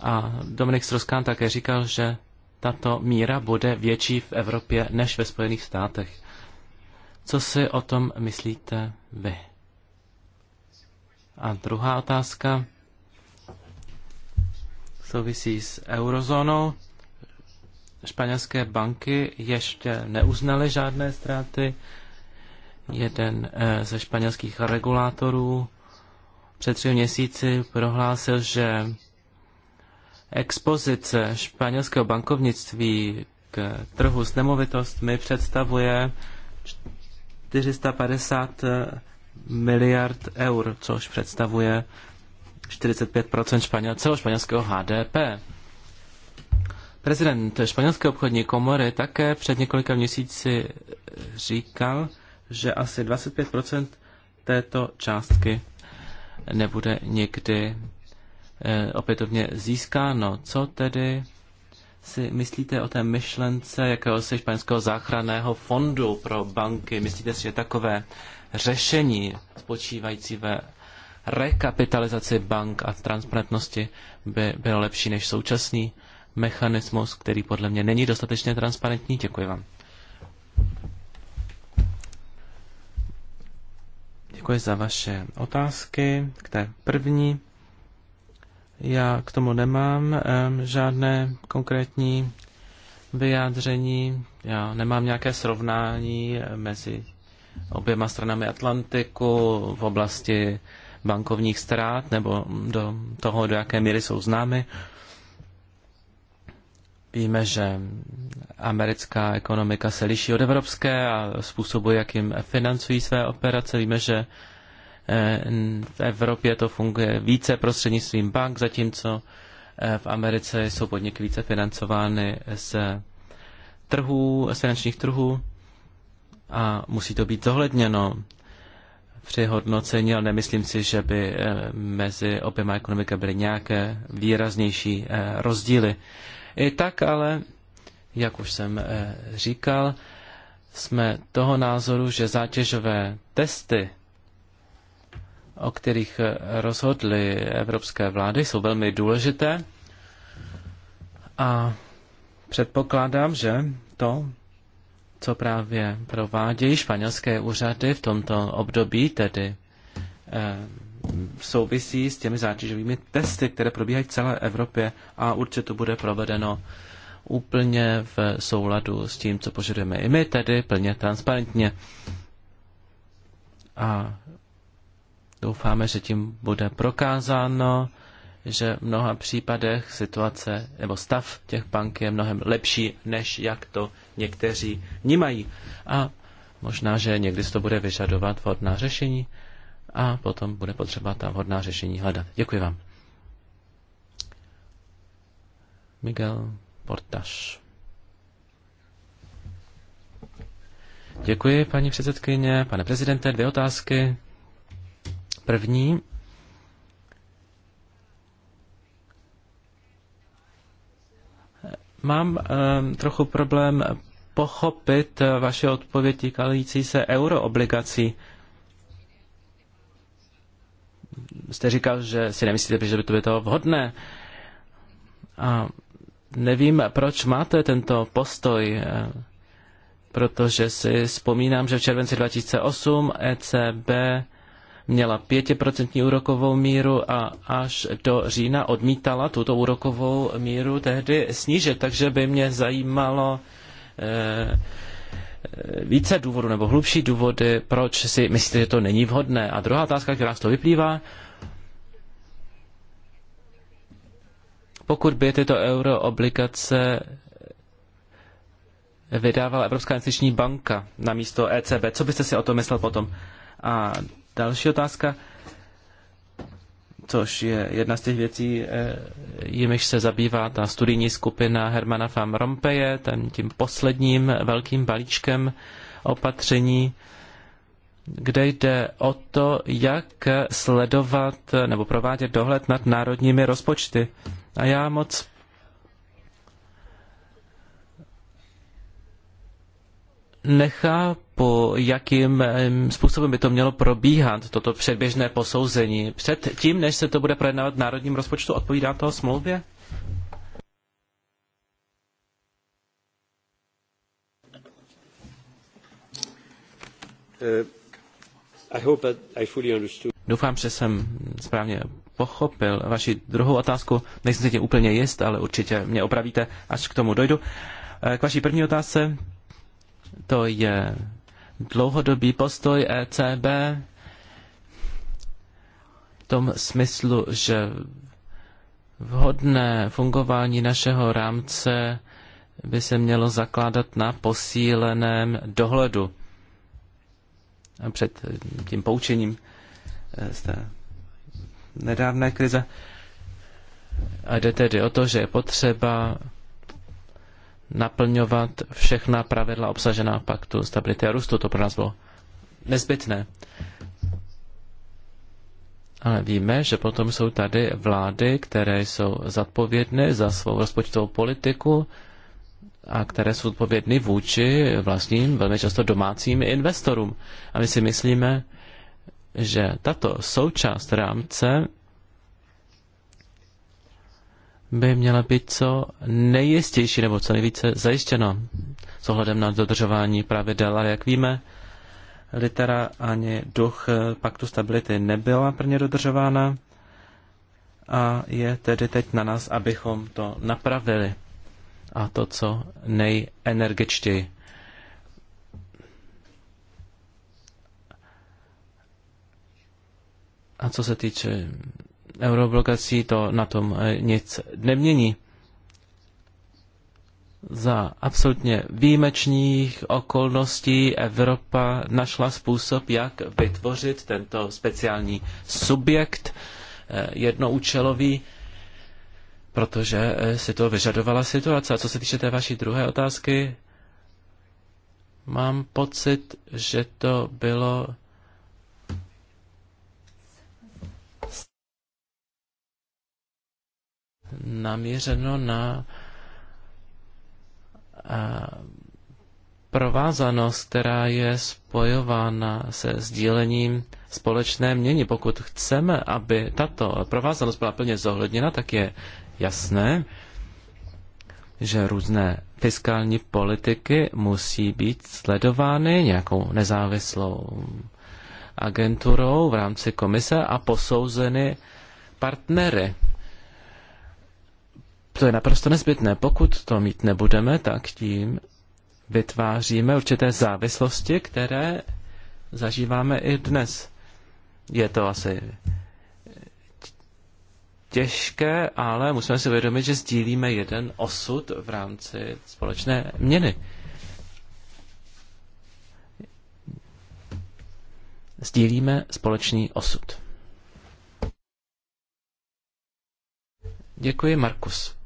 A Dominik Stroskán také říkal, že tato míra bude větší v Evropě než ve Spojených státech. Co si o tom myslíte ve. A druhá otázka souvisí s eurozónou. Španělské banky ještě neuznaly žádné ztráty. Jeden eh, ze španělských regulátorů před tři měsíci prohlásil, že expozice španělského bankovnictví k trhu s nemovitostmi představuje 450 eh, miliard eur, což představuje 45 španěl, celošpanělského HDP. Prezident španělské obchodní komory také před několika měsíci říkal, že asi 25 této částky nebude nikdy eh, opětovně získáno. Co tedy si myslíte o té myšlence jakéhosi španělského záchranného fondu pro banky? Myslíte si, že takové řešení spočívající ve rekapitalizaci bank a transparentnosti by bylo lepší než současný mechanismus, který podle mě není dostatečně transparentní? Děkuji vám. Děkuji za vaše otázky k té první. Já k tomu nemám žádné konkrétní vyjádření. Já nemám nějaké srovnání eh, mezi oběma stranami Atlantiku v oblasti bankovních ztrát nebo do toho, do jaké míry jsou známy. Víme, že americká ekonomika se liší od evropské a způsobu, jakým financují své operace. Víme, že Eh, v Evropě to funguje více prostřednictvím bank, zatímco eh, v Americe jsou podniky více financovány z trhů, z finančních trhů a musí to být zohledněno při hodnocení, ale nemyslím si, že by eh, mezi oběma ekonomikami byly nějaké výraznější rozdíly. I tak ale, jak už jsem říkal, jsme toho názoru, že zátěžové testy o kterých rozhodly evropské vlády, jsou velmi důležité a předpokládám, že to, co právě provádějí španělské úřady v tomto období, tedy eh, souvisí s těmi zátěžovými testy, které probíhají v celé Evropě a určitě to bude provedeno úplně v souladu s tím, co požadujeme i my, tedy plně transparentně. A Doufáme, že tím bude prokázáno, že v mnoha případech situace nebo stav těch bank je mnohem lepší, než jak to někteří vnímají. A možná, že někdy se to bude vyžadovat vhodná řešení a potom bude potřeba ta vhodná řešení hledat. Děkuji vám. Miguel Portaš. Děkuji, paní předsedkyně, pane prezidente, dvě otázky. První Mám um, trochu problém pochopit eh, vaše odpověď týkající se euroobligací. Jste říkal, že si nemyslíte, že by to bylo vhodné. A nevím, proč máte tento postoj, eh, protože si vzpomínám, že v červenci 2008 ECB měla pětiprocentní úrokovou míru a až do října odmítala tuto úrokovou míru tehdy snížit, takže by mě zajímalo eh, více důvodů nebo hlubší důvody, proč si myslíte, že to není vhodné. A druhá otázka, která z toho vyplývá, pokud by tyto euroobligace vydávala Evropská investiční banka na místo ECB, co byste si o tom myslel potom? A Další otázka, což je jedna z těch věcí, eh, jimiž se zabývá ta studijní skupina Hermana van Rompeje, ten tím posledním velkým balíčkem opatření, kde jde o to, jak sledovat nebo provádět dohled nad národními rozpočty. A já moc nechápu, jakým způsobem by to mělo probíhat, toto předběžné posouzení. Před tím, než se to bude projednávat v národním rozpočtu, odpovídá to smlouvě? Uh, Doufám, že jsem správně pochopil vaši druhou otázku. Nejsem si tě úplně jist, ale určitě mě opravíte, až k tomu dojdu. Eh, k vaší první otázce to je dlouhodobý postoj ECB v tom smyslu, že vhodné fungování našeho rámce by se mělo zakládat na posíleném dohledu. A před tím poučením eh, z té nedávné krize. A jde tedy o to, že je potřeba naplňovat všechna pravidla obsažená v paktu stability a růstu. To pro nás bylo nezbytné. Ale víme, že potom jsou tady vlády, které jsou zadpovědné za svou rozpočtovou politiku a které jsou odpovědny vůči vlastním, velmi často domácím investorům. A my si myslíme, že tato součást rámce by měla být co nejistější nebo co nejvíce zajištěno s ohledem na dodržování pravidel. A jak víme, litera ani duch paktu stability nebyla prvně dodržována a je tedy teď na nás, abychom to napravili a to co nejenergičtěji. A co se týče euroblokací to na tom eh, nic nemění. Za absolutně výjimečných okolností Evropa našla způsob, jak vytvořit tento speciální subjekt eh, jednoúčelový, protože eh, si to vyžadovala situace. A co se týče té vaší druhé otázky, mám pocit, že to bylo naměřeno na provázanost, která je spojována se sdílením společné mění. Pokud chceme, aby tato provázanost byla plně zohledněna, tak je jasné, že různé fiskální politiky musí být sledovány nějakou nezávislou agenturou v rámci komise a posouzeny partnery to je naprosto nezbytné. Pokud to mít nebudeme, tak tím vytváříme určité závislosti, které zažíváme i dnes. Je to asi těžké, ale musíme si uvědomit, že sdílíme jeden osud v rámci společné měny. Sdílíme společný osud. Děkuji, Markus.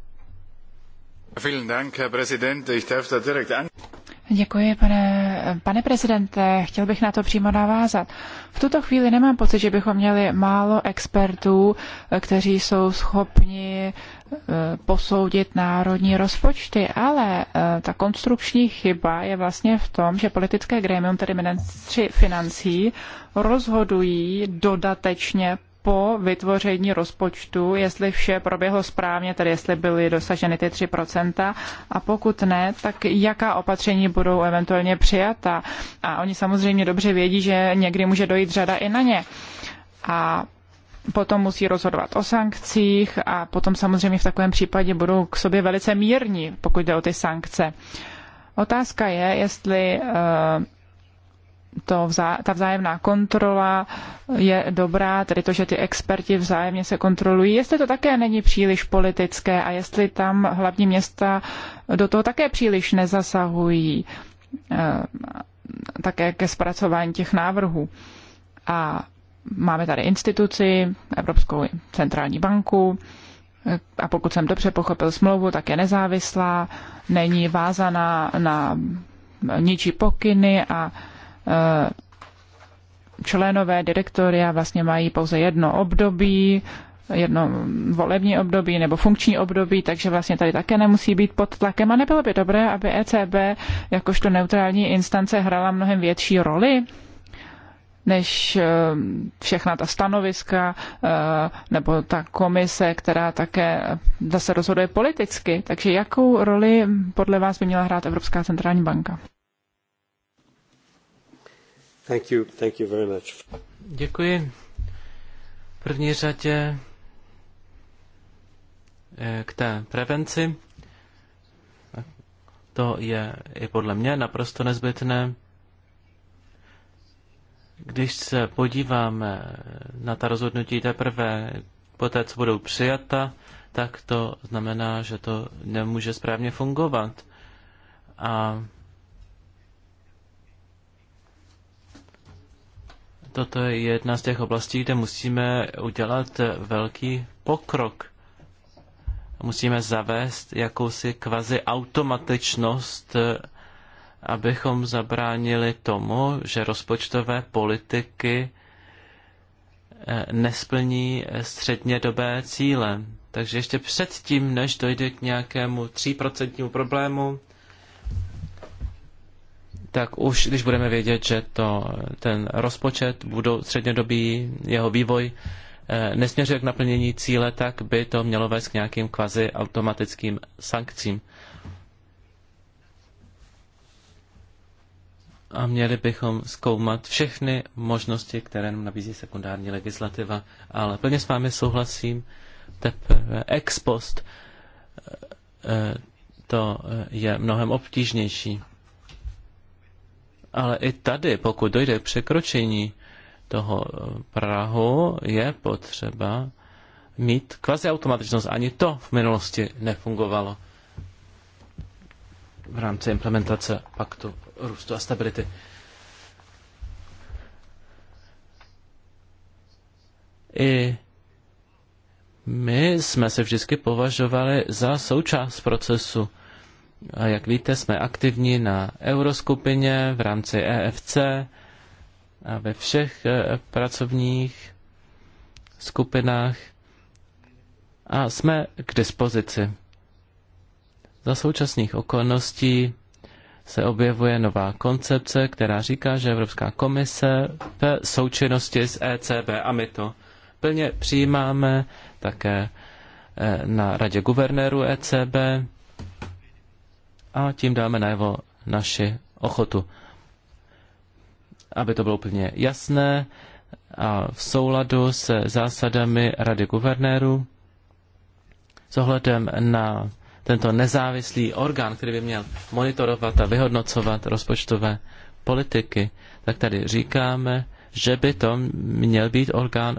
Děkuji, pane, pane prezidente. Chtěl bych na to přímo navázat. V tuto chvíli nemám pocit, že bychom měli málo expertů, kteří jsou schopni eh, posoudit národní rozpočty, ale eh, ta konstrukční chyba je vlastně v tom, že politické grémium, tedy ministři financí, rozhodují dodatečně po vytvoření rozpočtu, jestli vše proběhlo správně, tedy jestli byly dosaženy ty 3%, a pokud ne, tak jaká opatření budou eventuálně přijata. A oni samozřejmě dobře vědí, že někdy může dojít řada i na ně. A potom musí rozhodovat o sankcích a potom samozřejmě v takovém případě budou k sobě velice mírní, pokud jde o ty sankce. Otázka je, jestli eh, to vzá, ta vzájemná kontrola je dobrá, tedy to, že ty experti vzájemně se kontrolují, jestli to také není příliš politické a jestli tam hlavní města do toho také příliš nezasahují eh, také ke zpracování těch návrhů. A máme tady instituci, Evropskou centrální banku, eh, a pokud jsem dobře pochopil smlouvu, tak je nezávislá, není vázaná na ničí pokyny a Eh, členové direktoria vlastně mají pouze jedno období, jedno volební období nebo funkční období, takže vlastně tady také nemusí být pod tlakem a nebylo by dobré, aby ECB jakožto neutrální instance hrala mnohem větší roli než eh, všechna ta stanoviska eh, nebo ta komise, která také zase rozhoduje politicky. Takže jakou roli podle vás by měla hrát Evropská centrální banka? Thank you, thank you very much. Děkuji. V první řadě eh, k té prevenci. To je i podle mě naprosto nezbytné. Když se podíváme na ta rozhodnutí teprve po té, co budou přijata, tak to znamená, že to nemůže správně fungovat. A Toto je jedna z těch oblastí, kde musíme udělat velký pokrok. Musíme zavést jakousi kvazi automatičnost, abychom zabránili tomu, že rozpočtové politiky eh, nesplní střednědobé cíle. Takže ještě předtím, než dojde k nějakému 3% problému, tak už když budeme vědět, že to, ten rozpočet, budou střednědobý jeho vývoj eh, nesměřuje k naplnění cíle, tak by to mělo vést k nějakým kvazi automatickým sankcím. A měli bychom zkoumat všechny možnosti, které nám nabízí sekundární legislativa. Ale plně s vámi souhlasím, teprve ex post eh, eh, to je mnohem obtížnější ale i tady, pokud dojde k překročení toho eh, Prahu, je potřeba mít kvazi automatičnost. Ani to v minulosti nefungovalo v rámci implementace paktu růstu a stability. I my jsme se vždycky považovali za součást procesu a jak víte, jsme aktivní na euroskupině v rámci EFC a ve všech eh, pracovních skupinách a jsme k dispozici. Za současných okolností se objevuje nová koncepce, která říká, že Evropská komise ve součinnosti s ECB a my to plně přijímáme také eh, na radě guvernérů ECB a tím dáme najevo naši ochotu. Aby to bylo úplně jasné a v souladu se zásadami Rady guvernérů s ohledem na tento nezávislý orgán, který by měl monitorovat a vyhodnocovat rozpočtové politiky, tak tady říkáme, že by to měl být orgán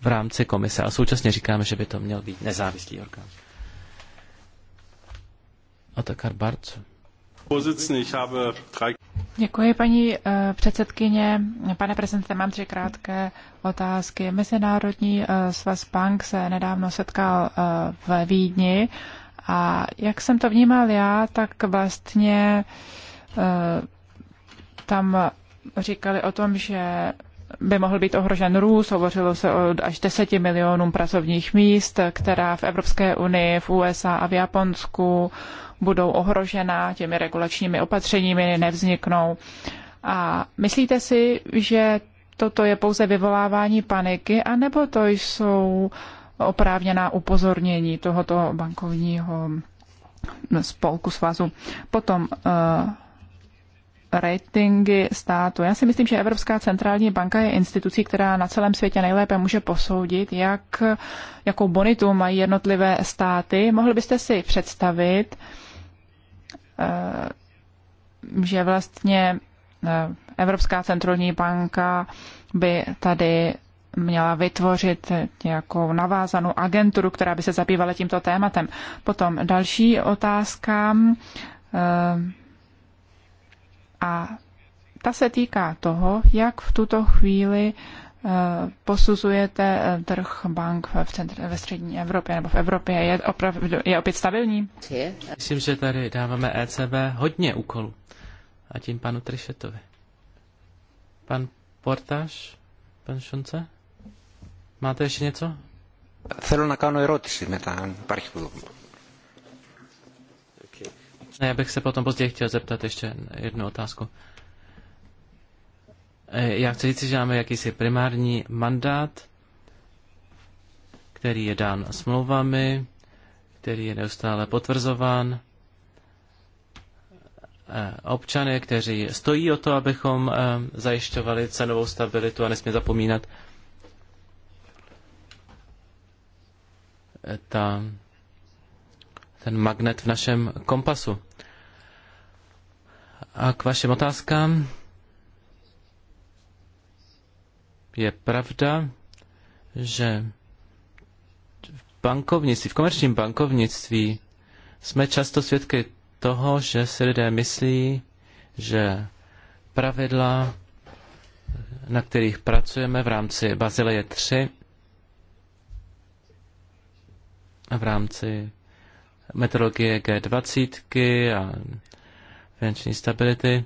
v rámci komise a současně říkáme, že by to měl být nezávislý orgán. Otakar Děkuji, paní eh, předsedkyně. Pane prezidente, mám tři krátké otázky. Mezinárodní eh, svaz bank se nedávno setkal eh, v Vídni a jak jsem to vnímal já, tak vlastně tam říkali o tom, že by mohl být ohrožen růst. Hovořilo se o až 10 milionům pracovních míst, která v Evropské unii, v USA a v Japonsku budou ohrožena těmi regulačními opatřeními, nevzniknou. A myslíte si, že toto je pouze vyvolávání paniky, anebo to jsou oprávněná upozornění tohoto bankovního spolku svazu. Potom uh, ratingy státu. Já si myslím, že Evropská centrální banka je institucí, která na celém světě nejlépe může posoudit, jak, jakou bonitu mají jednotlivé státy. Mohli byste si představit, uh, Eh, že vlastně eh, Evropská centrální banka by tady měla vytvořit nějakou navázanou agenturu, která by se zabývala tímto tématem. Potom další otázka eh, a ta se týká toho, jak v tuto chvíli uh, posuzujete eh, trh bank v centr, ve střední Evropě nebo v Evropě? Je, opravdu, je opět stabilní? Myslím, že tady dáváme ECB hodně úkolů. A tím panu Trišetovi. Pan Portáš, pan Šunce, máte ještě něco? Θέλω να κάνω ερώτηση μετά, αν Ne, já bych se potom později chtěl zeptat ještě jednu otázku. Eh, já chci říct, že máme jakýsi primární mandát, který je dán smlouvami, který je neustále potvrzován eh, občany, kteří stojí o to, abychom eh, zajišťovali cenovou stabilitu a nesmí zapomínat. Ta, ten magnet v našem kompasu. A k vašim otázkám. je pravda, že v bankovnictví, v komerčním bankovnictví jsme často svědky toho, že si lidé myslí, že pravidla, na kterých pracujeme v rámci Bazileje 3 a v rámci metodologie G20 a finanční stability,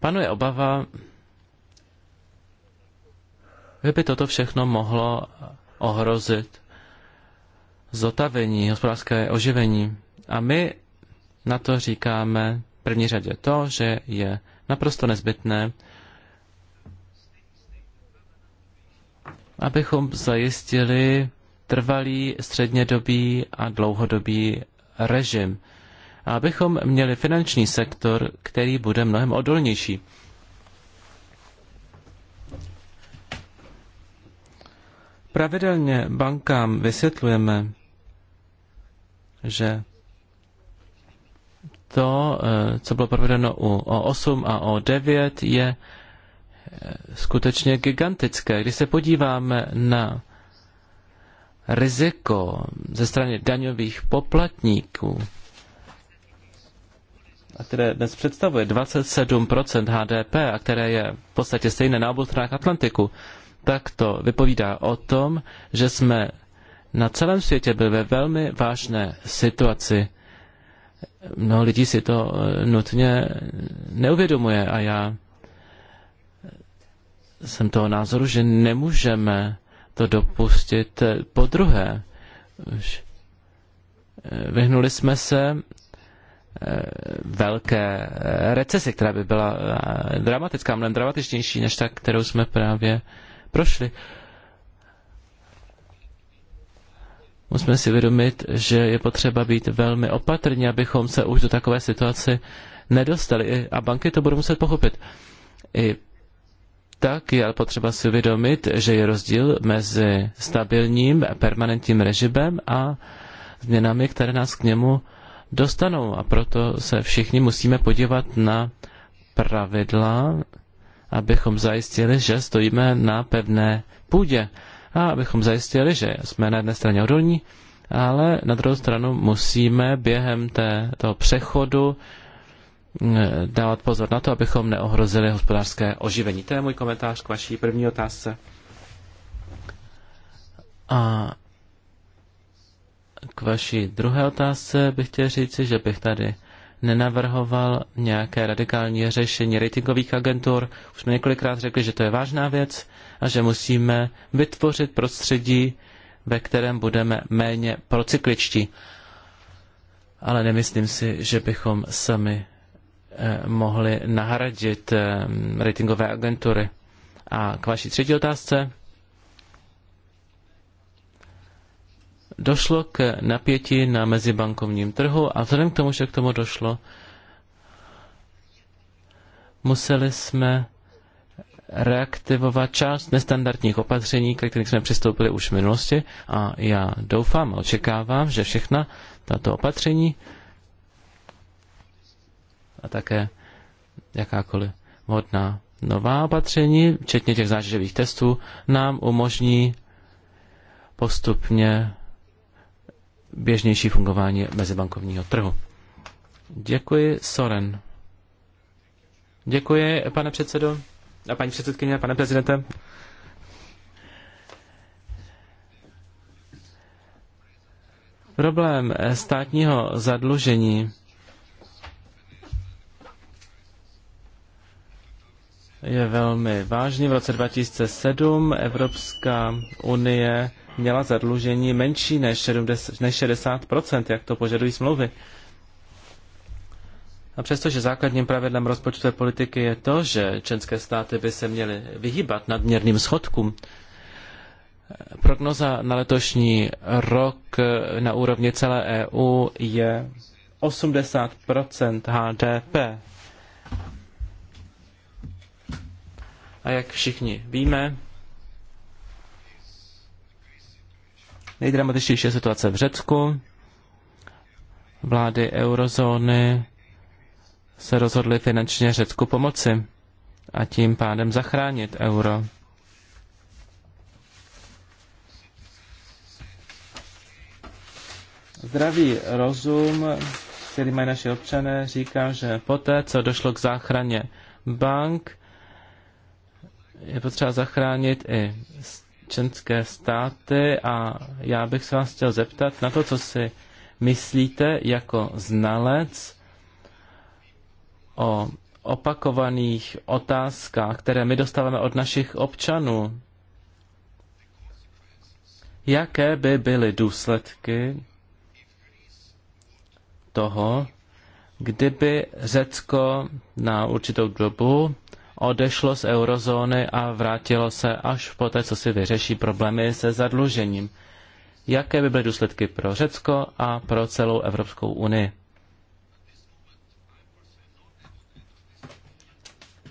panuje obava, by toto všechno mohlo ohrozit zotavení, hospodářské oživení. A my na to říkáme v první řadě to, že je naprosto nezbytné, abychom zajistili trvalý střednědobý a dlouhodobý režim. A abychom měli finanční sektor, který bude mnohem odolnější. Pravidelně bankám vysvětlujeme, že to, eh, co bylo provedeno u O8 a O9, je eh, skutečně gigantické. Když se podíváme na riziko ze strany daňových poplatníků, a které dnes představuje 27% HDP a které je v podstatě stejné na obou stranách Atlantiku, tak to vypovídá o tom, že jsme na celém světě byli ve velmi vážné situaci. Mnoho lidí si to eh, nutně neuvědomuje a já jsem toho názoru, že nemůžeme to dopustit eh, po druhé. Už eh, vyhnuli jsme se velké recesi, která by byla dramatická, mnohem dramatičnější než ta, kterou jsme právě prošli. Musíme si vědomit, že je potřeba být velmi opatrní, abychom se už do takové situace nedostali. A banky to budou muset pochopit. I tak je potřeba si uvědomit, že je rozdíl mezi stabilním permanentním režimem a změnami, které nás k němu dostanou. A proto se všichni musíme podívat na pravidla, abychom zajistili, že stojíme na pevné půdě a abychom zajistili, že jsme na jedné straně odolní, ale na druhou stranu musíme během té, toho přechodu eh, dávat pozor na to, abychom neohrozili hospodářské oživení. To je můj komentář k vaší první otázce. A k vaší druhé otázce bych chtěl říci, že bych tady nenavrhoval nějaké radikální řešení ratingových agentur. Už jsme několikrát řekli, že to je vážná věc a že musíme vytvořit prostředí, ve kterém budeme méně procykličtí. Ale nemyslím si, že bychom sami eh, mohli nahradit eh, ratingové agentury. A k vaší třetí otázce došlo k napětí na mezibankovním trhu a vzhledem k tomu, že k tomu došlo, museli jsme reaktivovat část nestandardních opatření, ke kterým jsme přistoupili už v minulosti a já doufám a očekávám, že všechna tato opatření a také jakákoliv vhodná nová opatření, včetně těch záživých testů, nám umožní postupně běžnější fungování mezibankovního trhu. Děkuji, Soren. Děkuji, pane předsedo. A paní předsedkyně, a pane prezidente. Problém státního zadlužení je velmi vážný. V roce 2007 Evropská unie měla zadlužení menší než 60%, jak to požadují smlouvy. A přestože základním pravidlem rozpočtové politiky je to, že členské státy by se měly vyhýbat nadměrným schodkům, prognoza na letošní rok na úrovni celé EU je 80 HDP. A jak všichni víme, Nejdramatičtější je situace v Řecku. Vlády eurozóny se rozhodly finančně Řecku pomoci a tím pádem zachránit euro. Zdravý rozum, který mají naši občané, říká, že poté, co došlo k záchraně bank, je potřeba zachránit i členské státy a já bych se vás chtěl zeptat na to, co si myslíte jako znalec o opakovaných otázkách, které my dostáváme od našich občanů. Jaké by byly důsledky toho, kdyby Řecko na určitou dobu odešlo z eurozóny a vrátilo se až po té, co si vyřeší problémy se zadlužením. Jaké by byly důsledky pro Řecko a pro celou Evropskou unii?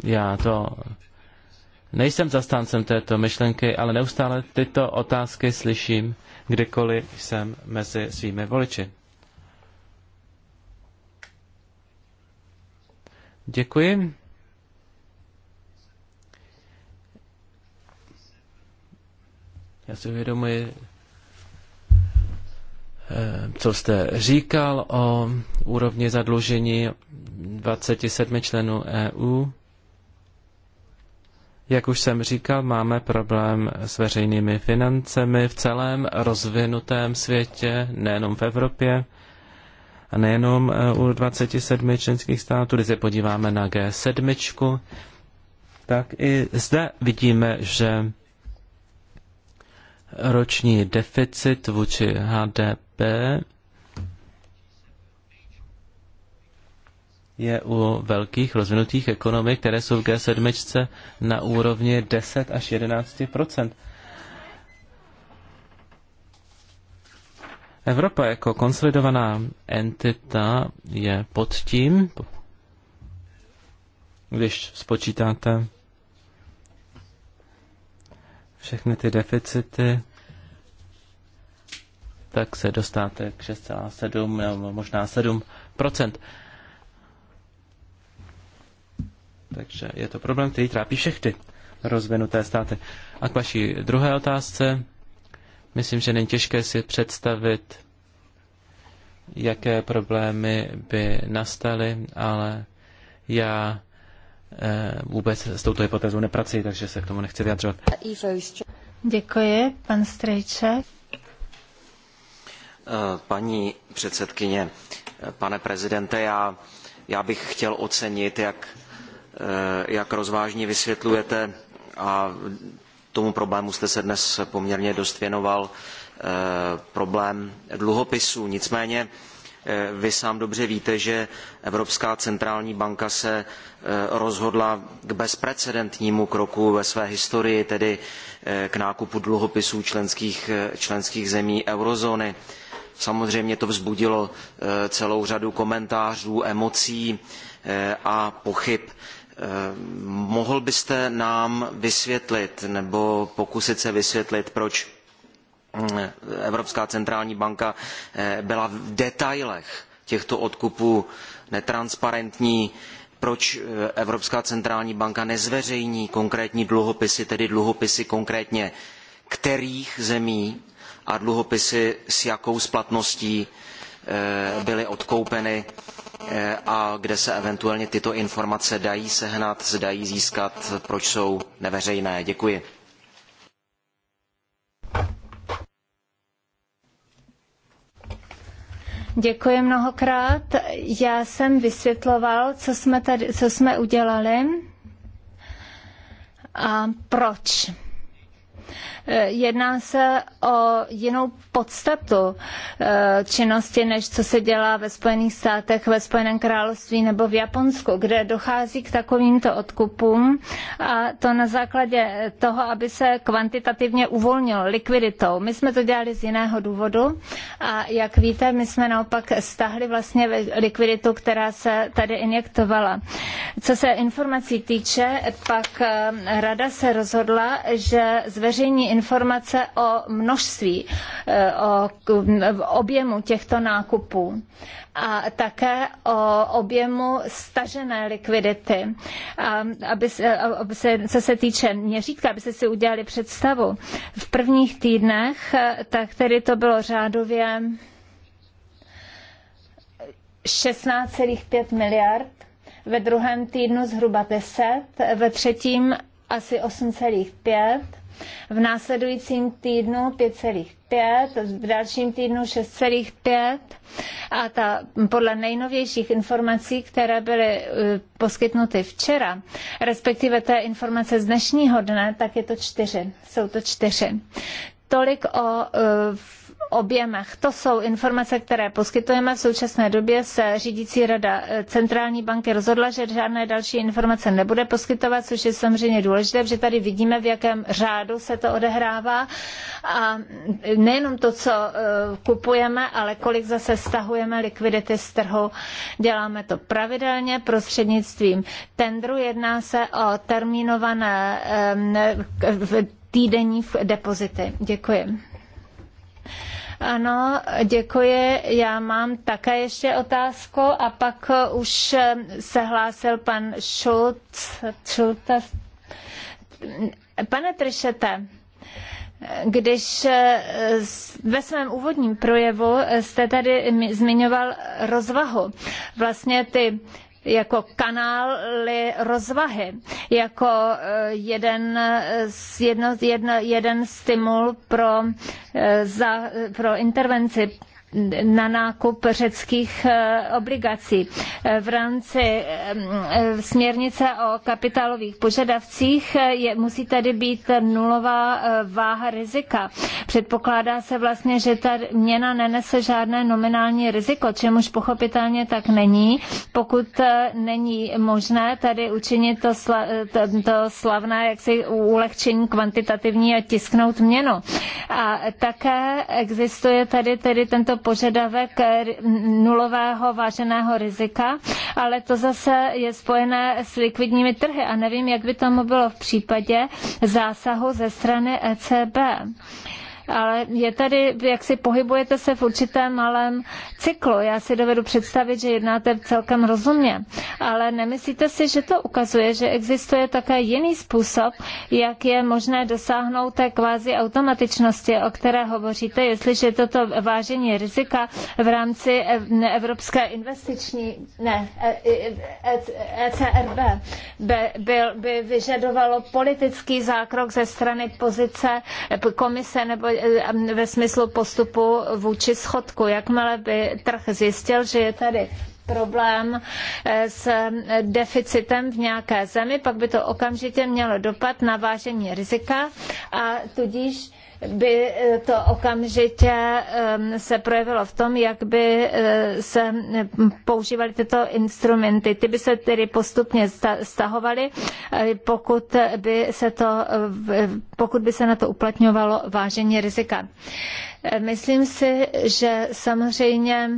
Já to nejsem zastáncem této myšlenky, ale neustále tyto otázky slyším, kdykoliv jsem mezi svými voliči. Děkuji. Já si uvědomuji, eh, co jste říkal o úrovni zadlužení 27 členů EU. Jak už jsem říkal, máme problém s veřejnými financemi v celém rozvinutém světě, nejenom v Evropě a nejenom eh, u 27 členských států. Když se podíváme na G7, tak i zde vidíme, že roční deficit vůči HDP je u velkých rozvinutých ekonomik, které jsou v G7 na úrovni 10 až 11 Evropa jako konsolidovaná entita je pod tím, když spočítáte všechny ty deficity, tak se dostáte k 6,7 nebo možná 7 Takže je to problém, který trápí všechny rozvinuté státy. A k vaší druhé otázce, myslím, že není těžké si představit, jaké problémy by nastaly, ale já Eh, vůbec s touto hypotézou nepracuji, takže se k tomu nechci vyjadřovat. Děkuji, pan Strejče. Eh, paní předsedkyně, eh, pane prezidente, já, já bych chtěl ocenit, jak, jak rozvážně vysvětlujete a tomu problému jste se dnes poměrně dost věnoval, problém dluhopisů. Nicméně Eh, vy sám dobře víte, že Evropská centrální banka se eh, rozhodla k bezprecedentnímu kroku ve své historii, tedy eh, k nákupu dluhopisů členských, členských zemí eurozóny. Samozřejmě to vzbudilo celou řadu komentářů, emocí a pochyb. Mohl byste nám vysvětlit nebo pokusit se vysvětlit, proč Evropská centrální banka eh, byla v detailech těchto odkupů netransparentní, proč eh, Evropská centrální banka nezveřejní konkrétní dluhopisy, tedy dluhopisy konkrétně kterých zemí a dluhopisy s jakou splatností eh, byly odkoupeny a kde se eventuálně tyto informace dají sehnat, dají získat, proč jsou neveřejné. Děkuji. Děkuji mnohokrát. Já jsem vysvětloval, co jsme, tady, co jsme udělali a proč. Eh, jedná se o jinou podstatu eh, činnosti, než co se dělá ve Spojených státech, ve Spojeném království nebo v Japonsku, kde dochází k takovýmto odkupům a to na základě toho, aby se kvantitativně uvolnilo likviditou. My jsme to dělali z jiného důvodu a jak víte, my jsme naopak stáhli vlastně likviditu, která se tady injektovala. Co se informací týče, pak eh, rada se rozhodla, že zveřejní informace o množství, eh, o objemu těchto nákupů a také o objemu stažené likvidity, a eh, aby, se, aby se, co se týče měřítka, aby se si udělali představu. V prvních týdnech, eh, tak tedy to bylo řádově 16,5 miliard, ve druhém týdnu zhruba 10, ve třetím asi 8,5 v následujícím týdnu 5,5, v dalším týdnu 6,5 a ta, podle nejnovějších informací, které byly eh, poskytnuty včera, respektive té informace z dnešního dne, tak je to čtyři. Jsou to čtyři. Tolik o eh, objemech. To jsou informace, které poskytujeme. V současné době se řídící rada eh, centrální banky rozhodla, že žádné další informace nebude poskytovat, což je samozřejmě důležité, protože tady vidíme, v jakém řádu se to odehrává. A nejenom to, co eh, kupujeme, ale kolik zase stahujeme likvidity z trhu. Děláme to pravidelně prostřednictvím tendru. Jedná se o termínované eh, týdenní depozity. Děkuji. Ano, děkuji. Já mám také ještě otázku a pak už se hlásil pan Schulz. Schulz. Pane Tršete, když eh, ve svém úvodním projevu jste tady zmiňoval rozvahu, vlastně ty jako kanály rozvahy, jako eh, jeden, jedno, jedno, jeden stimul pro, eh, za, pro intervenci na nákup řeckých eh, obligací. Eh, v rámci eh, směrnice o kapitálových požadavcích je, musí tady být nulová váha rizika. Předpokládá se vlastně, že ta měna nenese žádné nominální riziko, čemuž pochopitelně tak není, pokud není možné tady učinit to, sla, to, to slavné jaksi ulehčení kvantitativní a tisknout měnu. A také existuje tady tedy tento požadavek eh, nulového váženého rizika, ale to zase je spojené s likvidními trhy a nevím, jak by tomu bylo v případě zásahu ze strany ECB ale je tady, jak si pohybujete se v určitém malém cyklu. Já si dovedu představit, že jednáte celkem rozumně, ale nemyslíte si, že to ukazuje, že existuje také jiný způsob, jak je možné dosáhnout té kvázi automatičnosti, o které hovoříte, jestliže toto vážení rizika v rámci Evropské investiční, ne, ECRB by, by, by vyžadovalo politický zákrok ze strany pozice komise nebo ve smyslu postupu vůči schodku. Jakmile by trh zjistil, že je tady problém eh, s eh, deficitem v nějaké zemi, pak by to okamžitě mělo dopad na vážení rizika a tudíž by eh, to okamžitě se projevilo v tom, jak by eh, se používaly tyto instrumenty. Ty by se tedy postupně stahovaly, eh, pokud by se, to, pokud by se na to uplatňovalo vážení rizika. Myslím si, že samozřejmě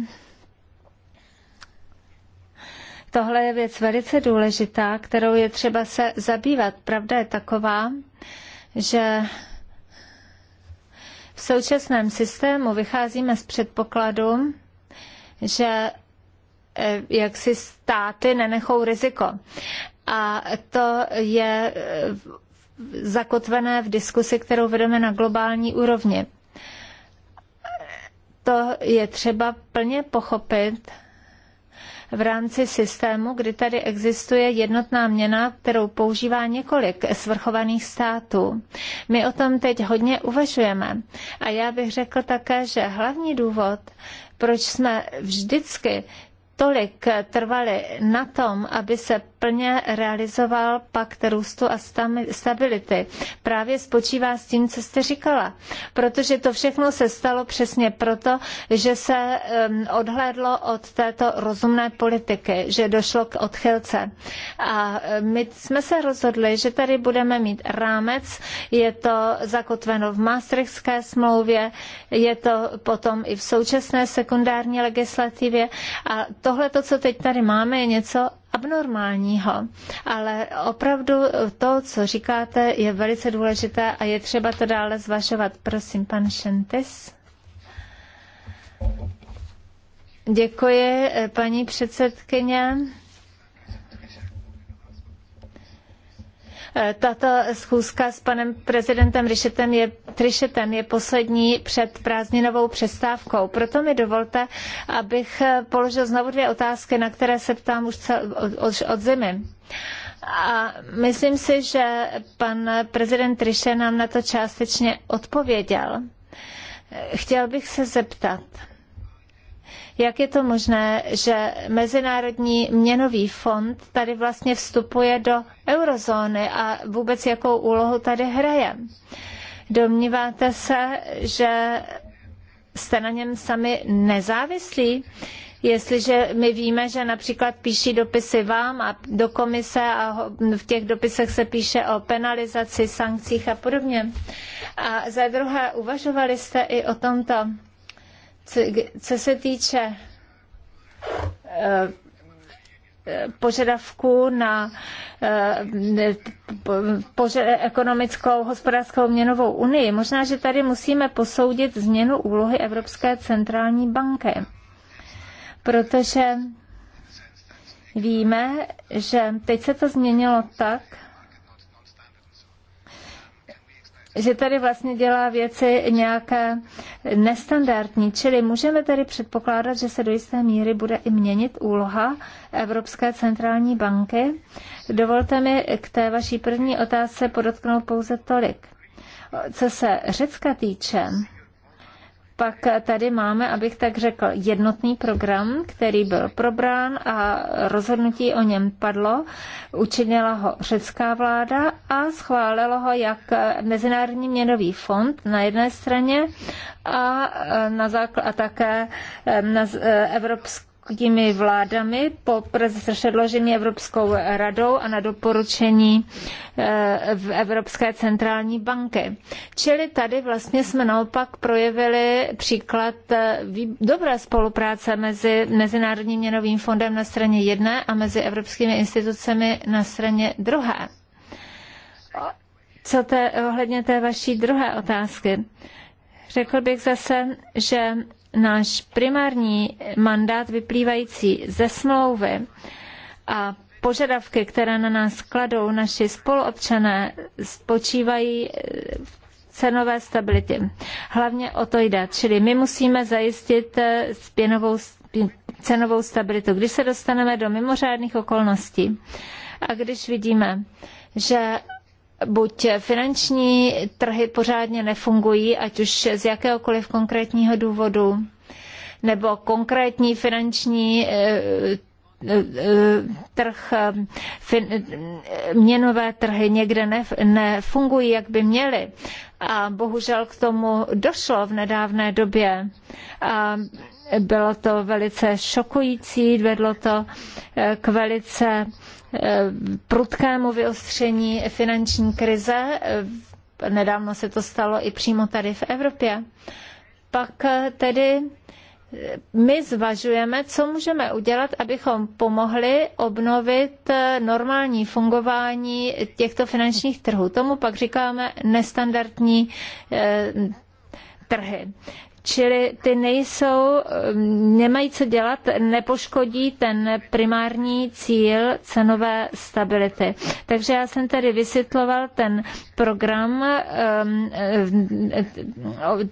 tohle je věc velice důležitá, kterou je třeba se zabývat. Pravda je taková, že v současném systému vycházíme z předpokladu, že eh, jak si státy nenechou riziko. A to je eh, zakotvené v diskusi, kterou vedeme na globální úrovni. To je třeba plně pochopit v rámci systému, kdy tady existuje jednotná měna, kterou používá několik svrchovaných států. My o tom teď hodně uvažujeme. A já bych řekl také, že hlavní důvod, proč jsme vždycky tolik trvali na tom, aby se plně realizoval pakt růstu a stability. Právě spočívá s tím, co jste říkala. Protože to všechno se stalo přesně proto, že se odhlédlo od této rozumné politiky, že došlo k odchylce. A my jsme se rozhodli, že tady budeme mít rámec, je to zakotveno v Maastrichtské smlouvě, je to potom i v současné sekundární legislativě a tohle, to, co teď tady máme, je něco abnormálního, ale opravdu to, co říkáte, je velice důležité a je třeba to dále zvažovat. Prosím, pan Šentis. Děkuji, eh, paní předsedkyně. Eh, tato schůzka s panem prezidentem Rišetem je, Trišetem je poslední před prázdninovou přestávkou. Proto mi dovolte, abych eh, položil znovu dvě otázky, na které se ptám už cel, od, od zimy. A myslím si, že pan prezident Triše nám na to částečně odpověděl. Eh, chtěl bych se zeptat, jak je to možné, že Mezinárodní měnový fond tady vlastně vstupuje do eurozóny a vůbec jakou úlohu tady hraje? Domníváte se, že jste na něm sami nezávislí? Jestliže my víme, že například píší dopisy vám a do komise a v těch dopisech se píše o penalizaci, sankcích a podobně. A za druhé, uvažovali jste i o tomto, co se týče eh, eh, požadavků na eh, ekonomickou hospodářskou měnovou unii. Možná, že tady musíme posoudit změnu úlohy Evropské centrální banky, protože víme, že teď se to změnilo tak, že tady vlastně dělá věci nějaké nestandardní, čili můžeme tady předpokládat, že se do jisté míry bude i měnit úloha Evropské centrální banky. Dovolte mi k té vaší první otázce podotknout pouze tolik. Co se Řecka týče, pak tady máme, abych tak řekl, jednotný program, který byl probrán a rozhodnutí o něm padlo. Učinila ho řecká vláda a schválilo ho jak Mezinárodní měnový fond na jedné straně a, na zákl- a také na e, Evropské evropskými vládami po předložení Evropskou radou a na doporučení eh, v Evropské centrální banky. Čili tady vlastně jsme naopak projevili příklad eh, dobré spolupráce mezi Mezinárodním měnovým fondem na straně jedné a mezi evropskými institucemi na straně druhé. Co té, ohledně té vaší druhé otázky? Řekl bych zase, že náš primární mandát vyplývající ze smlouvy a požadavky, které na nás kladou naši spoluobčané, spočívají eh, v cenové stabilitě. Hlavně o to jde, čili my musíme zajistit eh, spěnovou, cenovou stabilitu. Když se dostaneme do mimořádných okolností a když vidíme, že buď finanční trhy pořádně nefungují, ať už z jakéhokoliv konkrétního důvodu, nebo konkrétní finanční eh, eh, eh, trh, fin, měnové trhy někde nefungují, jak by měly. A bohužel k tomu došlo v nedávné době. A bylo to velice šokující, vedlo to eh, k velice eh, prudkému vyostření finanční krize. Eh, nedávno se to stalo i přímo tady v Evropě. Pak tedy my zvažujeme, co můžeme udělat, abychom pomohli obnovit normální fungování těchto finančních trhů. Tomu pak říkáme nestandardní trhy čili ty nejsou, um, nemají co dělat, nepoškodí ten primární cíl cenové stability. Takže já jsem tady vysvětloval ten program um, eh,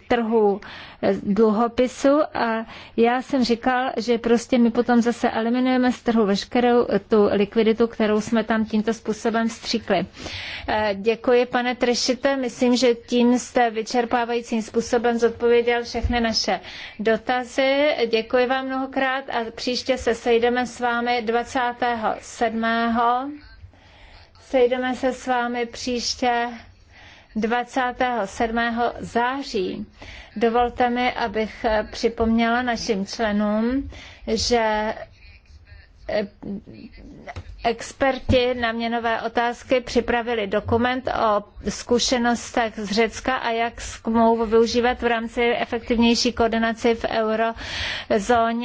trhu eh, dluhopisu a já jsem říkal, že prostě my potom zase eliminujeme z trhu veškerou eh, tu likviditu, kterou jsme tam tímto způsobem vstříkli. Děkuji, pane Trešite, myslím, že tím jste vyčerpávajícím způsobem zodpověděl všechny všechny naše dotazy. Děkuji vám mnohokrát a příště se sejdeme s vámi 27. Sejdeme se s vámi příště 27. září. Dovolte mi, abych připomněla našim členům, že experti na měnové otázky připravili dokument o zkušenostech z Řecka a jak smlouvu využívat v rámci efektivnější koordinace v eurozóně